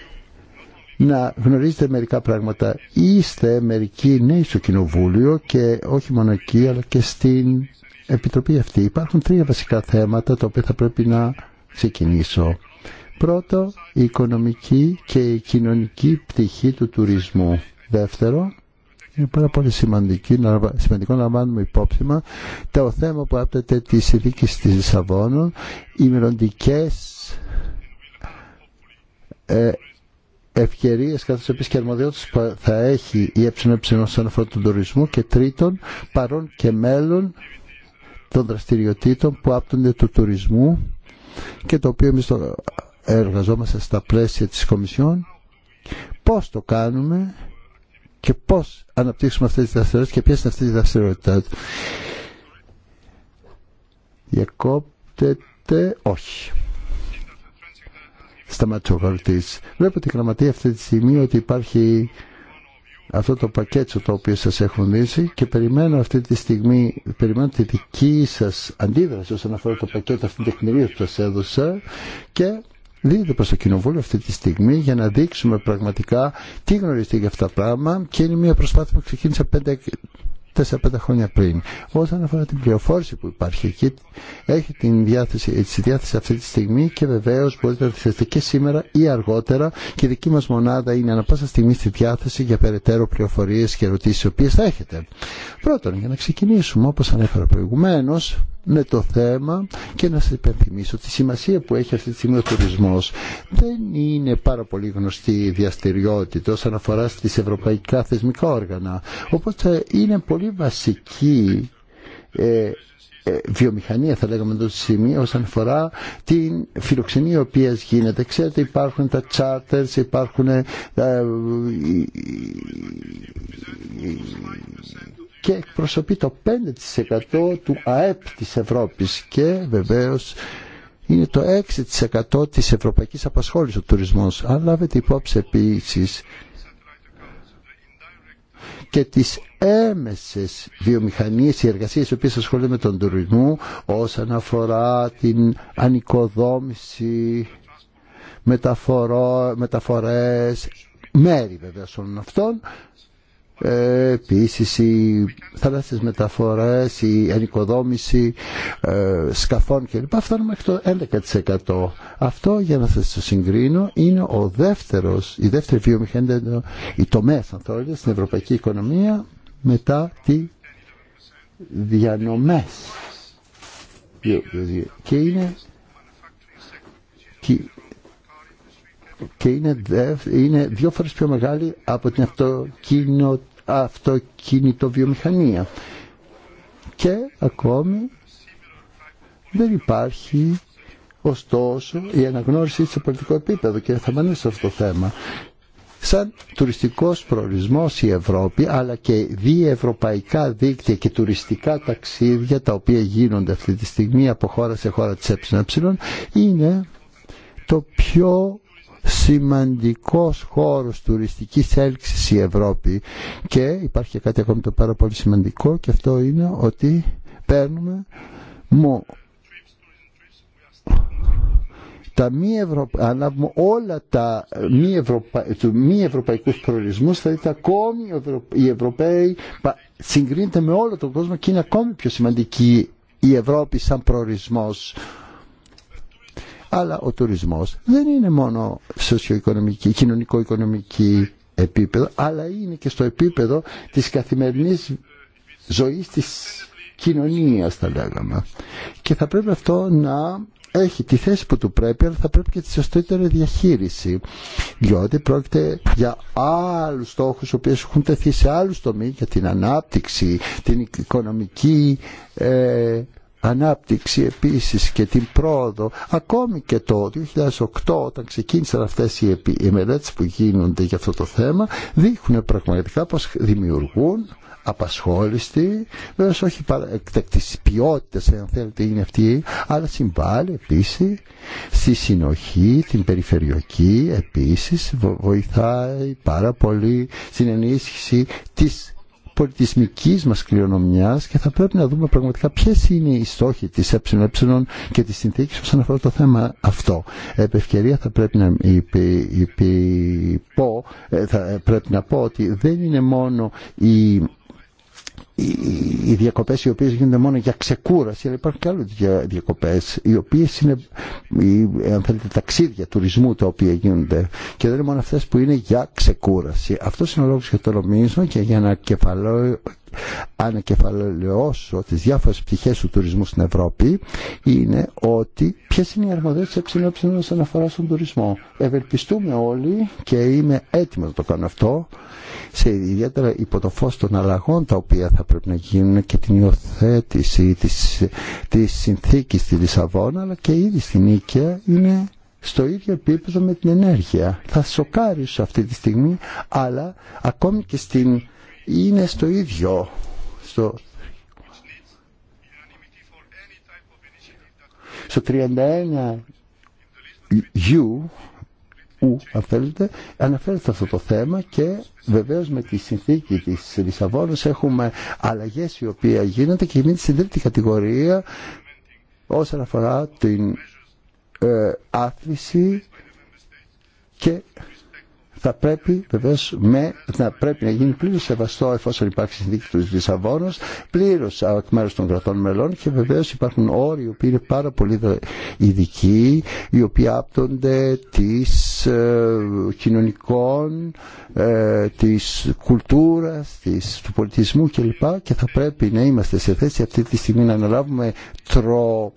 να γνωρίζετε μερικά πράγματα. Είστε μερικοί νέοι στο Κοινοβούλιο και όχι μόνο εκεί αλλά και στην Επιτροπή αυτή υπάρχουν τρία βασικά θέματα τα οποία θα πρέπει να ξεκινήσω. Πρώτο, η οικονομική και η κοινωνική πτυχή του τουρισμού. Δεύτερο, είναι πάρα πολύ σημαντικό, σημαντικό να λαμβάνουμε υπόψη το θέμα που άπτεται τη ειδική τη Λισαβόνα, οι μελλοντικέ ε, ευκαιρίες καθώς επίσης και αρμοδιότητες που θα έχει η ΕΕ όσον αφορά τον τουρισμό και τρίτον παρόν και μέλλον των δραστηριοτήτων που άπτονται του τουρισμού και το οποίο εμείς το εργαζόμαστε στα πλαίσια της Κομισιόν πώς το κάνουμε και πώς αναπτύξουμε αυτές τις δραστηριότητες και ποιες είναι αυτές τις δραστηριότητες διακόπτεται όχι σταματήσω ο Βλέπω τη γραμματεία αυτή τη στιγμή ότι υπάρχει αυτό το πακέτο το οποίο σας έχουν δίσει και περιμένω αυτή τη στιγμή, περιμένω τη δική σας αντίδραση όσον αφορά το πακέτο αυτήν την τεχνηρία που σας έδωσα και δείτε προς το Κοινοβούλιο αυτή τη στιγμή για να δείξουμε πραγματικά τι γνωρίζετε για αυτά τα πράγματα και είναι μια προσπάθεια που ξεκινησε πέντε... 4-5 χρόνια πριν. Όσον αφορά την πληροφόρηση που υπάρχει εκεί, έχει την διάθεση, ε, τη διάθεση αυτή τη στιγμή και βεβαίω μπορείτε να τη θέσετε και σήμερα ή αργότερα και η δική μα μονάδα είναι ανα πάσα στιγμή στη διάθεση για περαιτέρω πληροφορίε και ερωτήσει οι οποίε θα έχετε. Πρώτον, για να ξεκινήσουμε όπω ανέφερα προηγουμένω, με το θέμα και να σας υπενθυμίσω η σημασία που έχει αυτή τη στιγμή ο τουρισμός. Δεν είναι πάρα πολύ γνωστή η διαστηριότητα όσον αφορά στις ευρωπαϊκά θεσμικά όργανα. Οπότε είναι πολύ βασική βιομηχανία θα λέγαμε το σημείο όσον αφορά την φιλοξενία η οποία γίνεται. Ξέρετε υπάρχουν τα charters, υπάρχουν ε, και εκπροσωπεί το 5% του ΑΕΠ της Ευρώπης και βεβαίως είναι το 6% της ευρωπαϊκής απασχόλησης ο τουρισμός. Αν λάβετε υπόψη επίσης και τις έμεσες βιομηχανίες, οι εργασίες οι οποίες ασχολούνται με τον τουρισμό όσον αφορά την ανοικοδόμηση, μεταφορό, μεταφορές, μέρη βέβαια όλων αυτών ε, οι θαλάσσιες μεταφορές, η ενοικοδόμηση ε, σκαφών κλπ. Φτάνουμε μέχρι το 11%. Αυτό για να σας το συγκρίνω είναι ο δεύτερος, η δεύτερη βιομηχανία, η τομέα αν θέλετε, στην ευρωπαϊκή οικονομία μετά τη διανομές. Και είναι και είναι, δύο φορές πιο μεγάλη από την αυτοκίνητο, βιομηχανία Και ακόμη δεν υπάρχει ωστόσο η αναγνώριση σε πολιτικό επίπεδο και θα μείνω σε αυτό το θέμα. Σαν τουριστικός προορισμός η Ευρώπη αλλά και διευρωπαϊκά δίκτυα και τουριστικά ταξίδια τα οποία γίνονται αυτή τη στιγμή από χώρα σε χώρα της ΕΕ είναι το πιο σημαντικός χώρος τουριστικής έλξης η Ευρώπη και υπάρχει κάτι ακόμη το πάρα πολύ σημαντικό και αυτό είναι ότι παίρνουμε τα μη όλα τα μη, Ευρωπα... του μη ευρωπαϊκούς προορισμούς θα δηλαδή δείτε ακόμη οι Ευρωπαίοι συγκρίνεται με όλο τον κόσμο και είναι ακόμη πιο σημαντική η Ευρώπη σαν προορισμός αλλά ο τουρισμός δεν είναι μόνο σοσιοοικονομική, κοινωνικο-οικονομική επίπεδο, αλλά είναι και στο επίπεδο της καθημερινής ζωής της κοινωνίας θα λέγαμε. Και θα πρέπει αυτό να έχει τη θέση που του πρέπει, αλλά θα πρέπει και τη σωστότερη διαχείριση. Διότι πρόκειται για άλλους στόχους, οι οποίες έχουν τεθεί σε άλλους τομείς, για την ανάπτυξη, την οικονομική ε, ανάπτυξη επίσης και την πρόοδο ακόμη και το 2008 όταν ξεκίνησαν αυτές οι, επι... μελέτες που γίνονται για αυτό το θέμα δείχνουν πραγματικά πως δημιουργούν απασχόληστη, βέβαια όχι της ποιότητα, αν θέλετε, είναι αυτή, αλλά συμβάλλει επίση στη συνοχή, την περιφερειακή, επίση βοηθάει πάρα πολύ στην ενίσχυση της πολιτισμικής μας κληρονομιάς και θα πρέπει να δούμε πραγματικά ποιες είναι οι στόχοι της ΕΕ και της συνθήκης όσον αφορά το θέμα αυτό. Επ' θα πρέπει να, υπη, ε, θα ε, πρέπει να πω ότι δεν είναι μόνο η οι διακοπές οι οποίες γίνονται μόνο για ξεκούραση αλλά υπάρχουν και άλλες διακοπές οι οποίες είναι αν θέλετε ταξίδια τουρισμού τα οποία γίνονται και δεν είναι μόνο αυτές που είναι για ξεκούραση αυτό είναι ο λόγος για το νομίσμα και για ένα ανακεφαλαιώσω τις διάφορες πτυχές του τουρισμού στην Ευρώπη είναι ότι ποιες είναι οι αρμοδιότητες ΕΕ όσον αναφορά στον τουρισμό. Ευελπιστούμε όλοι και είμαι έτοιμο να το κάνω αυτό σε ιδιαίτερα υπό το φως των αλλαγών τα οποία θα πρέπει να γίνουν και την υιοθέτηση της, της συνθήκης στη Λισαβόνα αλλά και ήδη στην Ίκαια είναι στο ίδιο επίπεδο με την ενέργεια. Θα σοκάρει αυτή τη στιγμή, αλλά ακόμη και στην είναι στο ίδιο στο, στο 31 U ου αν θέλετε, αναφέρεται αυτό το θέμα και βεβαίω με τη συνθήκη της Λισαβόνας έχουμε αλλαγές οι οποίες γίνονται και γίνεται στην τρίτη κατηγορία όσον αφορά την ε, άθληση και θα πρέπει με, να πρέπει να γίνει πλήρω σεβαστό εφόσον υπάρχει συνθήκη του Λισαβόνος πλήρω εκ μέρου των κρατών μελών και βεβαίως υπάρχουν όροι οι οποίοι είναι πάρα πολύ ειδικοί, οι οποίοι άπτονται της ε, κοινωνικών, ε, τη κουλτούρα, του πολιτισμού κλπ. Και θα πρέπει να είμαστε σε θέση αυτή τη στιγμή να αναλάβουμε τρο,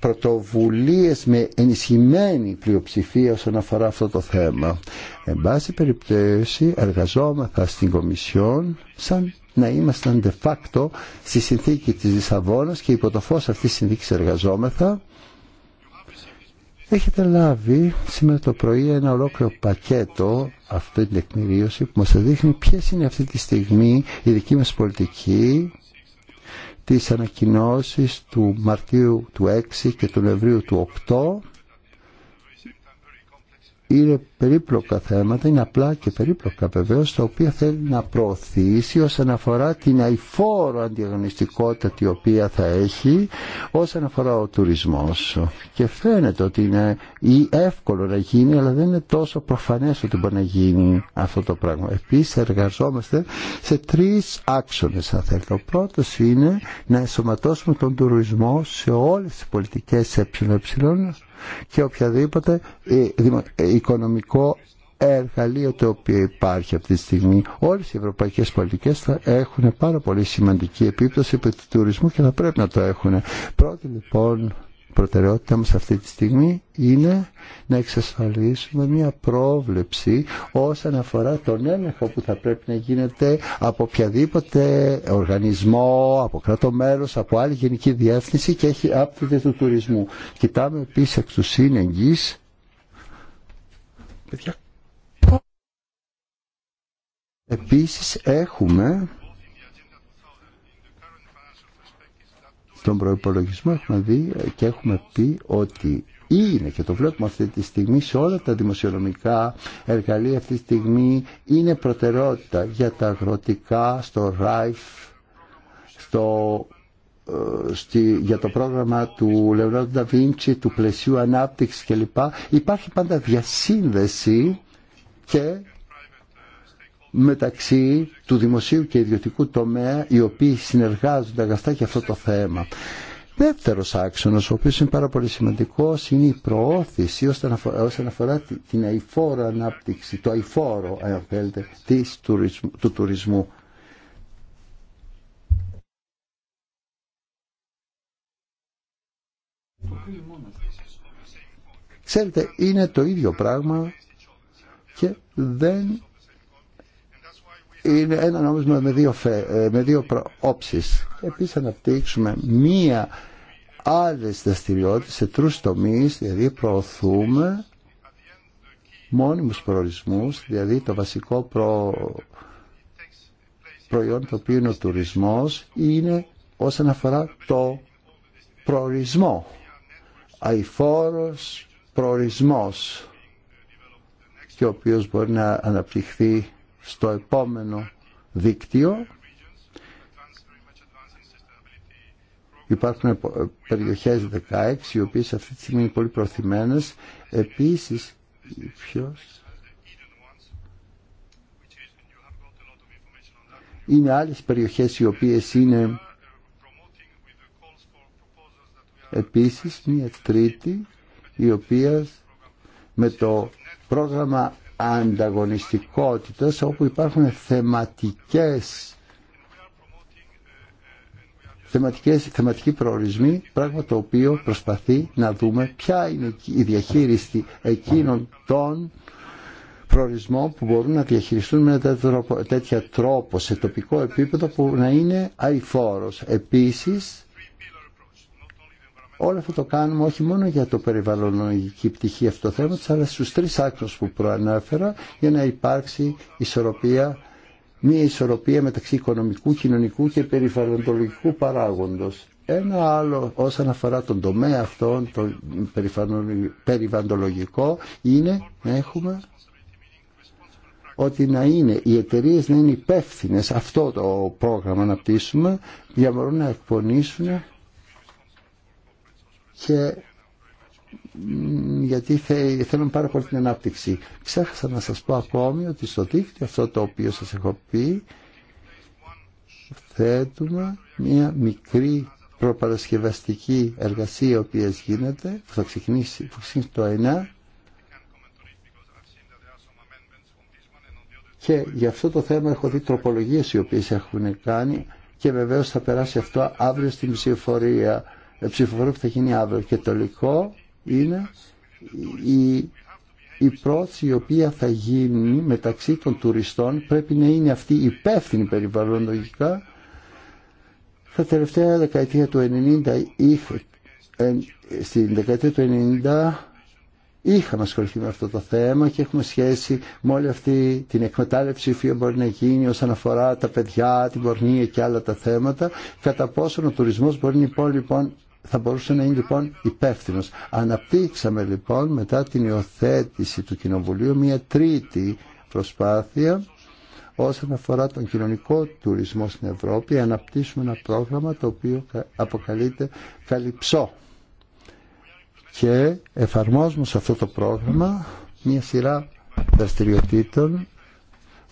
πρωτοβουλίε με ενισχυμένη πλειοψηφία όσον αφορά αυτό το θέμα. Εν πάση περιπτώσει εργαζόμαθα στην Κομισιόν σαν να ήμασταν de facto στη συνθήκη της Λισαβόνας και υπό το φως αυτής της συνθήκης εργαζόμεθα έχετε λάβει σήμερα το πρωί ένα ολόκληρο πακέτο αυτή την εκμηρίωση που μας δείχνει ποιε είναι αυτή τη στιγμή η δική μας πολιτική τις ανακοινώσεις του Μαρτίου του 6 και του Νευρίου του 8 είναι περίπλοκα θέματα, είναι απλά και περίπλοκα βεβαίως, τα οποία θέλει να προωθήσει όσον αφορά την αηφόρο αντιγωνιστικότητα την οποία θα έχει όσον αφορά ο τουρισμός. Και φαίνεται ότι είναι ή εύκολο να γίνει, αλλά δεν είναι τόσο προφανές ότι μπορεί να γίνει αυτό το πράγμα. Επίσης εργαζόμαστε σε τρεις άξονες, αν θέλετε. Ο πρώτος είναι να εσωματώσουμε τον τουρισμό σε όλες τις πολιτικές ε και οποιαδήποτε ε, ε, οικονομικό εργαλείο το οποίο υπάρχει αυτή τη στιγμή. Όλες οι ευρωπαϊκές πολιτικές θα έχουν πάρα πολύ σημαντική επίπτωση επί του τουρισμού και θα πρέπει να το έχουν. Πρώτη λοιπόν προτεραιότητά μας αυτή τη στιγμή είναι να εξασφαλίσουμε μια πρόβλεψη όσον αφορά τον έλεγχο που θα πρέπει να γίνεται από οποιαδήποτε οργανισμό, από κράτο μέρο, από άλλη γενική διεύθυνση και έχει άπτυτε του τουρισμού. Κοιτάμε επίσης εκ του σύνεγγυς Επίσης έχουμε τον προπολογισμό έχουμε δει και έχουμε πει ότι είναι και το βλέπουμε αυτή τη στιγμή σε όλα τα δημοσιονομικά εργαλεία αυτή τη στιγμή είναι προτεραιότητα για τα αγροτικά, στο ΡΑΙΦ, στο, ε, για το πρόγραμμα του Λεωνάρντου Νταβίντσι, του πλαισίου ανάπτυξης κλπ. Υπάρχει πάντα διασύνδεση και μεταξύ του δημοσίου και ιδιωτικού τομέα οι οποίοι συνεργάζονται αγαστά για αυτό το θέμα. Δεύτερος άξονας, ο οποίος είναι πάρα πολύ σημαντικός, είναι η προώθηση όσον αφορά την αηφόρο ανάπτυξη, το αηφόρο, αν θέλετε, του τουρισμού. Ξέρετε, είναι το ίδιο πράγμα και δεν είναι ένα νόμισμα με δύο, ε, με δύο όψεις. Επίσης αναπτύξουμε μία άλλες δραστηριότητε σε τρεις τομείς, δηλαδή προωθούμε μόνιμους προορισμούς, δηλαδή το βασικό προ... προϊόν το οποίο είναι ο τουρισμός είναι όσον αφορά το προορισμό. Αϊφόρος προορισμός και ο οποίος μπορεί να αναπτυχθεί στο επόμενο δίκτυο. Υπάρχουν περιοχές 16 οι οποίες αυτή τη στιγμή είναι πολύ προθυμένες. Επίσης, ποιος... Είναι άλλες περιοχές οι οποίες είναι επίσης μια τρίτη η οποία με το πρόγραμμα ανταγωνιστικότητας όπου υπάρχουν θεματικές θεματικές, θεματικοί προορισμοί, πράγμα το οποίο προσπαθεί να δούμε ποια είναι η διαχείριση εκείνων των προορισμών που μπορούν να διαχειριστούν με τέτοια τρόπο σε τοπικό επίπεδο που να είναι αηφόρος. Επίσης, όλα αυτό το κάνουμε όχι μόνο για το περιβαλλοντική πτυχή αυτού του θέματος, αλλά στους τρεις άκρους που προανέφερα για να υπάρξει ισορροπία, μία ισορροπία μεταξύ οικονομικού, κοινωνικού και περιβαλλοντολογικού παράγοντος. Ένα άλλο όσον αφορά τον τομέα αυτόν, το περιβαλλοντολογικό, είναι να έχουμε ότι να είναι οι εταιρείε να είναι υπεύθυνε αυτό το πρόγραμμα να πτήσουμε για να μπορούν να εκπονήσουν και γιατί θέλουν πάρα πολύ την ανάπτυξη. Ξέχασα να σας πω ακόμη ότι στο δίκτυο αυτό το οποίο σας έχω πει θέτουμε μια μικρή προπαρασκευαστική εργασία η οποία γίνεται που θα ξεκινήσει, που ξεκινήσει το 9 και για αυτό το θέμα έχω δει τροπολογίες οι οποίες έχουν κάνει και βεβαίως θα περάσει αυτό αύριο στην Ψηφορία. Ε, ψηφοφορία που θα γίνει αύριο. Και το λικό είναι η, η πρόθεση η οποία θα γίνει μεταξύ των τουριστών πρέπει να είναι αυτή υπεύθυνη περιβαλλοντολογικά. Στα τελευταία δεκαετία του 90 είχε, ε, στην δεκαετία του 90 είχαμε ασχοληθεί με αυτό το θέμα και έχουμε σχέση με όλη αυτή την εκμετάλλευση που μπορεί να γίνει όσον αφορά τα παιδιά, την πορνεία και άλλα τα θέματα, κατά πόσο ο τουρισμός μπορεί να λοιπόν θα μπορούσε να είναι λοιπόν υπεύθυνο. Αναπτύξαμε λοιπόν μετά την υιοθέτηση του Κοινοβουλίου μια τρίτη προσπάθεια όσον αφορά τον κοινωνικό τουρισμό στην Ευρώπη αναπτύσσουμε ένα πρόγραμμα το οποίο αποκαλείται Καλυψό και εφαρμόζουμε σε αυτό το πρόγραμμα μια σειρά δραστηριοτήτων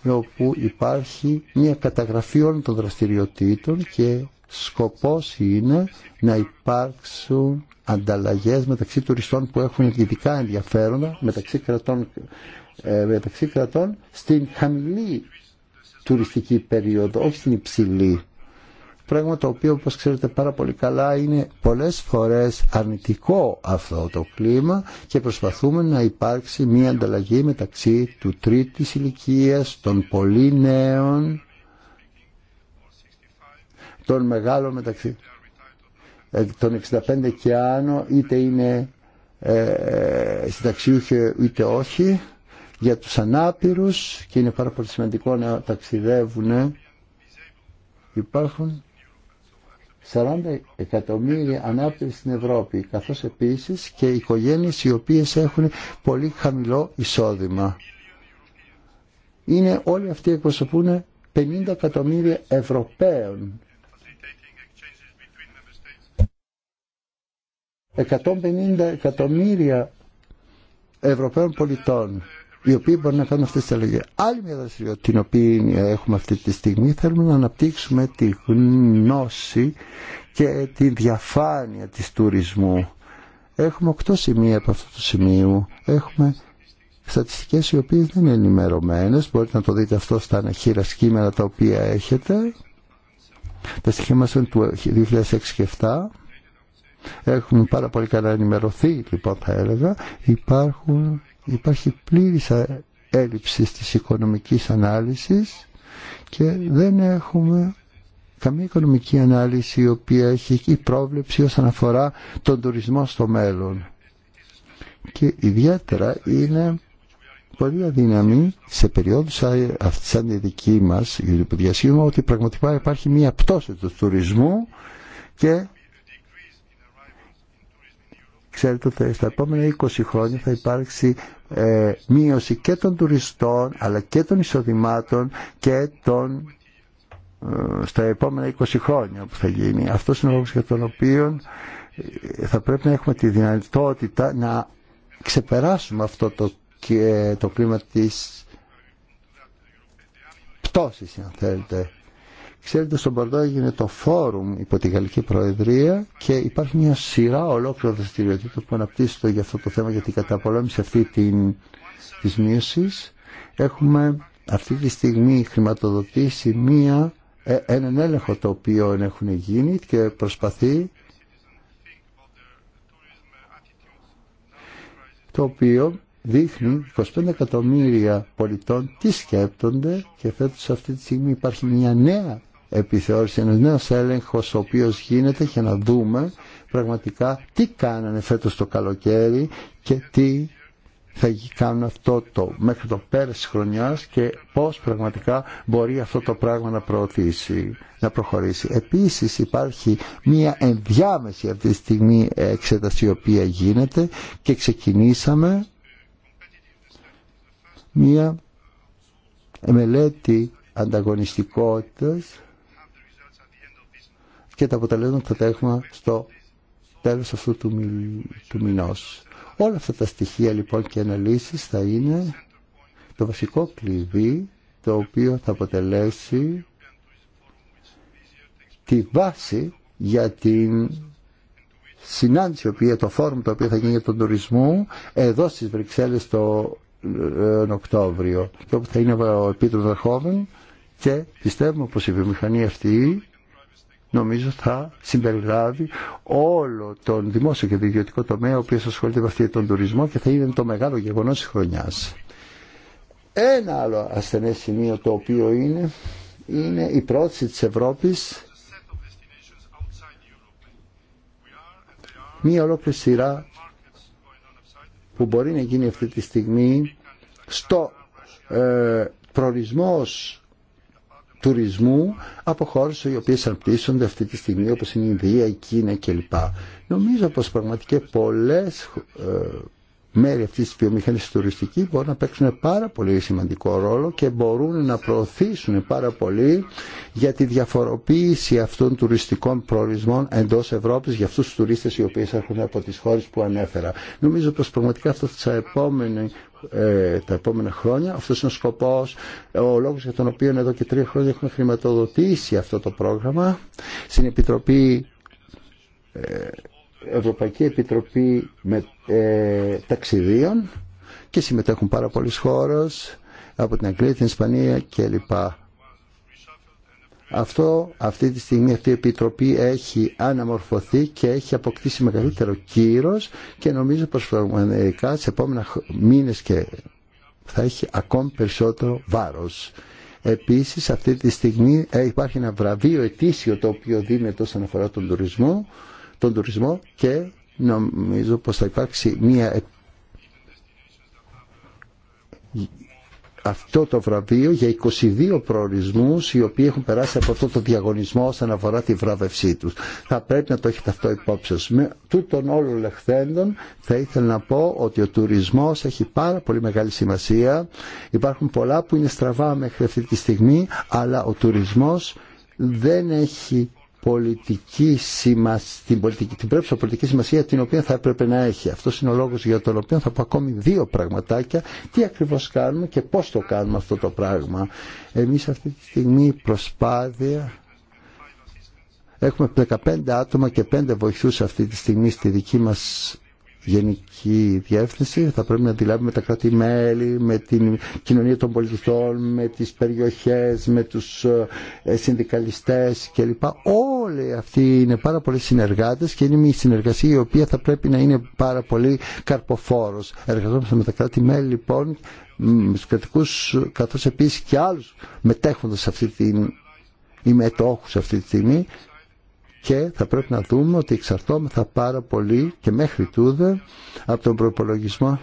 όπου υπάρχει μια καταγραφή όλων των δραστηριοτήτων και σκοπός είναι να υπάρξουν ανταλλαγές μεταξύ τουριστών που έχουν ειδικά ενδιαφέροντα μεταξύ κρατών, ε, μεταξύ κρατών στην χαμηλή τουριστική περίοδο, όχι στην υψηλή. Πράγμα το οποίο όπως ξέρετε πάρα πολύ καλά είναι πολλές φορές αρνητικό αυτό το κλίμα και προσπαθούμε να υπάρξει μια ανταλλαγή μεταξύ του τρίτης ηλικίας, των πολύ νέων των μεγάλων μεταξύ ε, των 65 και άνω είτε είναι ε, συνταξιούχοι είτε όχι για τους ανάπηρους και είναι πάρα πολύ σημαντικό να ταξιδεύουν υπάρχουν 40 εκατομμύρια ανάπηροι στην Ευρώπη καθώς επίσης και οικογένειες οι οποίες έχουν πολύ χαμηλό εισόδημα είναι όλοι αυτοί εκπροσωπούν 50 εκατομμύρια Ευρωπαίων 150 εκατομμύρια Ευρωπαίων πολιτών οι οποίοι μπορούν να κάνουν αυτές τις αλλαγές. Άλλη μια δραστηριότητα την οποία έχουμε αυτή τη στιγμή θέλουμε να αναπτύξουμε τη γνώση και τη διαφάνεια της τουρισμού. Έχουμε οκτώ σημεία από αυτού του σημείου. Έχουμε στατιστικές οι οποίες δεν είναι ενημερωμένες. Μπορείτε να το δείτε αυτό στα αναχείρα σκήμενα τα οποία έχετε. Τα στοιχεία μας είναι του 2006 και 2007. Έχουμε πάρα πολύ καλά ενημερωθεί, λοιπόν, θα έλεγα. Υπάρχουν, υπάρχει πλήρης έλλειψη της οικονομικής ανάλυσης και δεν έχουμε καμία οικονομική ανάλυση η οποία έχει η πρόβλεψη όσον αφορά τον τουρισμό στο μέλλον. Και ιδιαίτερα είναι πολύ αδύναμη σε περιόδους αυτή σαν τη δική μας που ότι πραγματικά υπάρχει μία πτώση του τουρισμού και Ξέρετε ότι στα επόμενα 20 χρόνια θα υπάρξει ε, μείωση και των τουριστών αλλά και των εισοδημάτων και των ε, στα επόμενα 20 χρόνια που θα γίνει. Αυτό είναι ο λόγος για τον οποίο ε, θα πρέπει να έχουμε τη δυνατότητα να ξεπεράσουμε αυτό το, το κλίμα της πτώσης, αν θέλετε. Ξέρετε, στον Πορτό έγινε το φόρουμ υπό τη Γαλλική Προεδρία και υπάρχει μια σειρά ολόκληρων δραστηριοτήτων που αναπτύσσεται για αυτό το θέμα, για την καταπολέμηση αυτή την, της Έχουμε αυτή τη στιγμή χρηματοδοτήσει μία, ε, έναν έλεγχο το οποίο έχουν γίνει και προσπαθεί το οποίο δείχνει 25 εκατομμύρια πολιτών τι σκέπτονται και φέτος αυτή τη στιγμή υπάρχει μια νέα επιθεώρηση, ένας νέος έλεγχος ο οποίος γίνεται για να δούμε πραγματικά τι κάνανε φέτος το καλοκαίρι και τι θα κάνουν αυτό το μέχρι το πέρας χρονιάς και πώς πραγματικά μπορεί αυτό το πράγμα να προωθήσει, να προχωρήσει. Επίσης υπάρχει μια ενδιάμεση αυτή τη στιγμή εξέταση η οποία γίνεται και ξεκινήσαμε μια μελέτη ανταγωνιστικότητας και τα αποτελέσματα τα έχουμε στο τέλος αυτού του, μι, μηνός. Όλα αυτά τα στοιχεία λοιπόν και αναλύσεις θα είναι το βασικό κλειδί το οποίο θα αποτελέσει τη βάση για την συνάντηση, το φόρουμ το οποίο θα γίνει για τον τουρισμό εδώ στις Βρυξέλλες το ε, Οκτώβριο και όπου θα είναι ο Επίτρος Βερχόβεν και πιστεύουμε πως η βιομηχανία αυτή νομίζω θα συμπεριλάβει όλο τον δημόσιο και τον ιδιωτικό τομέα ο οποίο ασχολείται με αυτή τον τουρισμό και θα είναι το μεγάλο γεγονός της χρονιάς. Ένα άλλο ασθενέ σημείο το οποίο είναι, είναι η πρόθεση της Ευρώπης μία ολόκληρη σειρά που μπορεί να γίνει αυτή τη στιγμή στο ε, προορισμός τουρισμού από χώρες οι οποίες αναπτύσσονται αυτή τη στιγμή όπως είναι η Ινδία, η Κίνα κλπ. Νομίζω πως πραγματικά πολλές ε, μέρη αυτής της βιομηχανίας τουριστική μπορούν να παίξουν πάρα πολύ σημαντικό ρόλο και μπορούν να προωθήσουν πάρα πολύ για τη διαφοροποίηση αυτών τουριστικών προορισμών εντός Ευρώπης για αυτούς τους τουρίστες οι οποίοι έρχονται από τις χώρες που ανέφερα. Νομίζω πως πραγματικά αυτό θα επόμενη ε, τα επόμενα χρόνια. Αυτός είναι ο σκοπός, ο λόγος για τον οποίο εδώ και τρία χρόνια έχουμε χρηματοδοτήσει αυτό το πρόγραμμα. Στην Επιτροπή ε, Ευρωπαϊκή Επιτροπή με, ε, Ταξιδίων και συμμετέχουν πάρα πολλοί χώρες από την Αγγλία, την Ισπανία κλπ. Αυτό, αυτή τη στιγμή αυτή η Επιτροπή έχει αναμορφωθεί και έχει αποκτήσει μεγαλύτερο κύρος και νομίζω πως πραγματικά σε επόμενα μήνες και θα έχει ακόμη περισσότερο βάρος. Επίσης αυτή τη στιγμή ε, υπάρχει ένα βραβείο ετήσιο το οποίο δίνεται όσον αφορά τον τουρισμό τον τουρισμό και νομίζω πως θα υπάρξει μια αυτό το βραβείο για 22 προορισμούς οι οποίοι έχουν περάσει από αυτό το διαγωνισμό όσον αφορά τη βράβευσή τους. Θα πρέπει να το έχετε αυτό υπόψη σας. Με τούτων όλων λεχθέντων θα ήθελα να πω ότι ο τουρισμός έχει πάρα πολύ μεγάλη σημασία. Υπάρχουν πολλά που είναι στραβά μέχρι αυτή τη στιγμή αλλά ο τουρισμός δεν έχει πολιτική σημασία, την, πολιτική, την πολιτική σημασία την οποία θα έπρεπε να έχει. Αυτό είναι ο λόγος για τον οποίο θα πω ακόμη δύο πραγματάκια, τι ακριβώς κάνουμε και πώς το κάνουμε αυτό το πράγμα. Εμείς αυτή τη στιγμή προσπάθεια έχουμε 15 άτομα και 5 βοηθούς αυτή τη στιγμή στη δική μας Γενική Διεύθυνση θα πρέπει να τη με τα κράτη-μέλη, με την κοινωνία των πολιτιστών, με τις περιοχές, με τους ε, συνδικαλιστές κλπ. Όλοι αυτοί είναι πάρα πολλοί συνεργάτες και είναι μια συνεργασία η οποία θα πρέπει να είναι πάρα πολύ καρποφόρος. Εργαζόμαστε με τα κράτη-μέλη λοιπόν, με τους κρατικούς καθώς επίσης και άλλους μετέχοντας σε αυτή την ή μετόχους αυτή τη στιγμή και θα πρέπει να δούμε ότι εξαρτώμεθα πάρα πολύ και μέχρι τούδε από τον προπολογισμό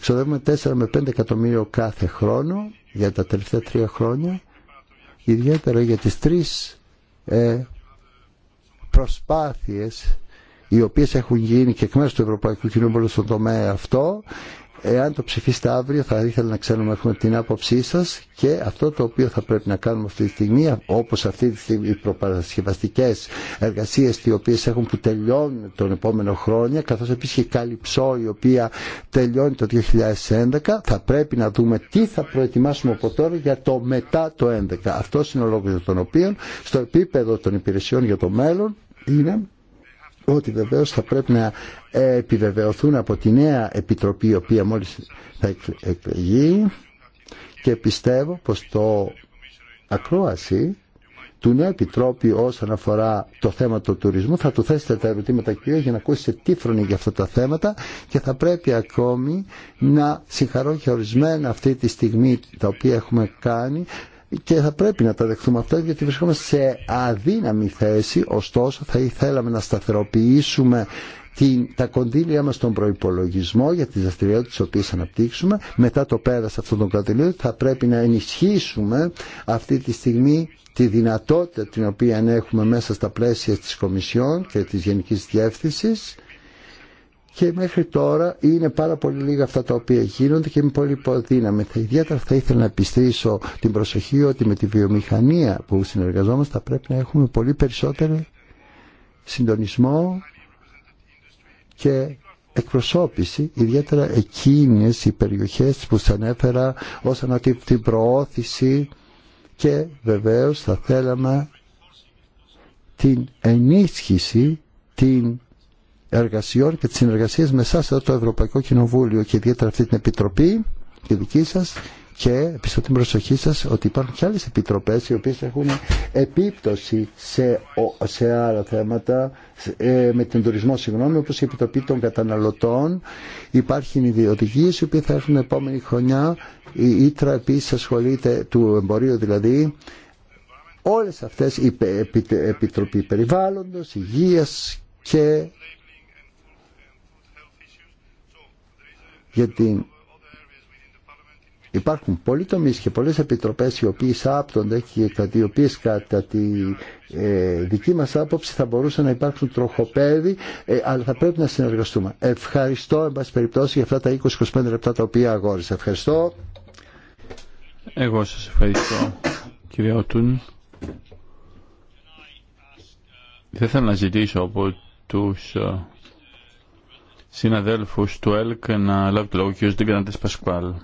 ξοδεύουμε 4 με 5 εκατομμύρια κάθε χρόνο για τα τελευταία τρία χρόνια ιδιαίτερα για τις τρεις ε, προσπάθειες οι οποίες έχουν γίνει και εκ μέρους του Ευρωπαϊκού Κοινοβουλίου στον τομέα αυτό Εάν το ψηφίσετε αύριο θα ήθελα να ξέρουμε έχουμε την άποψή σας και αυτό το οποίο θα πρέπει να κάνουμε αυτή τη στιγμή όπως αυτή τη στιγμή οι προπαρασκευαστικές εργασίες οι οποίες έχουν που τελειώνουν τον επόμενο χρόνια καθώς επίσης και η Καλυψό η οποία τελειώνει το 2011 θα πρέπει να δούμε τι θα προετοιμάσουμε από τώρα για το μετά το 2011. Αυτό είναι ο λόγος για τον οποίο στο επίπεδο των υπηρεσιών για το μέλλον είναι ότι βεβαίως θα πρέπει να επιβεβαιωθούν από τη νέα επιτροπή η οποία μόλις θα εκλεγεί και πιστεύω πως το ακρόαση του νέου επιτρόπη όσον αφορά το θέμα του τουρισμού θα του θέσετε τα ερωτήματα κυρίως για να ακούσετε τι φρονή για αυτά τα θέματα και θα πρέπει ακόμη να συγχαρώ και ορισμένα αυτή τη στιγμή τα οποία έχουμε κάνει και θα πρέπει να τα δεχθούμε αυτά γιατί βρισκόμαστε σε αδύναμη θέση ωστόσο θα ήθελαμε να σταθεροποιήσουμε την, τα κονδύλια μας στον προϋπολογισμό για τις δραστηριότητες τις οποίες αναπτύξουμε μετά το πέρας αυτών των κρατηρίων θα πρέπει να ενισχύσουμε αυτή τη στιγμή τη δυνατότητα την οποία έχουμε μέσα στα πλαίσια της Κομισιόν και της Γενικής Διεύθυνσης και μέχρι τώρα είναι πάρα πολύ λίγα αυτά τα οποία γίνονται και με πολύ υποδύναμη. Θα ιδιαίτερα θα ήθελα να επιστήσω την προσοχή ότι με τη βιομηχανία που συνεργαζόμαστε θα πρέπει να έχουμε πολύ περισσότερο συντονισμό και εκπροσώπηση, ιδιαίτερα εκείνες οι περιοχές που σας ανέφερα όσον αφορά την προώθηση και βεβαίως θα θέλαμε την ενίσχυση, την εργασιών και τις συνεργασίες με εσάς εδώ το Ευρωπαϊκό Κοινοβούλιο και ιδιαίτερα αυτή την Επιτροπή, τη δική σας, και πιστώ την προσοχή σας ότι υπάρχουν και άλλες επιτροπές οι οποίες έχουν επίπτωση σε, σε άλλα θέματα ε, με τον τουρισμό συγγνώμη όπως η επιτροπή των καταναλωτών υπάρχουν οι οδηγίε οι οποίες θα έρθουν επόμενη χρονιά η Ήτρα επίσης ασχολείται του εμπορίου δηλαδή όλες αυτές οι επιτροπή περιβάλλοντος, υγείας και γιατί υπάρχουν πολλοί τομεί και πολλές επιτροπές οι οποίες άπτονται και οι οποίε κατά τη ε, δική μας άποψη θα μπορούσαν να υπάρχουν τροχοπέδι ε, αλλά θα πρέπει να συνεργαστούμε. Ευχαριστώ εν πάση περιπτώσει για αυτά τα 20-25 λεπτά τα οποία αγόρισα. Ευχαριστώ. Εγώ σας ευχαριστώ κύριε Ότουν. Δεν θέλω να ζητήσω από τους ε, συναδέλφους του ΕΛΚ να λάβει το λόγο και ο Ντεγκραντές Πασκουάλ.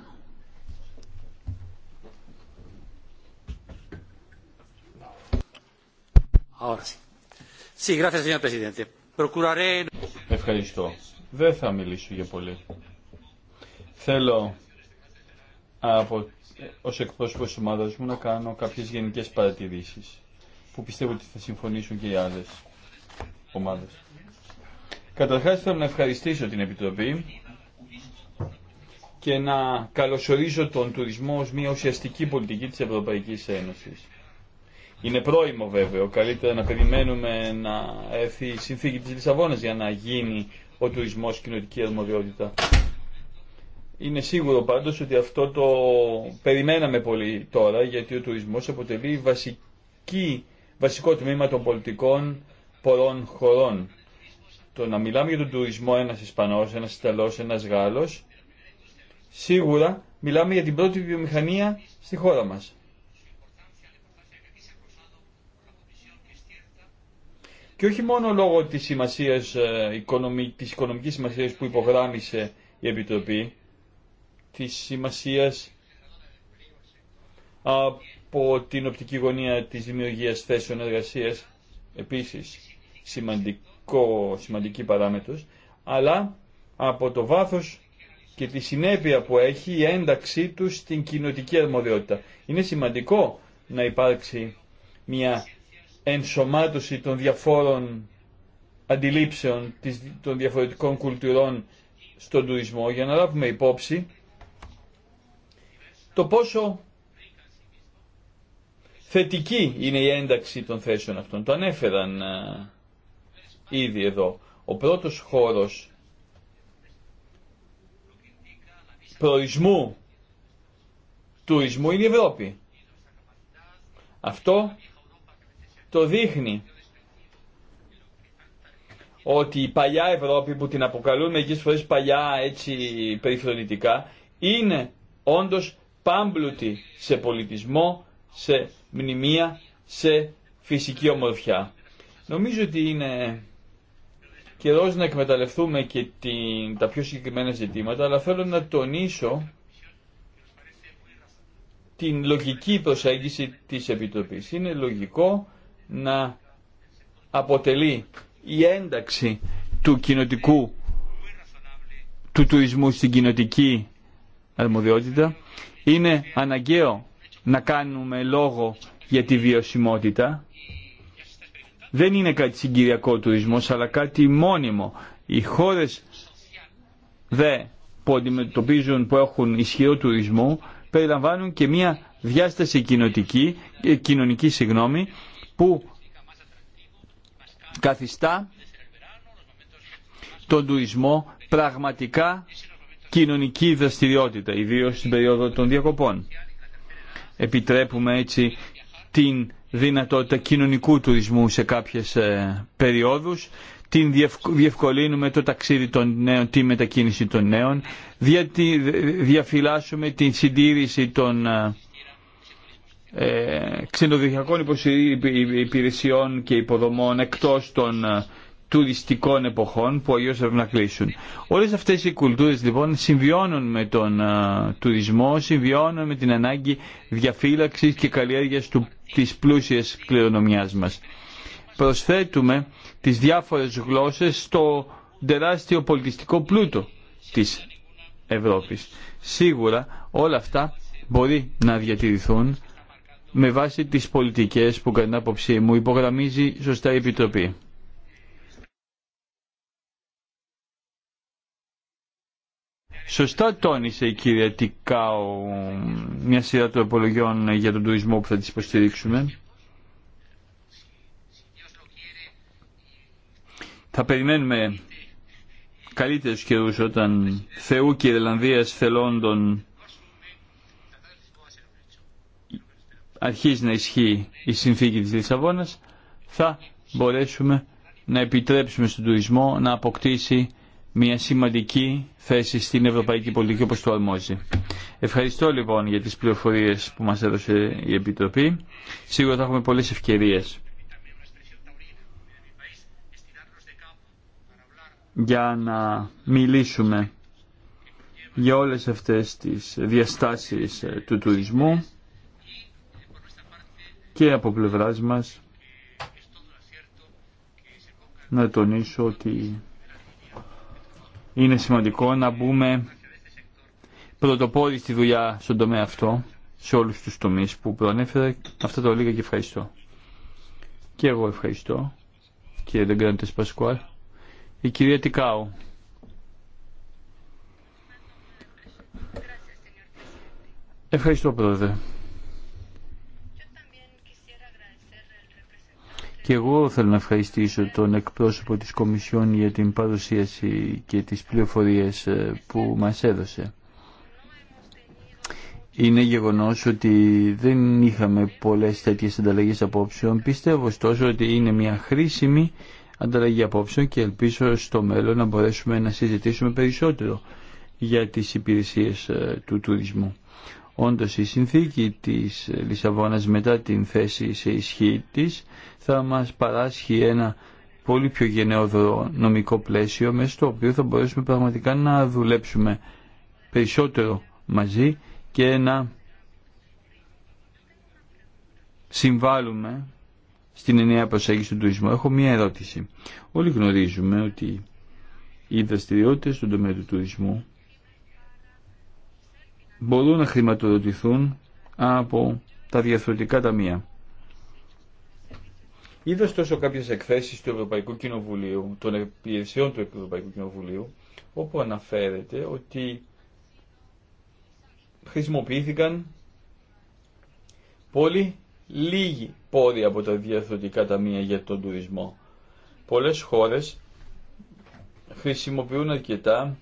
Ευχαριστώ. Δεν θα μιλήσω για πολύ. Θέλω από, ως εκπρόσωπος ομάδας μου να κάνω κάποιες γενικές παρατηρήσεις που πιστεύω ότι θα συμφωνήσουν και οι άλλες ομάδες. Καταρχάς θέλω να ευχαριστήσω την Επιτροπή και να καλωσορίζω τον τουρισμό ως μια ουσιαστική πολιτική της Ευρωπαϊκής Ένωσης. Είναι πρόημο βέβαια, καλύτερα να περιμένουμε να έρθει η συνθήκη της Λισαβόνας για να γίνει ο τουρισμός κοινωτική αρμοδιότητα. Είναι σίγουρο πάντως ότι αυτό το περιμέναμε πολύ τώρα, γιατί ο τουρισμός αποτελεί βασική, βασικό τμήμα των πολιτικών πολλών χωρών το να μιλάμε για τον τουρισμό ένας Ισπανός, ένας Ιταλός, ένας Γάλλος, σίγουρα μιλάμε για την πρώτη βιομηχανία στη χώρα μας. Και όχι μόνο λόγω της, σημασίας, ε, της οικονομικής σημασίας που υπογράμμισε η Επιτροπή, της σημασίας από την οπτική γωνία της δημιουργίας θέσεων εργασίας, επίσης σημαντικό σημαντική παράμετρος, αλλά από το βάθος και τη συνέπεια που έχει η ένταξή του στην κοινοτική αρμοδιότητα. Είναι σημαντικό να υπάρξει μια ενσωμάτωση των διαφόρων αντιλήψεων των διαφορετικών κουλτουρών στον τουρισμό για να λάβουμε υπόψη το πόσο θετική είναι η ένταξη των θέσεων αυτών. Το ανέφεραν ε, ήδη εδώ. Ο πρώτος χώρος προϊσμού τουρισμού είναι η Ευρώπη. Αυτό το δείχνει ότι η παλιά Ευρώπη που την αποκαλούν μερικές φορές παλιά έτσι περιφρονητικά είναι όντως πάμπλουτη σε πολιτισμό, σε μνημεία, σε φυσική ομορφιά. Νομίζω ότι είναι καιρός να εκμεταλλευτούμε και την, τα πιο συγκεκριμένα ζητήματα, αλλά θέλω να τονίσω την λογική προσέγγιση της Επιτροπής. Είναι λογικό να αποτελεί η ένταξη του κοινοτικού του τουρισμού στην κοινοτική αρμοδιότητα. Είναι αναγκαίο να κάνουμε λόγο για τη βιωσιμότητα δεν είναι κάτι συγκυριακό τουρισμός αλλά κάτι μόνιμο. Οι χώρες δε που αντιμετωπίζουν, που έχουν ισχυρό τουρισμό περιλαμβάνουν και μια διάσταση κοινωνική, ε, κοινωνική συγγνώμη, που καθιστά τον τουρισμό πραγματικά κοινωνική δραστηριότητα, ιδίως στην περίοδο των διακοπών. Επιτρέπουμε έτσι την δυνατότητα κοινωνικού τουρισμού σε κάποιες ε, περιόδους, την διευκολύνουμε το ταξίδι των νέων, τη μετακίνηση των νέων, διαφυλάσσουμε την συντήρηση των ε, ε ξενοδοχειακών υπηρεσιών και υποδομών εκτός των ε, τουριστικών εποχών που αλλιώς πρέπει να κλείσουν. Όλες αυτές οι κουλτούρες λοιπόν συμβιώνουν με τον τουρισμό, συμβιώνουν με την ανάγκη διαφύλαξης και καλλιέργειας του της πλούσιας κληρονομιάς μας. Προσθέτουμε τις διάφορες γλώσσες στο τεράστιο πολιτιστικό πλούτο της Ευρώπης. Σίγουρα όλα αυτά μπορεί να διατηρηθούν με βάση τις πολιτικές που κατά την άποψή μου υπογραμμίζει σωστά η Επιτροπή. Σωστά τόνισε η κυρία Τικάου μια σειρά απολογιών για τον τουρισμό που θα τις υποστηρίξουμε. Θα περιμένουμε καλύτερους καιρούς όταν Θεού και Ιρλανδίας θελόντων αρχίζει να ισχύει η συνθήκη της Λισαβόνας θα μπορέσουμε να επιτρέψουμε στον τουρισμό να αποκτήσει μια σημαντική θέση στην ευρωπαϊκή πολιτική όπως το αρμόζει. Ευχαριστώ λοιπόν για τις πληροφορίες που μας έδωσε η Επιτροπή. Σίγουρα θα έχουμε πολλές ευκαιρίες για να μιλήσουμε για όλες αυτές τις διαστάσεις ε, του τουρισμού και από πλευράς μας να τονίσω ότι είναι σημαντικό να μπούμε πρωτοπόροι στη δουλειά στον τομέα αυτό, σε όλους τους τομείς που προανέφερα. Αυτά τα λίγα και ευχαριστώ. Και εγώ ευχαριστώ, κύριε Δεγκράντες Πασκουάλ. Η κυρία Τικάου. Ευχαριστώ, πρόεδρε. Και εγώ θέλω να ευχαριστήσω τον εκπρόσωπο της Κομισιόν για την παρουσίαση και τις πληροφορίες ε, που μας έδωσε. Είναι γεγονός ότι δεν είχαμε πολλές τέτοιες ανταλλαγές απόψεων. Πιστεύω ωστόσο ότι είναι μια χρήσιμη ανταλλαγή απόψεων και ελπίζω στο μέλλον να μπορέσουμε να συζητήσουμε περισσότερο για τις υπηρεσίες ε, του τουρισμού. Όντως η συνθήκη της Λισαβόνας μετά την θέση σε ισχύ της θα μας παράσχει ένα πολύ πιο γενναιόδωρο νομικό πλαίσιο μέσα στο οποίο θα μπορέσουμε πραγματικά να δουλέψουμε περισσότερο μαζί και να συμβάλλουμε στην ενιαία προσέγγιση του τουρισμού. Έχω μία ερώτηση. Όλοι γνωρίζουμε ότι οι δραστηριότητε στον τομέα του τουρισμού μπορούν να χρηματοδοτηθούν από τα διαφορετικά ταμεία. Είδα ωστόσο κάποιες εκθέσεις του Ευρωπαϊκού Κοινοβουλίου, των υπηρεσιών του Ευρωπαϊκού Κοινοβουλίου, όπου αναφέρεται ότι χρησιμοποιήθηκαν πολύ λίγοι πόροι από τα διαθροτικά ταμεία για τον τουρισμό. Πολλές χώρες χρησιμοποιούν αρκετά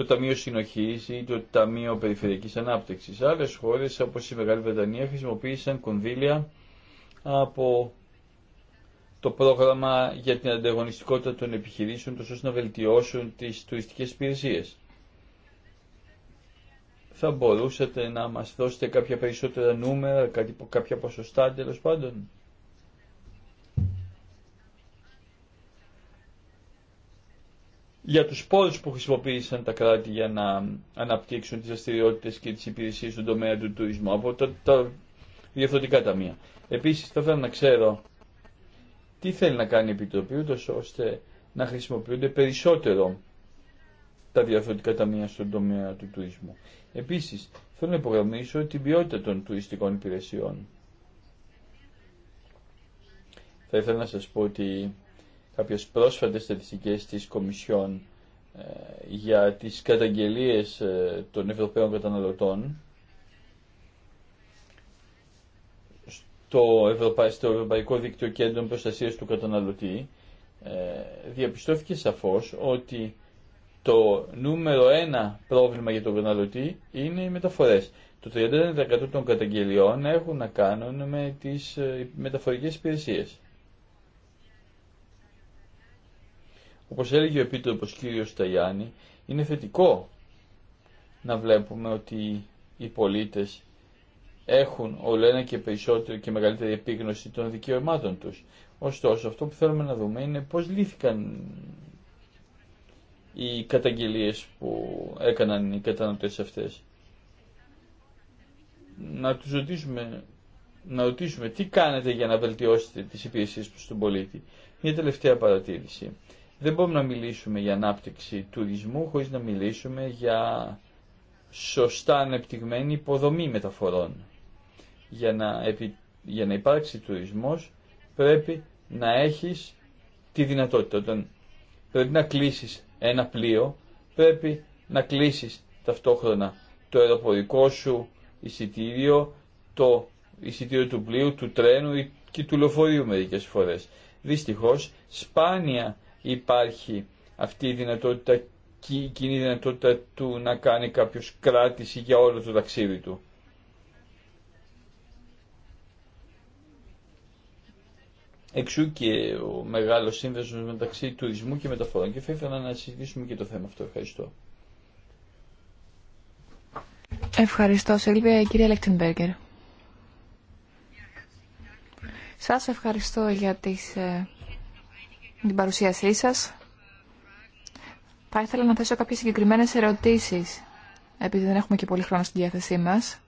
το Ταμείο Συνοχής ή το Ταμείο περιφερειακή ανάπτυξη. Άλλε χώρε όπω η Μεγάλη Βρετανία χρησιμοποίησαν κονδύλια από το ταμειο περιφερειακης αναπτυξης αλλε χωρε οπως η μεγαλη βρετανια χρησιμοποιησαν κονδυλια απο το προγραμμα για την ανταγωνιστικότητα των επιχειρήσεων τόσο ώστε να βελτιώσουν τις τουριστικές υπηρεσίε. Θα μπορούσατε να μας δώσετε κάποια περισσότερα νούμερα, κάποια ποσοστά τέλο πάντων. για τους πόρους που χρησιμοποίησαν τα κράτη για να αναπτύξουν τις δραστηριότητε και τις υπηρεσίες στον τομέα του τουρισμού από τα, τα διευθυντικά ταμεία. Επίσης θα ήθελα να ξέρω τι θέλει να κάνει η Επιτροπή ούτως ώστε να χρησιμοποιούνται περισσότερο τα διαφορετικά ταμεία στον τομέα του τουρισμού. Επίσης, θέλω να υπογραμμίσω την ποιότητα των τουριστικών υπηρεσιών. Θα ήθελα να σας πω ότι κάποιες πρόσφατες στατιστικές της Κομισιόν ε, για τις καταγγελίες ε, των Ευρωπαίων καταναλωτών στο, στο Ευρωπαϊκό Δίκτυο Κέντρων Προστασίας του Καταναλωτή ε, διαπιστώθηκε σαφώς ότι το νούμερο ένα πρόβλημα για τον καταναλωτή είναι οι μεταφορές. Το 31% των καταγγελιών έχουν να κάνουν με τις μεταφορικές υπηρεσίες. Όπως έλεγε ο Επίτροπος κ. Σταγιάννη, είναι θετικό να βλέπουμε ότι οι πολίτες έχουν όλο ένα και περισσότερο και μεγαλύτερη επίγνωση των δικαιωμάτων τους. Ωστόσο, αυτό που θέλουμε να δούμε είναι πώς λύθηκαν οι καταγγελίες που έκαναν οι καταναλωτές αυτές. Να τους ρωτήσουμε, να ρωτήσουμε τι κάνετε για να βελτιώσετε τις υπηρεσίες προς τον πολίτη. Μια τελευταία παρατήρηση. Δεν μπορούμε να μιλήσουμε για ανάπτυξη τουρισμού χωρίς να μιλήσουμε για σωστά ανεπτυγμένη υποδομή μεταφορών. Για να, επι... για να υπάρξει τουρισμός πρέπει να έχεις τη δυνατότητα. Όταν πρέπει να κλείσεις ένα πλοίο, πρέπει να κλείσεις ταυτόχρονα το αεροπορικό σου εισιτήριο, το εισιτήριο του πλοίου, του τρένου και του λεωφορείου μερικές φορές. Δυστυχώς, σπάνια υπάρχει αυτή η δυνατότητα, και η κοινή δυνατότητα του να κάνει κάποιος κράτηση για όλο το ταξίδι του. Εξού και ο μεγάλος σύνδεσμος μεταξύ τουρισμού και μεταφορών και θα ήθελα να συζητήσουμε και το θέμα αυτό. Ευχαριστώ. Ευχαριστώ, Σελβία. Η κυρία Σας ευχαριστώ για τις ε, την παρουσίασή σας. Θα ήθελα να θέσω κάποιες συγκεκριμένες ερωτήσεις, επειδή δεν έχουμε και πολύ χρόνο στη διάθεσή μας.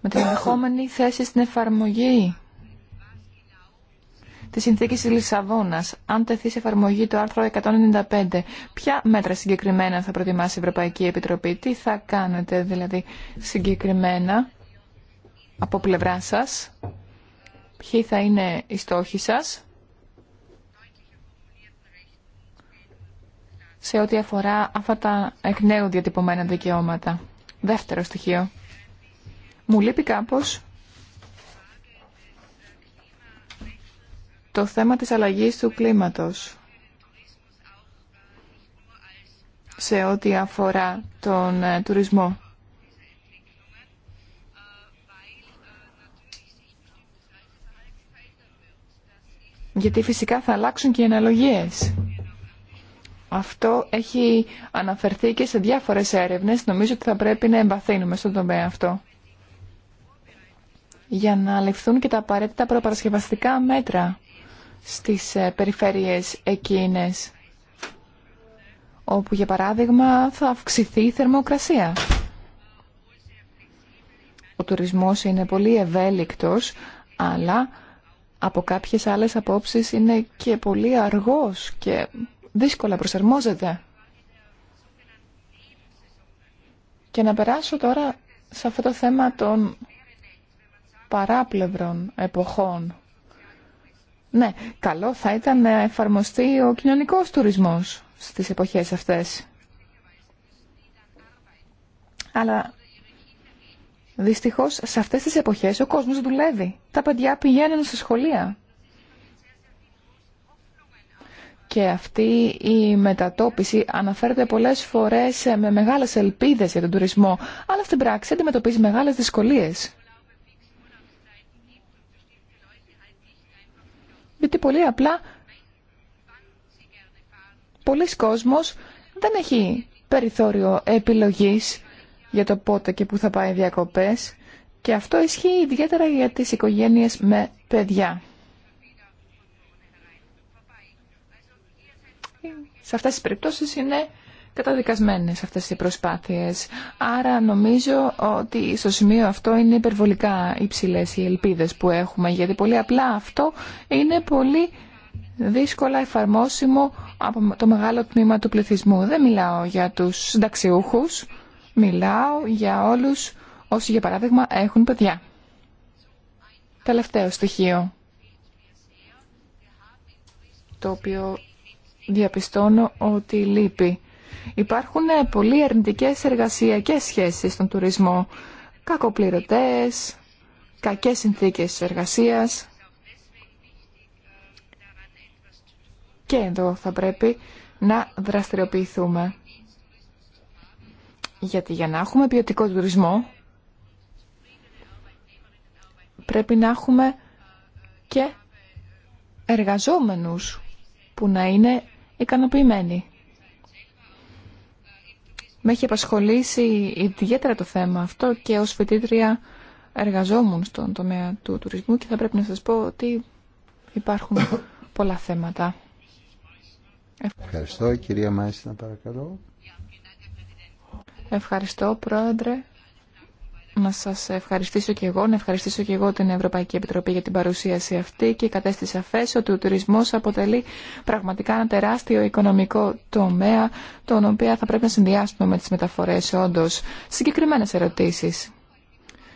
Με την ερχόμενη θέση στην εφαρμογή τη συνθήκη της Λισαβόνα, αν τεθεί σε εφαρμογή το άρθρο 195, ποια μέτρα συγκεκριμένα θα προτιμάσει η Ευρωπαϊκή Επιτροπή, τι θα κάνετε δηλαδή συγκεκριμένα από πλευρά σα ποιοι θα είναι οι στόχοι σας σε ό,τι αφορά αυτά τα εκ νέου διατυπωμένα δικαιώματα. Δεύτερο στοιχείο. Μου λείπει κάπως το θέμα της αλλαγής του κλίματος σε ό,τι αφορά τον ε, τουρισμό. γιατί φυσικά θα αλλάξουν και οι αναλογίες. Αυτό έχει αναφερθεί και σε διάφορες έρευνες. Νομίζω ότι θα πρέπει να εμπαθύνουμε στον τομέα αυτό. Για να ληφθούν και τα απαραίτητα προπαρασκευαστικά μέτρα στις ε, περιφέρειες εκείνες. Όπου για παράδειγμα θα αυξηθεί η θερμοκρασία. Ο τουρισμός είναι πολύ ευέλικτος, αλλά από κάποιες άλλες απόψεις είναι και πολύ αργός και δύσκολα προσαρμόζεται. Και να περάσω τώρα σε αυτό το θέμα των παράπλευρων εποχών. Ναι, καλό θα ήταν να εφαρμοστεί ο κοινωνικός τουρισμός στις εποχές αυτές. Αλλά Δυστυχώς σε αυτές τις εποχές ο κόσμος δουλεύει. Τα παιδιά πηγαίνουν στα σχολεία. Και αυτή η μετατόπιση αναφέρεται πολλές φορές με μεγάλες ελπίδες για τον τουρισμό, αλλά στην πράξη αντιμετωπίζει μεγάλες δυσκολίες. Γιατί πολύ απλά πολλοί κόσμος δεν έχει περιθώριο επιλογής για το πότε και πού θα πάει διακοπές και αυτό ισχύει ιδιαίτερα για τις οικογένειες με παιδιά. Σε αυτές τις περιπτώσεις είναι καταδικασμένες αυτές οι προσπάθειες. Άρα νομίζω ότι στο σημείο αυτό είναι υπερβολικά υψηλές οι ελπίδες που έχουμε, γιατί πολύ απλά αυτό είναι πολύ δύσκολα εφαρμόσιμο από το μεγάλο τμήμα του πληθυσμού. Δεν μιλάω για τους συνταξιούχους, Μιλάω για όλους όσοι για παράδειγμα έχουν παιδιά. Τελευταίο στοιχείο, το οποίο διαπιστώνω ότι λείπει. Υπάρχουν πολύ αρνητικές εργασιακές σχέσεις στον τουρισμό. Κακοπληρωτές, κακές συνθήκες εργασίας. Και εδώ θα πρέπει να δραστηριοποιηθούμε. Γιατί για να έχουμε ποιοτικό τουρισμό πρέπει να έχουμε και εργαζόμενους που να είναι ικανοποιημένοι. Με έχει απασχολήσει ιδιαίτερα το θέμα αυτό και ως φοιτήτρια εργαζόμουν στον τομέα του τουρισμού και θα πρέπει να σας πω ότι υπάρχουν πολλά θέματα. Ευχαριστώ. κυρία κυρία να παρακαλώ. Ευχαριστώ, Πρόεδρε. Να σας ευχαριστήσω και εγώ, να ευχαριστήσω και εγώ την Ευρωπαϊκή Επιτροπή για την παρουσίαση αυτή και κατέστησε αφές ότι ο τουρισμός αποτελεί πραγματικά ένα τεράστιο οικονομικό τομέα, τον οποίο θα πρέπει να συνδυάσουμε με τις μεταφορές όντως. Συγκεκριμένες ερωτήσεις.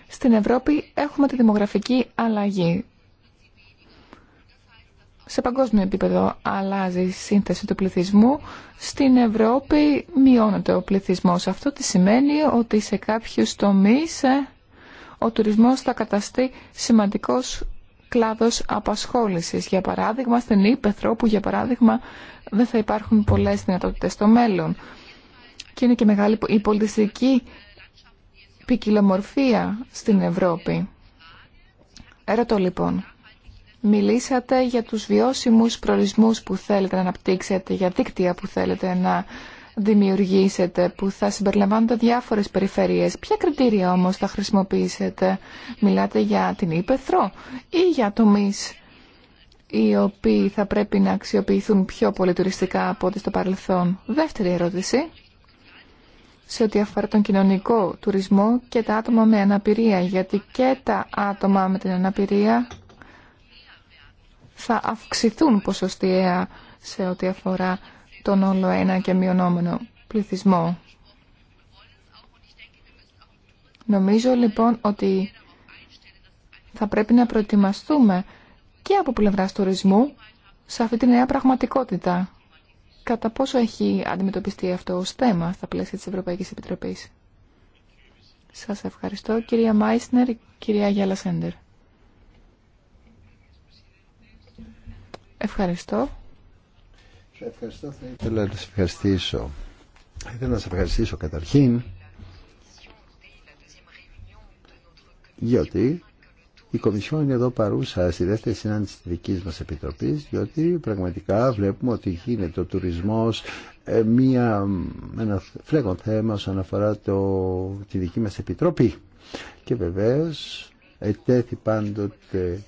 Στην Ευρώπη έχουμε τη δημογραφική αλλαγή σε παγκόσμιο επίπεδο αλλάζει η σύνθεση του πληθυσμού, στην Ευρώπη μειώνεται ο πληθυσμός. Αυτό τι σημαίνει ότι σε κάποιους τομείς ε, ο τουρισμός θα καταστεί σημαντικός κλάδος απασχόλησης. Για παράδειγμα, στην Ήπεθρο που για παράδειγμα δεν θα υπάρχουν πολλές δυνατότητες στο μέλλον. Και είναι και μεγάλη η πολιτιστική ποικιλομορφία στην Ευρώπη. Ερωτώ λοιπόν, Μιλήσατε για τους βιώσιμους προορισμούς που θέλετε να αναπτύξετε, για δίκτυα που θέλετε να δημιουργήσετε, που θα συμπεριλαμβάνονται διάφορες περιφερειές. Ποια κριτήρια όμως θα χρησιμοποιήσετε. Μιλάτε για την Ήπεθρο ή για τομείς οι οποίοι θα πρέπει να αξιοποιηθούν πιο πολυτουριστικά από ό,τι στο παρελθόν. Δεύτερη ερώτηση σε ό,τι αφορά τον κοινωνικό τουρισμό και τα άτομα με αναπηρία, γιατί και τα άτομα με την αναπηρία θα αυξηθούν ποσοστιαία σε ό,τι αφορά τον όλο ένα και μειωνόμενο πληθυσμό. Νομίζω λοιπόν ότι θα πρέπει να προετοιμαστούμε και από πλευρά τουρισμού σε αυτή τη νέα πραγματικότητα. Κατά πόσο έχει αντιμετωπιστεί αυτό ως θέμα στα πλαίσια της Ευρωπαϊκής Επιτροπής. Σας ευχαριστώ κυρία Μάισνερ, κυρία Γιάλα Σέντερ. Ευχαριστώ. Ευχαριστώ. Θα ήθελα να σας ευχαριστήσω. Θα ήθελα να σας ευχαριστήσω καταρχήν γιατί η Κομισιόν είναι εδώ παρούσα στη δεύτερη συνάντηση της δικής μας Επιτροπής διότι πραγματικά βλέπουμε ότι γίνεται ο τουρισμός ε, μία, ένα φλέγον θέμα όσον αφορά το, τη δική μας Επιτροπή. Και βεβαίως ετέθη πάντοτε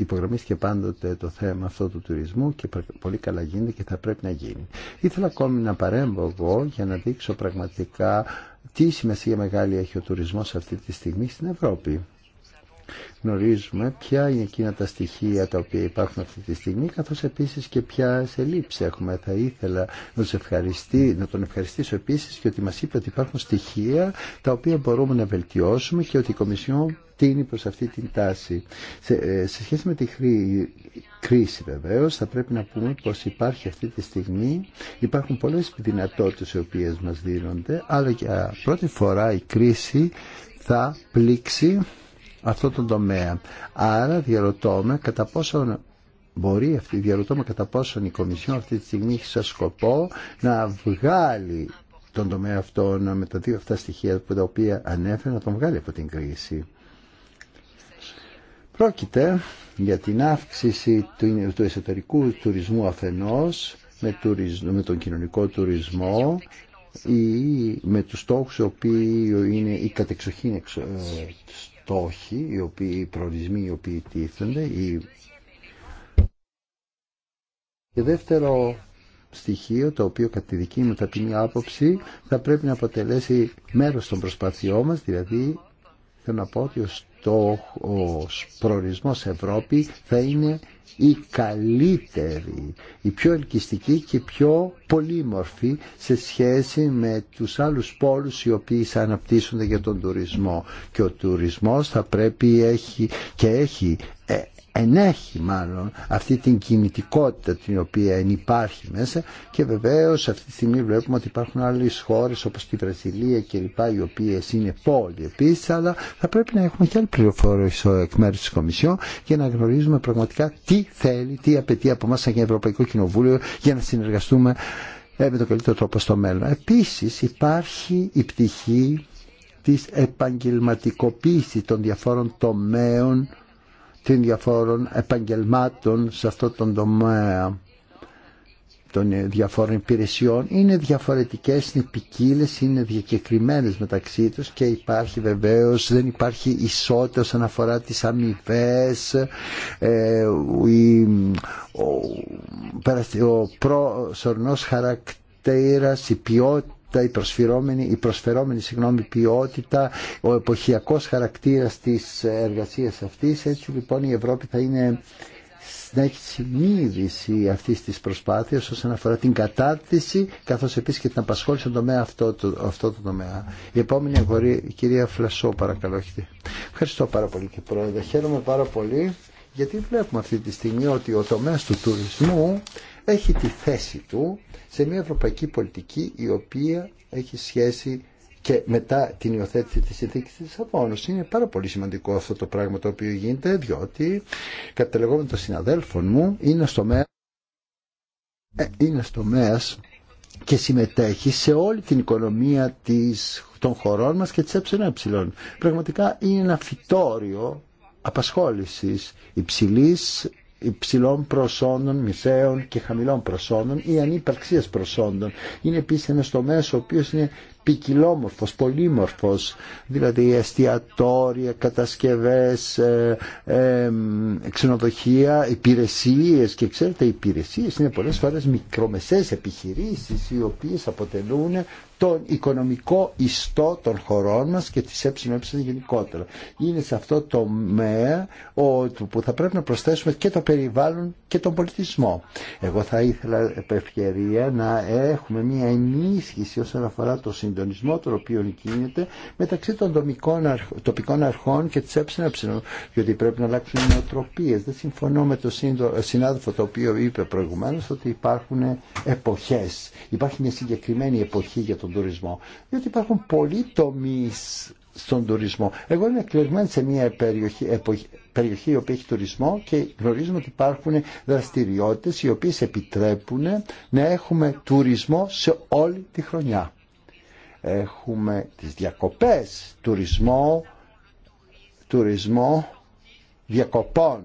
υπογραμμίστηκε πάντοτε το θέμα αυτό του τουρισμού και πολύ καλά γίνεται και θα πρέπει να γίνει. Ήθελα ακόμη να παρέμβω εγώ για να δείξω πραγματικά τι σημασία μεγάλη έχει ο τουρισμός αυτή τη στιγμή στην Ευρώπη. Γνωρίζουμε ποια είναι εκείνα τα στοιχεία τα οποία υπάρχουν αυτή τη στιγμή, καθώς επίσης και ποια σελήψη έχουμε. Θα ήθελα να, τους να τον ευχαριστήσω επίσης και ότι μας είπε ότι υπάρχουν στοιχεία τα οποία μπορούμε να βελτιώσουμε και ότι η Κομισιόν τίνει προς αυτή την τάση. Σε, ε, σχέση με τη κρίση βεβαίως θα πρέπει να πούμε πως υπάρχει αυτή τη στιγμή, υπάρχουν πολλές δυνατότητες οι οποίες μας δίνονται, αλλά για πρώτη φορά η κρίση θα πλήξει αυτό τον τομέα. Άρα διαρωτώμε κατά πόσο μπορεί αυτή, διαρωτώμε κατά πόσον η Κομισιόν αυτή τη στιγμή έχει σαν σκοπό να βγάλει τον τομέα αυτό με τα δύο αυτά στοιχεία που τα οποία ανέφερε να τον βγάλει από την κρίση. Πρόκειται για την αύξηση του εσωτερικού τουρισμού αφενός με, με τον κοινωνικό τουρισμό ή με τους στόχους οι οποίοι είναι οι κατεξοχήν ε, στόχοι, οι, οποίοι, οι προορισμοί οι οποίοι τίθενται. Και δεύτερο στοιχείο το οποίο κατά τη δική μου ταπεινή άποψη θα πρέπει να αποτελέσει μέρος των προσπαθειών μας, δηλαδή θέλω να πω ότι ο ο προορισμός Ευρώπη θα είναι η καλύτερη, η πιο ελκυστική και πιο πολύμορφη σε σχέση με τους άλλους πόλους οι οποίοι θα αναπτύσσονται για τον τουρισμό. Και ο τουρισμός θα πρέπει έχει και έχει ε, ενέχει μάλλον αυτή την κινητικότητα την οποία υπάρχει μέσα και βεβαίως αυτή τη στιγμή βλέπουμε ότι υπάρχουν άλλες χώρες όπως τη Βραζιλία και λοιπά οι οποίες είναι πόλοι επίσης αλλά θα πρέπει να έχουμε και άλλη πληροφορία εκ μέρους της Κομισιόν για να γνωρίζουμε πραγματικά τι θέλει, τι απαιτεί από μας σαν Ευρωπαϊκό Κοινοβούλιο για να συνεργαστούμε ε, με τον καλύτερο τρόπο στο μέλλον. Επίσης υπάρχει η πτυχή της επαγγελματικοποίησης των διαφόρων τομέων, των διαφόρων επαγγελμάτων σε αυτό τον τομέα των ε, διαφόρων υπηρεσιών είναι διαφορετικές, είναι ποικίλε, είναι διακεκριμένες μεταξύ τους και υπάρχει βεβαίως, δεν υπάρχει ισότητα όσον αφορά τις αμοιβέ, ε, ο, ο προσωρινός χαρακτήρας, η ποιότητα η προσφερόμενη, η προσφερόμενη συγγνώμη, ποιότητα, ο εποχιακός χαρακτήρας της εργασίας αυτής. Έτσι λοιπόν η Ευρώπη θα είναι να έχει συνείδηση αυτή τη προσπάθεια όσον αφορά την κατάρτιση καθώ επίση και την απασχόληση στον τομέα αυτό το, αυτό το τομέα. Η επόμενη αγορή, κυρία Φλασό, παρακαλώ, έχετε. Ευχαριστώ πάρα πολύ και πρόεδρε. Χαίρομαι πάρα πολύ γιατί βλέπουμε αυτή τη στιγμή ότι ο τομέας του τουρισμού έχει τη θέση του σε μια ευρωπαϊκή πολιτική η οποία έχει σχέση και μετά την υιοθέτηση της συνθήκης της απόνωσης. Είναι πάρα πολύ σημαντικό αυτό το πράγμα το οποίο γίνεται διότι κατά τα λεγόμενα των συναδέλφων μου είναι στο ε, είναι στο και συμμετέχει σε όλη την οικονομία της, των χωρών μας και της ΕΕ. Πραγματικά είναι ένα φυτόριο απασχόλησης υψηλής υψηλών προσόντων, μισέων και χαμηλών προσόντων ή ανύπαρξίας προσόντων. Είναι επίσης ένας τομέας ο οποίος είναι ποικιλόμορφος, πολύμορφος, δηλαδή εστιατόρια, κατασκευές, ε, ε, ξενοδοχεία, υπηρεσίες και ξέρετε οι υπηρεσίες είναι πολλές φορές μικρομεσές επιχειρήσεις οι οποίες αποτελούν τον οικονομικό ιστό των χωρών μας και της ΕΕ γενικότερα. Είναι σε αυτό το μέα που θα πρέπει να προσθέσουμε και το περιβάλλον και τον πολιτισμό. Εγώ θα ήθελα επ' να έχουμε μια ενίσχυση όσον αφορά το συντονισμό το οποίο γίνεται μεταξύ των τοπικών αρχών και της ΕΕ γιατί πρέπει να αλλάξουν οι νοοτροπίες. Δεν συμφωνώ με τον συνάδελφο το οποίο είπε προηγουμένως ότι υπάρχουν εποχές. Υπάρχει μια συγκεκριμένη εποχή για το στον τουρισμό. Διότι υπάρχουν πολλοί τομεί στον τουρισμό. Εγώ είμαι εκλεγμένη σε μια περιοχή, εποχή, περιοχή η οποία έχει τουρισμό και γνωρίζουμε ότι υπάρχουν δραστηριότητε οι οποίε επιτρέπουν να έχουμε τουρισμό σε όλη τη χρονιά. Έχουμε τις διακοπές, τουρισμό, τουρισμό διακοπών,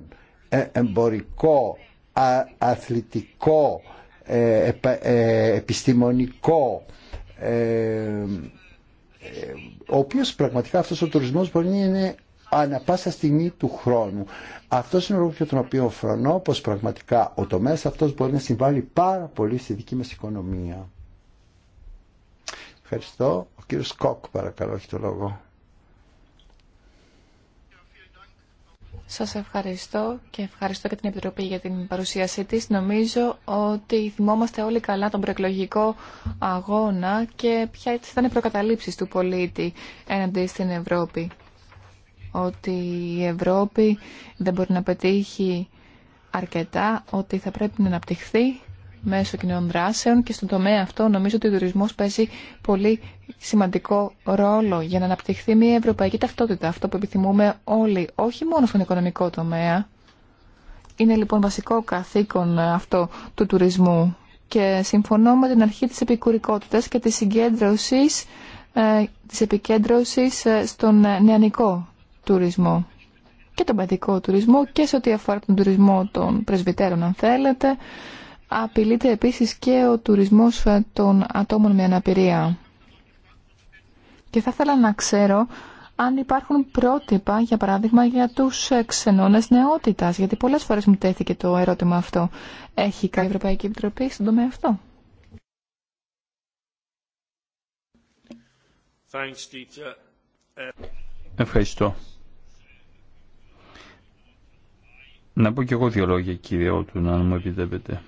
ε, εμπορικό, α, αθλητικό, ε, ε, επιστημονικό, ε, ε, ο οποίος πραγματικά αυτός ο τουρισμός μπορεί να είναι ανά πάσα στιγμή του χρόνου. Αυτό είναι ο λόγος για τον οποίο φρονώ πως πραγματικά ο τομέας αυτός μπορεί να συμβάλλει πάρα πολύ στη δική μας οικονομία. Ευχαριστώ. Ο κύριος Κόκ παρακαλώ έχει το λόγο. Σας ευχαριστώ και ευχαριστώ και την Επιτροπή για την παρουσίασή της. Νομίζω ότι θυμόμαστε όλοι καλά τον προεκλογικό αγώνα και ποια ήταν οι προκαταλήψεις του πολίτη έναντι στην Ευρώπη. Ότι η Ευρώπη δεν μπορεί να πετύχει αρκετά, ότι θα πρέπει να αναπτυχθεί μέσω κοινών δράσεων και στον τομέα αυτό νομίζω ότι ο τουρισμός παίζει πολύ σημαντικό ρόλο για να αναπτυχθεί μια ευρωπαϊκή ταυτότητα, αυτό που επιθυμούμε όλοι, όχι μόνο στον οικονομικό τομέα. Είναι λοιπόν βασικό καθήκον αυτό του τουρισμού και συμφωνώ με την αρχή της επικουρικότητας και της συγκέντρωση ε, της επικέντρωσης ε, στον νεανικό τουρισμό και τον παιδικό τουρισμό και σε ό,τι αφορά τον τουρισμό των πρεσβυτέρων αν θέλετε απειλείται επίσης και ο τουρισμός ε, των ατόμων με αναπηρία. Και θα ήθελα να ξέρω αν υπάρχουν πρότυπα, για παράδειγμα, για τους ε, ξενώνες νεότητας, γιατί πολλές φορές μου τέθηκε το ερώτημα αυτό. Έχει κάποια Ευρωπαϊκή Επιτροπή στον τομέα αυτό. Ευχαριστώ. Να πω κι εγώ δύο λόγια, κύριε Ότουν, αν μου επιτρέπετε.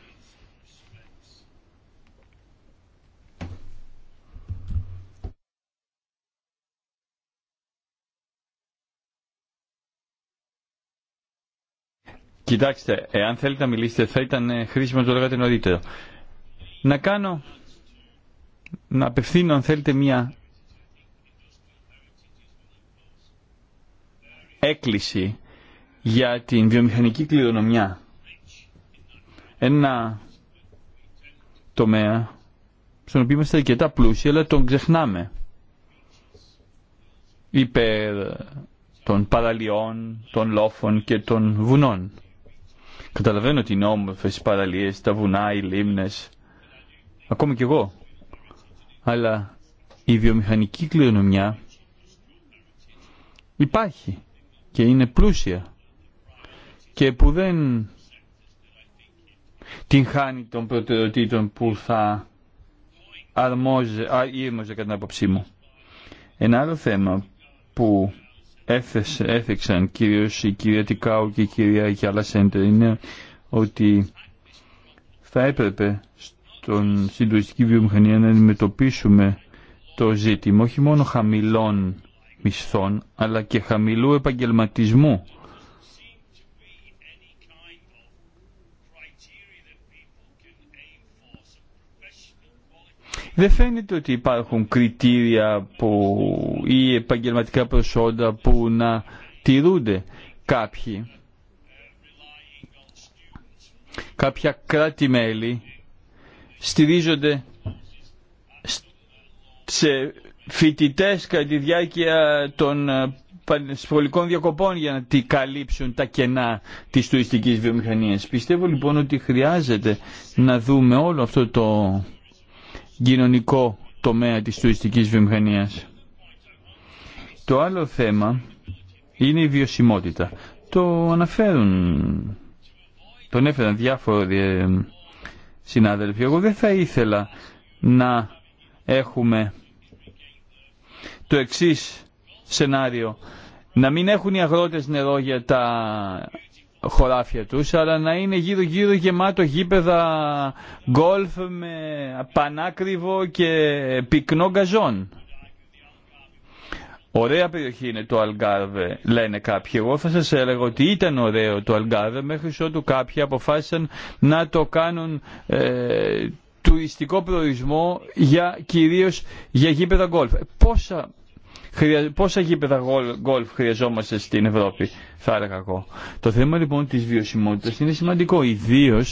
Κοιτάξτε, εάν θέλετε να μιλήσετε θα ήταν ε, χρήσιμο να το λέγατε νωρίτερα. Να κάνω, να απευθύνω αν θέλετε μια έκκληση για την βιομηχανική κληρονομιά. Ένα τομέα στον οποίο είμαστε αρκετά πλούσιοι αλλά τον ξεχνάμε. Υπέρ των παραλιών, των λόφων και των βουνών. Καταλαβαίνω ότι είναι όμορφε οι παραλίες, τα βουνά, οι λίμνε. ακόμη κι εγώ. Αλλά η βιομηχανική κληρονομιά υπάρχει και είναι πλούσια και που δεν την χάνει των προτεραιοτήτων που θα αρμόζε, ήρμοζε κατά την άποψή μου. Ένα άλλο θέμα που έφεξαν έφεξαν κυρίως η κυρία Τικάου και η κυρία Γιάλα Σέντερ είναι ότι θα έπρεπε στον, στην τουριστική βιομηχανία να αντιμετωπίσουμε το ζήτημα όχι μόνο χαμηλών μισθών αλλά και χαμηλού επαγγελματισμού Δεν φαίνεται ότι υπάρχουν κριτήρια που, ή επαγγελματικά προσόντα που να τηρούνται κάποιοι. Κάποια κράτη-μέλη στηρίζονται σε φοιτητέ κατά τη διάρκεια των ε, σχολικών διακοπών για να τη καλύψουν τα κενά της τουριστικής βιομηχανίας. Πιστεύω λοιπόν ότι χρειάζεται να δούμε όλο αυτό το κοινωνικό τομέα της τουριστικής βιομηχανίας. Το άλλο θέμα είναι η βιωσιμότητα. Το αναφέρουν, τον έφεραν διάφοροι ε, συνάδελφοι. Εγώ δεν θα ήθελα να έχουμε το εξής σενάριο. Να μην έχουν οι αγρότες νερό για τα χωράφια τους, αλλά να είναι γύρω-γύρω γεμάτο γήπεδα γκολφ με πανάκριβο και πυκνό γκαζόν. Ωραία περιοχή είναι το Αλγκάρβε, λένε κάποιοι. Εγώ θα σας έλεγα ότι ήταν ωραίο το Αλγκάρβε μέχρι ότου κάποιοι αποφάσισαν να το κάνουν ε, τουριστικό προορισμό για, κυρίως για γήπεδα γκολφ. Πόσα Πόσα γήπεδα γκολφ χρειαζόμαστε στην Ευρώπη, θα έλεγα εγώ. Το θέμα λοιπόν της βιωσιμότητας είναι σημαντικό, ιδίω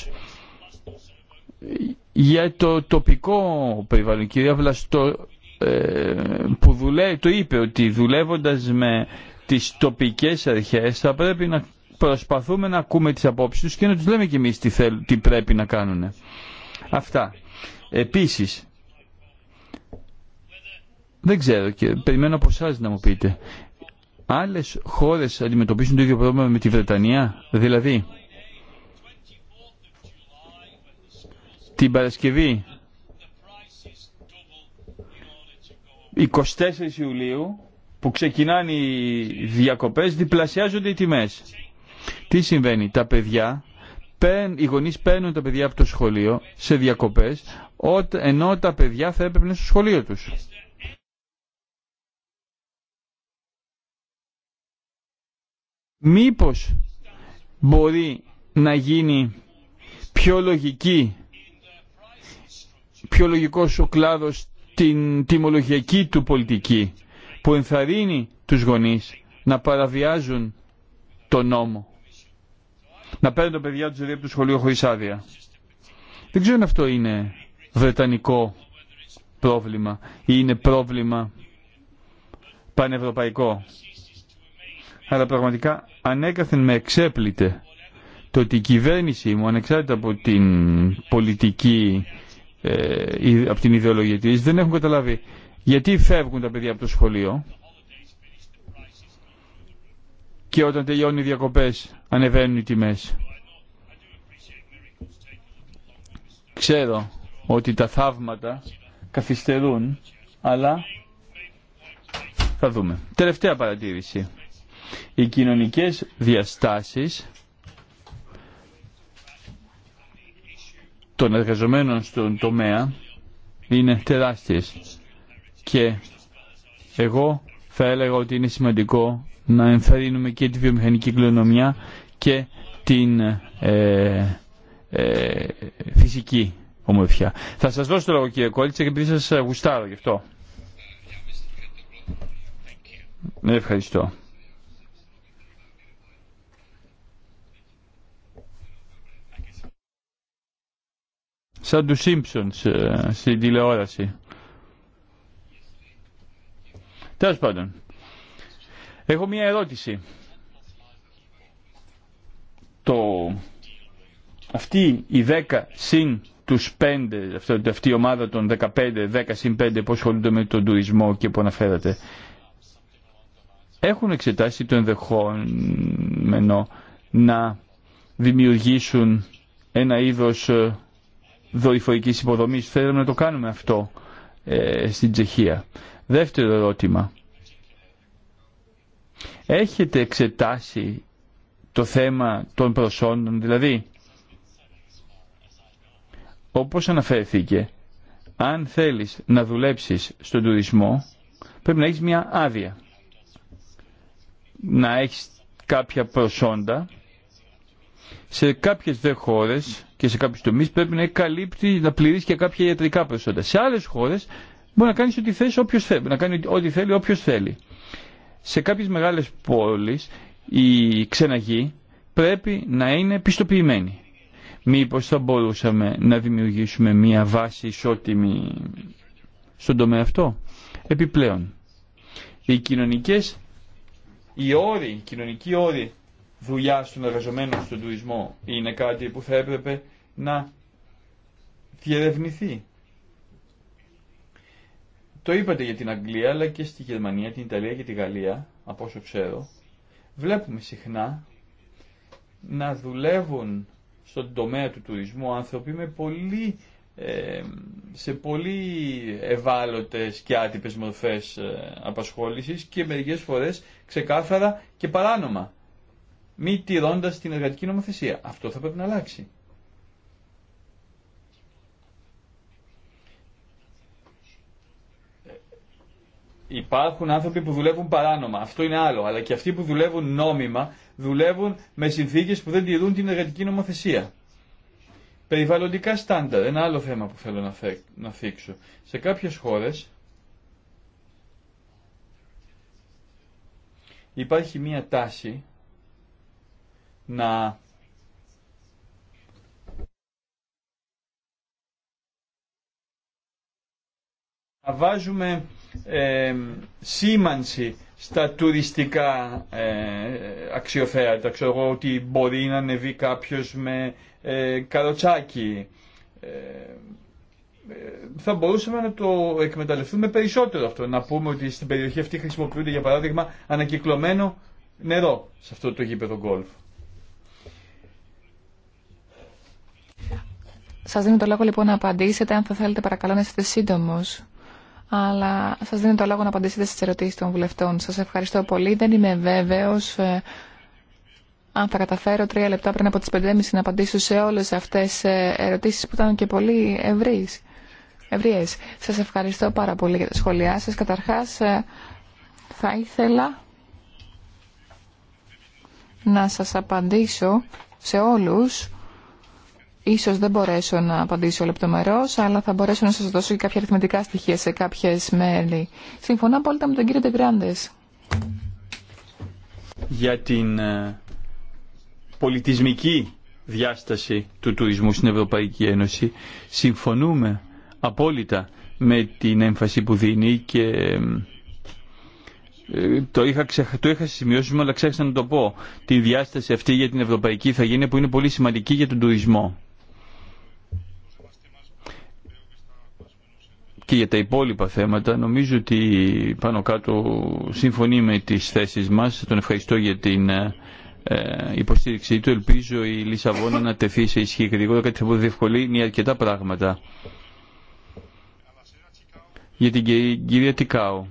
για το τοπικό περιβάλλον. Κυρία Βλαστό, ε, που δουλεύει, το είπε ότι δουλεύοντας με τις τοπικές αρχές θα πρέπει να προσπαθούμε να ακούμε τις απόψεις τους και να τους λέμε κι εμείς τι, τι πρέπει να κάνουν. Αυτά. Επίσης, δεν ξέρω και περιμένω από εσά να μου πείτε. Άλλε χώρε αντιμετωπίζουν το ίδιο πρόβλημα με τη Βρετανία. Δηλαδή, την Παρασκευή 24 Ιουλίου που ξεκινάνε οι διακοπές διπλασιάζονται οι τιμές. Τι συμβαίνει, τα παιδιά, οι γονείς παίρνουν τα παιδιά από το σχολείο σε διακοπές ενώ τα παιδιά θα είναι στο σχολείο τους. Μήπως μπορεί να γίνει πιο λογική, πιο λογικός ο κλάδος την τιμολογιακή του πολιτική που ενθαρρύνει τους γονείς να παραβιάζουν τον νόμο. Να παίρνουν τα παιδιά τους δηλαδή από το σχολείο χωρίς άδεια. Δεν ξέρω αν αυτό είναι βρετανικό πρόβλημα ή είναι πρόβλημα πανευρωπαϊκό. Αλλά πραγματικά ανέκαθεν με εξέπλητε το ότι η κυβέρνηση μου ανεξάρτητα από την πολιτική ε, από την ιδεολογία της δεν έχουν καταλάβει γιατί φεύγουν τα παιδιά από το σχολείο και όταν τελειώνουν οι διακοπές ανεβαίνουν οι τιμές. Ξέρω ότι τα θαύματα καθυστερούν αλλά θα δούμε. Τελευταία παρατήρηση. Οι κοινωνικές διαστάσεις των εργαζομένων στον τομέα είναι τεράστιες και εγώ θα έλεγα ότι είναι σημαντικό να ενθαρρύνουμε και τη βιομηχανική κληρονομιά και την ε, ε, φυσική ομορφιά. Θα σας δώσω το λόγο κύριε και επειδή σας γουστάρω γι' αυτό. Ευχαριστώ. σαν του Simpsons ε, στην τηλεόραση. Τέλο πάντων, έχω μία ερώτηση. Το... Αυτή η 10 συν 5, αυτή, αυτή η ομάδα των 15, 10 συν 5 που ασχολούνται με τον τουρισμό και που αναφέρατε, έχουν εξετάσει το ενδεχόμενο να δημιουργήσουν ένα είδος ε, δορυφορική υποδομή Θέλουμε να το κάνουμε αυτό ε, στην Τσεχία. Δεύτερο ερώτημα. Έχετε εξετάσει το θέμα των προσόντων, δηλαδή, όπως αναφέρθηκε, αν θέλεις να δουλέψεις στον τουρισμό, πρέπει να έχεις μια άδεια. Να έχεις κάποια προσόντα σε κάποιες δε χώρες και σε κάποιους τομείς πρέπει να καλύπτει, να πληρείς και κάποια ιατρικά προσόντα. Σε άλλες χώρες μπορεί να κάνεις ό,τι θες όποιος θέλει, να κάνει ό,τι θέλει όποιος θέλει. Σε κάποιες μεγάλες πόλεις η ξεναγή πρέπει να είναι πιστοποιημένη. Μήπως θα μπορούσαμε να δημιουργήσουμε μια βάση ισότιμη στον τομέα αυτό. Επιπλέον, οι κοινωνικές, οι όροι, οι κοινωνικοί όροι δουλειά στον εργαζομένων στον τουρισμό είναι κάτι που θα έπρεπε να διερευνηθεί. Το είπατε για την Αγγλία αλλά και στη Γερμανία, την Ιταλία και τη Γαλλία, από όσο ξέρω, βλέπουμε συχνά να δουλεύουν στον τομέα του τουρισμού άνθρωποι με πολύ, ε, σε πολύ ευάλωτες και άτυπες μορφές ε, απασχόλησης και μερικές φορές ξεκάθαρα και παράνομα μη τηρώντα την εργατική νομοθεσία. Αυτό θα πρέπει να αλλάξει. Υπάρχουν άνθρωποι που δουλεύουν παράνομα, αυτό είναι άλλο, αλλά και αυτοί που δουλεύουν νόμιμα δουλεύουν με συνθήκες που δεν τηρούν την εργατική νομοθεσία. Περιβαλλοντικά στάνταρ, ένα άλλο θέμα που θέλω να θίξω. Σε κάποιες χώρες υπάρχει μία τάση να βάζουμε ε, σήμανση στα τουριστικά ε, αξιοθέατα. Ξέρω εγώ ότι μπορεί να ανεβεί κάποιος με ε, καροτσάκι. Ε, ε, θα μπορούσαμε να το εκμεταλλευτούμε περισσότερο αυτό. Να πούμε ότι στην περιοχή αυτή χρησιμοποιούνται για παράδειγμα ανακυκλωμένο νερό σε αυτό το γήπεδο γκολφ. Σας δίνω το λόγο λοιπόν να απαντήσετε. Αν θα θέλετε παρακαλώ να είστε σύντομος. Αλλά σας δίνω το λόγο να απαντήσετε στις ερωτήσεις των βουλευτών. Σας ευχαριστώ πολύ. Δεν είμαι βέβαιος ε, αν θα καταφέρω τρία λεπτά πριν από τις πεντέμιση να απαντήσω σε όλες αυτές τις ε, ερωτήσεις που ήταν και πολύ ευρύς. Σα Σας ευχαριστώ πάρα πολύ για τα σχόλιά σας. Καταρχάς ε, θα ήθελα να σας απαντήσω σε όλους Ίσως δεν μπορέσω να απαντήσω λεπτομερώς, αλλά θα μπορέσω να σας δώσω και κάποια αριθμητικά στοιχεία σε κάποιες μέλη. Συμφωνώ απόλυτα με τον κύριο Τεγκράντες. Για την ε, πολιτισμική διάσταση του τουρισμού στην Ευρωπαϊκή Ένωση συμφωνούμε απόλυτα με την έμφαση που δίνει και ε, το είχα, το είχα σημειώσει αλλά ξέχασα να το πω. Τη διάσταση αυτή για την ευρωπαϊκή θα γίνει που είναι πολύ σημαντική για τον τουρισμό. και για τα υπόλοιπα θέματα νομίζω ότι πάνω κάτω συμφωνεί με τις θέσεις μας. Τον ευχαριστώ για την ε, ε, υποστήριξή του. Ελπίζω η Λισαβόνα να τεθεί σε ισχύ γρήγορα, κάτι που διευκολύνει αρκετά πράγματα. Για την κυρία Τικάου.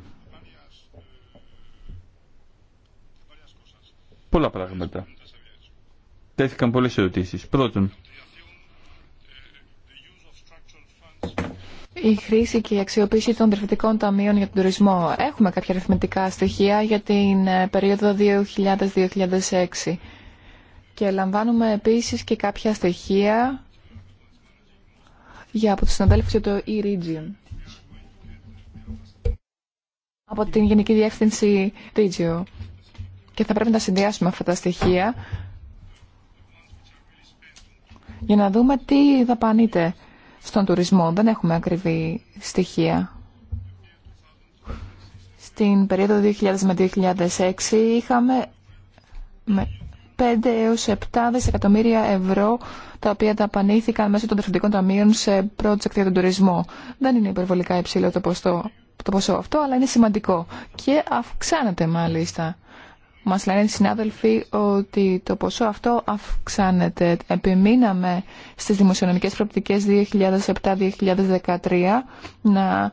Πολλά πράγματα. Τέθηκαν πολλές ερωτήσεις. Πρώτον, η χρήση και η αξιοποίηση των διευθυντικών ταμείων για τον τουρισμό. Έχουμε κάποια αριθμητικά στοιχεία για την ε, περίοδο 2000-2006. Και λαμβάνουμε επίσης και κάποια στοιχεία για από τους συναδέλφους για το e-region. Από την Γενική Διεύθυνση Regio. Και θα πρέπει να συνδυάσουμε αυτά τα στοιχεία για να δούμε τι δαπανείται στον τουρισμό. Δεν έχουμε ακριβή στοιχεία. Στην περίοδο 2000 με 2006 είχαμε 5 έως 7 δισεκατομμύρια ευρώ τα οποία ταπανήθηκαν μέσω των τεχνικών ταμείων σε project για τον τουρισμό. Δεν είναι υπερβολικά υψηλό το ποσό, το ποσό αυτό, αλλά είναι σημαντικό και αυξάνεται μάλιστα. Μας λένε οι συνάδελφοι ότι το ποσό αυτό αυξάνεται. Επιμείναμε στις δημοσιονομικές προοπτικές 2007-2013 να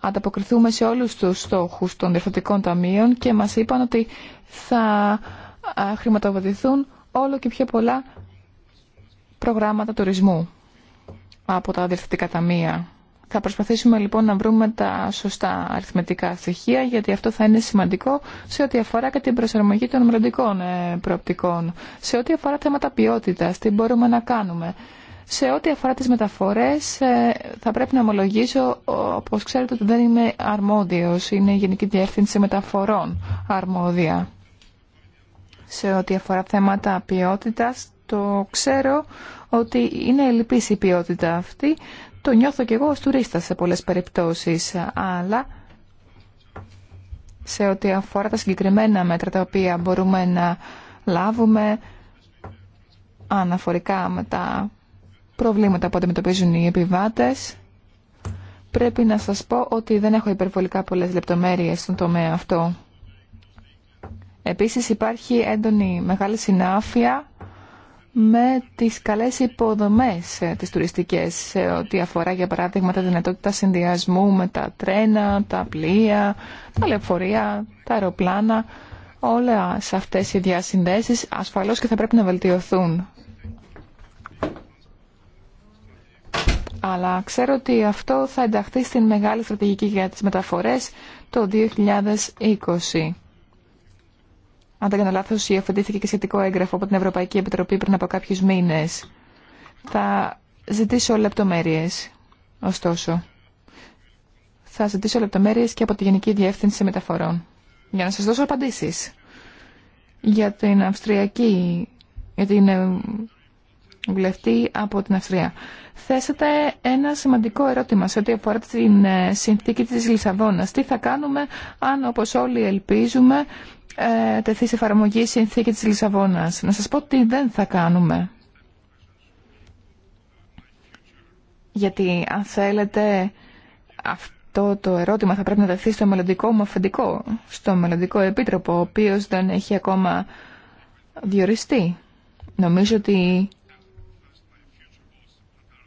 ανταποκριθούμε σε όλους τους στόχους των διευθυντικών ταμείων και μας είπαν ότι θα χρηματοδοτηθούν όλο και πιο πολλά προγράμματα τουρισμού από τα διευθυντικά ταμεία. Θα προσπαθήσουμε λοιπόν να βρούμε τα σωστά αριθμητικά στοιχεία, γιατί αυτό θα είναι σημαντικό σε ό,τι αφορά και την προσαρμογή των μελλοντικών ε, προοπτικών, σε ό,τι αφορά θέματα ποιότητα, τι μπορούμε να κάνουμε. Σε ό,τι αφορά τις μεταφορές, ε, θα πρέπει να ομολογήσω, όπως ξέρετε, ότι δεν είμαι αρμόδιος. Είναι η Γενική Διεύθυνση Μεταφορών αρμόδια. Σε ό,τι αφορά θέματα ποιότητας, το ξέρω ότι είναι ελλειπής η ποιότητα αυτή. Το νιώθω και εγώ ως τουρίστα σε πολλές περιπτώσεις, αλλά σε ό,τι αφορά τα συγκεκριμένα μέτρα τα οποία μπορούμε να λάβουμε αναφορικά με τα προβλήματα που αντιμετωπίζουν οι επιβάτες, πρέπει να σας πω ότι δεν έχω υπερβολικά πολλές λεπτομέρειες στον τομέα αυτό. Επίσης υπάρχει έντονη μεγάλη συνάφεια με τις καλές υποδομές ε, τις τουριστικές σε ό,τι αφορά για παράδειγμα τα δυνατότητα συνδυασμού με τα τρένα, τα πλοία, τα λεωφορεία, τα αεροπλάνα. Όλα σε αυτές οι διασυνδέσεις ασφαλώς και θα πρέπει να βελτιωθούν. Αλλά ξέρω ότι αυτό θα ενταχθεί στην μεγάλη στρατηγική για τις μεταφορές το 2020. Αν δεν κάνω λάθος, υιοθετήθηκε και σχετικό έγγραφο από την Ευρωπαϊκή Επιτροπή πριν από κάποιου μήνες. Θα ζητήσω λεπτομέρειες, ωστόσο. Θα ζητήσω λεπτομέρειες και από τη Γενική Διεύθυνση Μεταφορών. Για να σα δώσω απαντήσεις. Για την Αυστριακή, για την ε, βουλευτή από την Αυστρία. Θέσατε ένα σημαντικό ερώτημα σε ό,τι αφορά την ε, συνθήκη της Λισαβόνας. Τι θα κάνουμε αν, όπως όλοι ελπίζουμε, ε, τεθεί σε εφαρμογή η συνθήκη της Λισαβόνας. Να σας πω τι δεν θα κάνουμε. Γιατί αν θέλετε αυτό το ερώτημα θα πρέπει να τεθεί στο μελλοντικό μου αφεντικό, στο μελλοντικό επίτροπο, ο οποίος δεν έχει ακόμα διοριστεί. Νομίζω ότι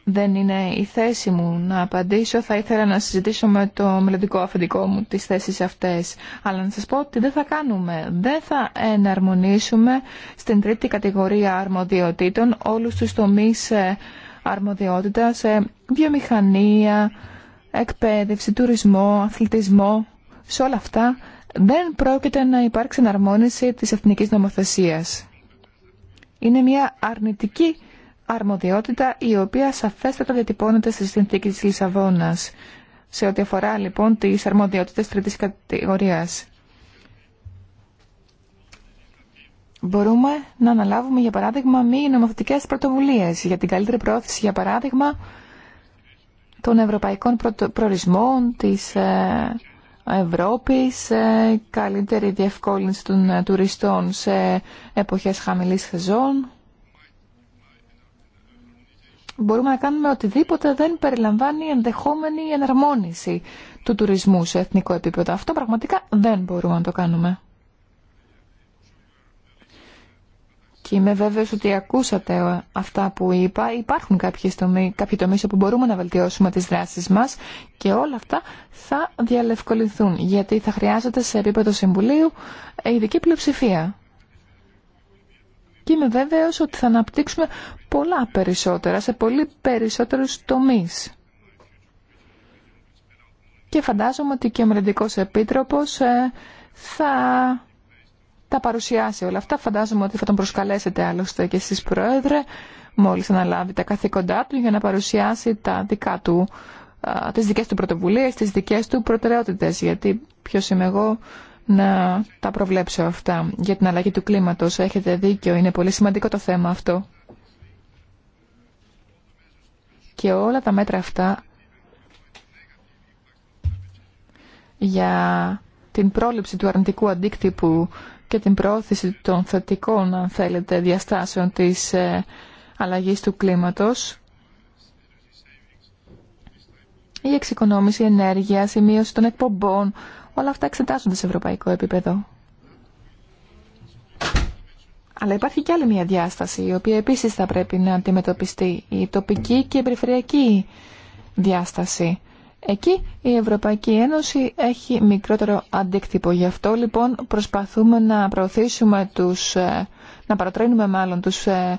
δεν είναι η θέση μου να απαντήσω. Θα ήθελα να συζητήσω με το μελλοντικό αφεντικό μου τις θέσεις αυτές. Αλλά να σας πω ότι δεν θα κάνουμε. Δεν θα εναρμονίσουμε στην τρίτη κατηγορία αρμοδιοτήτων όλους τους τομείς ε, αρμοδιότητας, ε, βιομηχανία, εκπαίδευση, τουρισμό, αθλητισμό. Σε όλα αυτά δεν πρόκειται να υπάρξει εναρμόνιση της εθνικής νομοθεσίας. Είναι μια αρνητική αρμοδιότητα η οποία σαφέστατα διατυπώνεται στη συνθήκη της Λισαβόνας σε ό,τι αφορά λοιπόν τις αρμοδιότητες τρίτης κατηγορίας. Μπορούμε να αναλάβουμε για παράδειγμα μη νομοθετικές πρωτοβουλίες για την καλύτερη προώθηση για παράδειγμα των ευρωπαϊκών προορισμών της ε, Ευρώπης, ε, καλύτερη διευκόλυνση των ε, τουριστών σε εποχές χαμηλής σεζόν μπορούμε να κάνουμε οτιδήποτε δεν περιλαμβάνει ενδεχόμενη εναρμόνιση του τουρισμού σε εθνικό επίπεδο. Αυτό πραγματικά δεν μπορούμε να το κάνουμε. Και είμαι βέβαιος ότι ακούσατε αυτά που είπα. Υπάρχουν κάποιοι τομείς, κάποιοι όπου μπορούμε να βελτιώσουμε τις δράσεις μας και όλα αυτά θα διαλευκολυνθούν γιατί θα χρειάζεται σε επίπεδο συμβουλίου ειδική πλειοψηφία και είμαι βέβαιος ότι θα αναπτύξουμε πολλά περισσότερα σε πολύ περισσότερους τομείς. Και φαντάζομαι ότι και ο Μελλοντικός Επίτροπος ε, θα τα παρουσιάσει όλα αυτά. Φαντάζομαι ότι θα τον προσκαλέσετε άλλωστε και εσείς Πρόεδρε μόλις αναλάβει τα καθήκοντά του για να παρουσιάσει τα δικά του τις δικές του πρωτοβουλίες, τις δικές του προτεραιότητες γιατί ποιος είμαι εγώ να τα προβλέψω αυτά. Για την αλλαγή του κλίματος έχετε δίκιο, είναι πολύ σημαντικό το θέμα αυτό. Και όλα τα μέτρα αυτά για την πρόληψη του αρνητικού αντίκτυπου και την προώθηση των θετικών, αν θέλετε, διαστάσεων της ε, αλλαγής του κλίματος, η εξοικονόμηση ενέργειας, η μείωση των εκπομπών, Όλα αυτά εξετάζονται σε ευρωπαϊκό επίπεδο. Αλλά υπάρχει και άλλη μια διάσταση, η οποία επίσης θα πρέπει να αντιμετωπιστεί, η τοπική και η περιφερειακή διάσταση. Εκεί η Ευρωπαϊκή Ένωση έχει μικρότερο αντίκτυπο. Γι' αυτό λοιπόν προσπαθούμε να προωθήσουμε τους, ε, να παρατρένουμε μάλλον τους ε,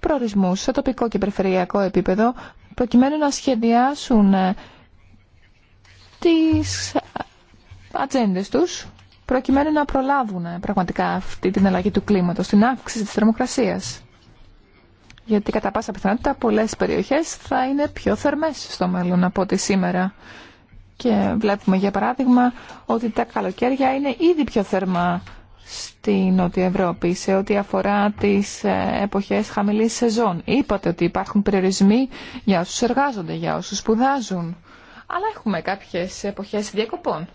προορισμούς σε τοπικό και περιφερειακό επίπεδο προκειμένου να σχεδιάσουν ε, τις ατζέντε τους προκειμένου να προλάβουν ε, πραγματικά αυτή την αλλαγή του κλίματος, την αύξηση της θερμοκρασίας. Γιατί κατά πάσα πιθανότητα πολλές περιοχές θα είναι πιο θερμές στο μέλλον από ό,τι σήμερα. Και βλέπουμε για παράδειγμα ότι τα καλοκαίρια είναι ήδη πιο θερμά στη Νότια Ευρώπη σε ό,τι αφορά τις ε, εποχές χαμηλής σεζόν. Είπατε ότι υπάρχουν περιορισμοί για όσους εργάζονται, για όσους σπουδάζουν. Αλλά έχουμε κάποιες εποχές διακοπών.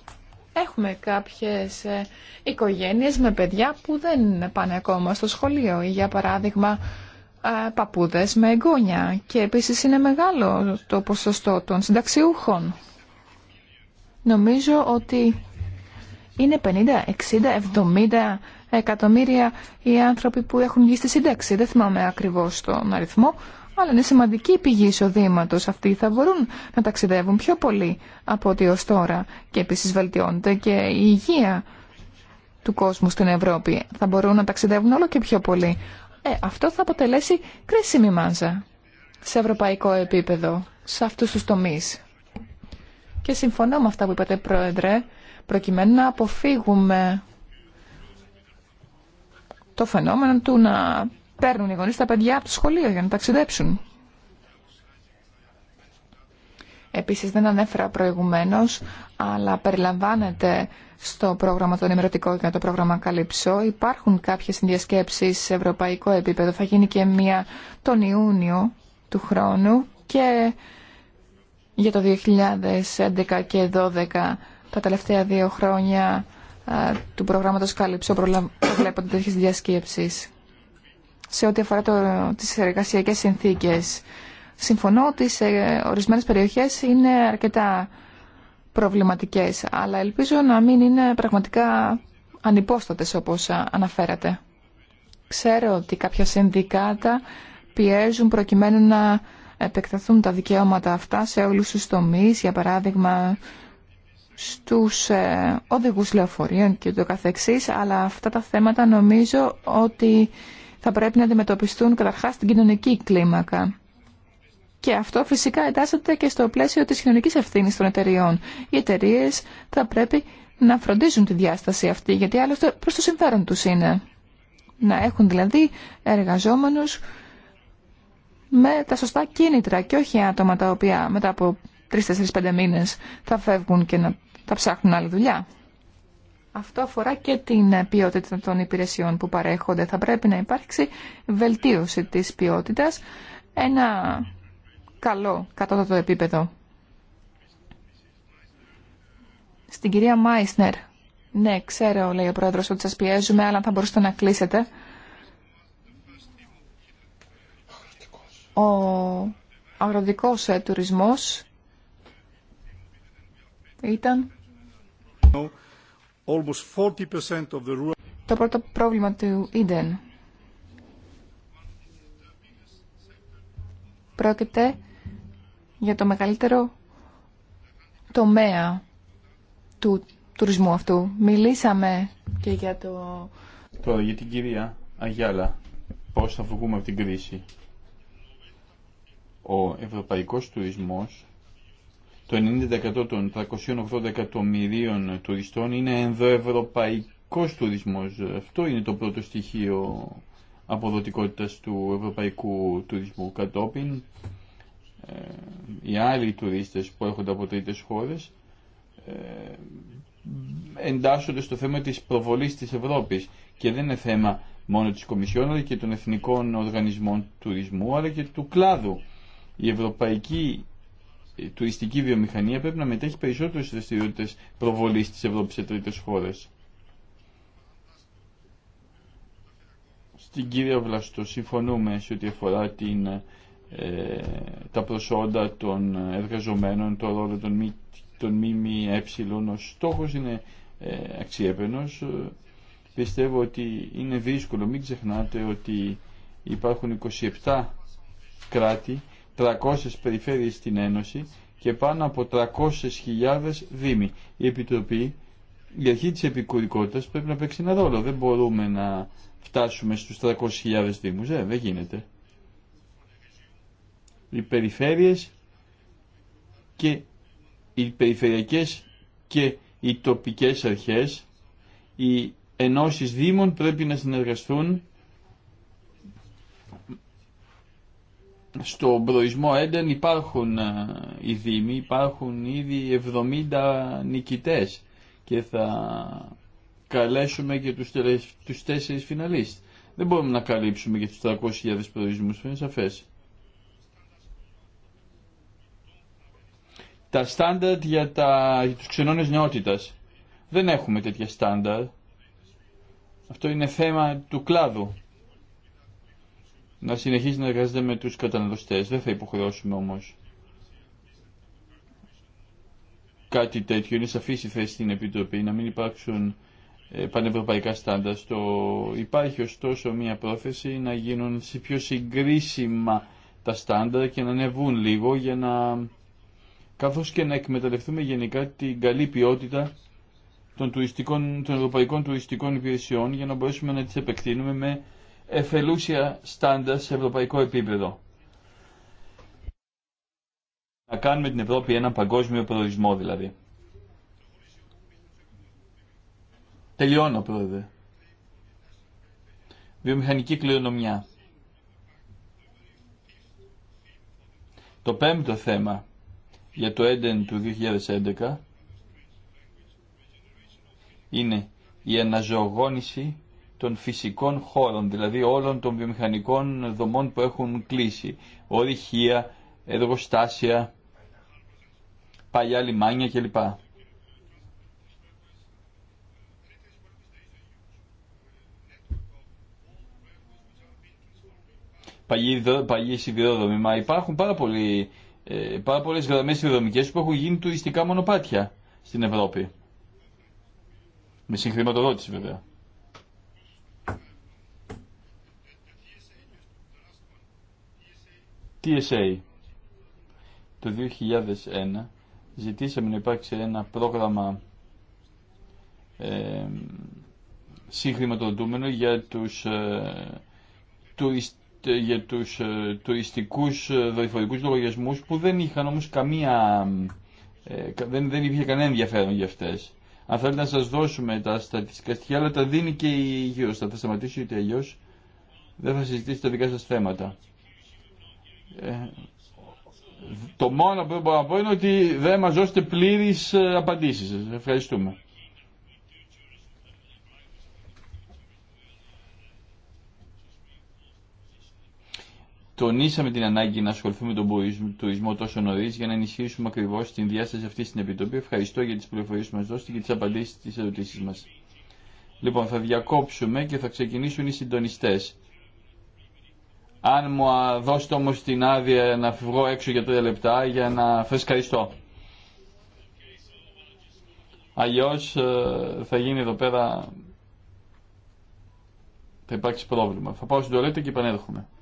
Έχουμε κάποιες ε, οικογένειες με παιδιά που δεν πάνε ακόμα στο σχολείο ή για παράδειγμα ε, παππούδες με εγγόνια και επίσης είναι μεγάλο το ποσοστό των συνταξιούχων. Νομίζω ότι είναι 50, 60, 70 εκατομμύρια οι άνθρωποι που έχουν βγει στη σύνταξη. Δεν θυμάμαι ακριβώς τον αριθμό, αλλά είναι σημαντική πηγή εισοδήματο. Αυτοί θα μπορούν να ταξιδεύουν πιο πολύ από ό,τι ω τώρα και επίσης βελτιώνεται και η υγεία του κόσμου στην Ευρώπη. Θα μπορούν να ταξιδεύουν όλο και πιο πολύ. Ε, αυτό θα αποτελέσει κρίσιμη μάζα σε ευρωπαϊκό επίπεδο, σε αυτού του τομεί. Και συμφωνώ με αυτά που είπατε, Πρόεδρε, προκειμένου να αποφύγουμε το φαινόμενο του να παίρνουν οι γονείς τα παιδιά από το σχολείο για να ταξιδέψουν. Επίσης δεν ανέφερα προηγουμένως, αλλά περιλαμβάνεται στο πρόγραμμα των ημερωτικών για το πρόγραμμα Καλυψό. Υπάρχουν κάποιες συνδιασκέψεις σε ευρωπαϊκό επίπεδο. Θα γίνει και μία τον Ιούνιο του χρόνου και για το 2011 και 2012 τα τελευταία δύο χρόνια του προγράμματος Καλυψό προβλέπονται τέτοιες διασκέψεις σε ό,τι αφορά το, τις εργασιακές συνθήκες. Συμφωνώ ότι σε ορισμένες περιοχές είναι αρκετά προβληματικές, αλλά ελπίζω να μην είναι πραγματικά ανυπόστατες όπως αναφέρατε. Ξέρω ότι κάποια συνδικάτα πιέζουν προκειμένου να επεκταθούν τα δικαιώματα αυτά σε όλους τους τομείς, για παράδειγμα στους ε, οδηγούς λεωφορείων και το καθεξής, αλλά αυτά τα θέματα νομίζω ότι θα πρέπει να αντιμετωπιστούν καταρχάς στην κοινωνική κλίμακα. Και αυτό φυσικά εντάσσεται και στο πλαίσιο της κοινωνικής ευθύνης των εταιριών. Οι εταιρείε θα πρέπει να φροντίζουν τη διάσταση αυτή, γιατί άλλωστε προς το συμφέρον τους είναι. Να έχουν δηλαδή εργαζόμενους με τα σωστά κίνητρα και όχι άτομα τα οποία μετά από πέντε μήνες θα φεύγουν και να, θα ψάχνουν άλλη δουλειά αυτό αφορά και την ε, ποιότητα των υπηρεσιών που παρέχονται. Θα πρέπει να υπάρξει βελτίωση της ποιότητας, ένα καλό κατώτατο επίπεδο. Στην κυρία Μάισνερ, ναι, ξέρω, λέει ο πρόεδρος, ότι σας πιέζουμε, αλλά θα μπορούσατε να κλείσετε. Ο αγροτικός ε, τουρισμός ήταν... Το πρώτο πρόβλημα του Eden πρόκειται για το μεγαλύτερο τομέα του τουρισμού αυτού. Μιλήσαμε και για το... Πρώτα για την κυρία Αγιάλα, πώς θα βγούμε από την κρίση. Ο ευρωπαϊκός τουρισμός το 90% των 380 εκατομμυρίων τουριστών είναι ενδοευρωπαϊκός τουρισμός. Αυτό είναι το πρώτο στοιχείο αποδοτικότητας του ευρωπαϊκού τουρισμού. Κατόπιν, ε, οι άλλοι τουρίστες που έρχονται από τρίτες χώρες ε, εντάσσονται στο θέμα της προβολής της Ευρώπης και δεν είναι θέμα μόνο της Κομισιόν αλλά και των Εθνικών Οργανισμών Τουρισμού αλλά και του κλάδου. Η Ευρωπαϊκή τουριστική βιομηχανία πρέπει να μετέχει περισσότερε δραστηριότητε προβολή τη Ευρώπη σε τρίτε χώρε. Στην κύρια Βλαστό συμφωνούμε σε ό,τι αφορά την, ε, τα προσόντα των εργαζομένων, το ρόλο των μη, των ΜΜΕ. Ο στόχος είναι ε, Πιστεύω ότι είναι δύσκολο. Μην ξεχνάτε ότι υπάρχουν 27 κράτη 300 περιφέρειες στην Ένωση και πάνω από 300.000 δήμοι. Η Επιτροπή, η αρχή της επικουρικότητας πρέπει να παίξει ένα ρόλο. Δεν μπορούμε να φτάσουμε στους 300.000 δήμους. Ε, δεν γίνεται. Οι περιφέρειες και οι περιφερειακές και οι τοπικές αρχές, οι ενώσεις δήμων πρέπει να συνεργαστούν στον προϊσμό Έντεν υπάρχουν ε, οι Δήμοι, υπάρχουν ήδη 70 νικητές και θα καλέσουμε και τους, τους τέσσερις φιναλίστ. Δεν μπορούμε να καλύψουμε και τους 300.000 προορισμούς, είναι σαφές. Τα στάνταρ για, τα... για τους ξενώνες νεότητας. Δεν έχουμε τέτοια στάνταρ. Αυτό είναι θέμα του κλάδου να συνεχίσει να εργάζεται με τους καταναλωστές. Δεν θα υποχρεώσουμε όμως κάτι τέτοιο. Είναι σαφής η θέση στην Επιτροπή να μην υπάρξουν ε, πανευρωπαϊκά στάνταρ. Στο... Υπάρχει ωστόσο μια πρόθεση να γίνουν σε πιο συγκρίσιμα τα στάνταρ και να ανεβούν λίγο για να καθώς και να εκμεταλλευτούμε γενικά την καλή ποιότητα των, των ευρωπαϊκών τουριστικών υπηρεσιών για να μπορέσουμε να τις επεκτείνουμε με εφελούσια στάντα σε ευρωπαϊκό επίπεδο. Να κάνουμε την Ευρώπη έναν παγκόσμιο προορισμό δηλαδή. Τελειώνω πρόεδρε. Βιομηχανική κληρονομιά. Το πέμπτο θέμα για το έντεν του 2011 είναι η αναζωογόνηση των φυσικών χώρων, δηλαδή όλων των βιομηχανικών δομών που έχουν κλείσει, ορυχεία, εργοστάσια, παλιά λιμάνια κλπ. Παλιοί, σιδηρόδρομοι, μα υπάρχουν πάρα, πολλοί, ε, πάρα πολλές γραμμές που έχουν γίνει τουριστικά μονοπάτια στην Ευρώπη. Με συγχρηματοδότηση βέβαια. TSA. Το 2001 ζητήσαμε να υπάρξει ένα πρόγραμμα ε, συγχρηματοδοτούμενο για τους, ε, ε, για τους ε, τουριστικούς ε, δορυφορικούς που δεν είχαν όμως καμία... Ε, δεν, δεν υπήρχε κανένα ενδιαφέρον για αυτές. Αν θέλετε να σας δώσουμε τα στατιστικά στοιχεία, αλλά τα δίνει και η Eurostat. Θα σταματήσω γιατί αλλιώ δεν θα συζητήσει τα δικά σας θέματα. Ε, το μόνο που μπορώ να πω είναι ότι δεν μας δώσετε πλήρεις ε, απαντήσεις. Ευχαριστούμε. Τονίσαμε την ανάγκη να ασχοληθούμε με τον τουρισμό τόσο νωρί για να ενισχύσουμε ακριβώ την διάσταση αυτή στην Επιτροπή. Ευχαριστώ για τι πληροφορίε που μα δώσετε και τι απαντήσει στι ερωτήσει μα. Λοιπόν, θα διακόψουμε και θα ξεκινήσουν οι συντονιστέ. Αν μου δώσετε όμω την άδεια να φυγώ έξω για τρία λεπτά για να φρεσκαριστώ. Αλλιώς ε, θα γίνει εδώ πέρα θα υπάρξει πρόβλημα. Θα πάω στην τουαλέτα και επανέρχομαι.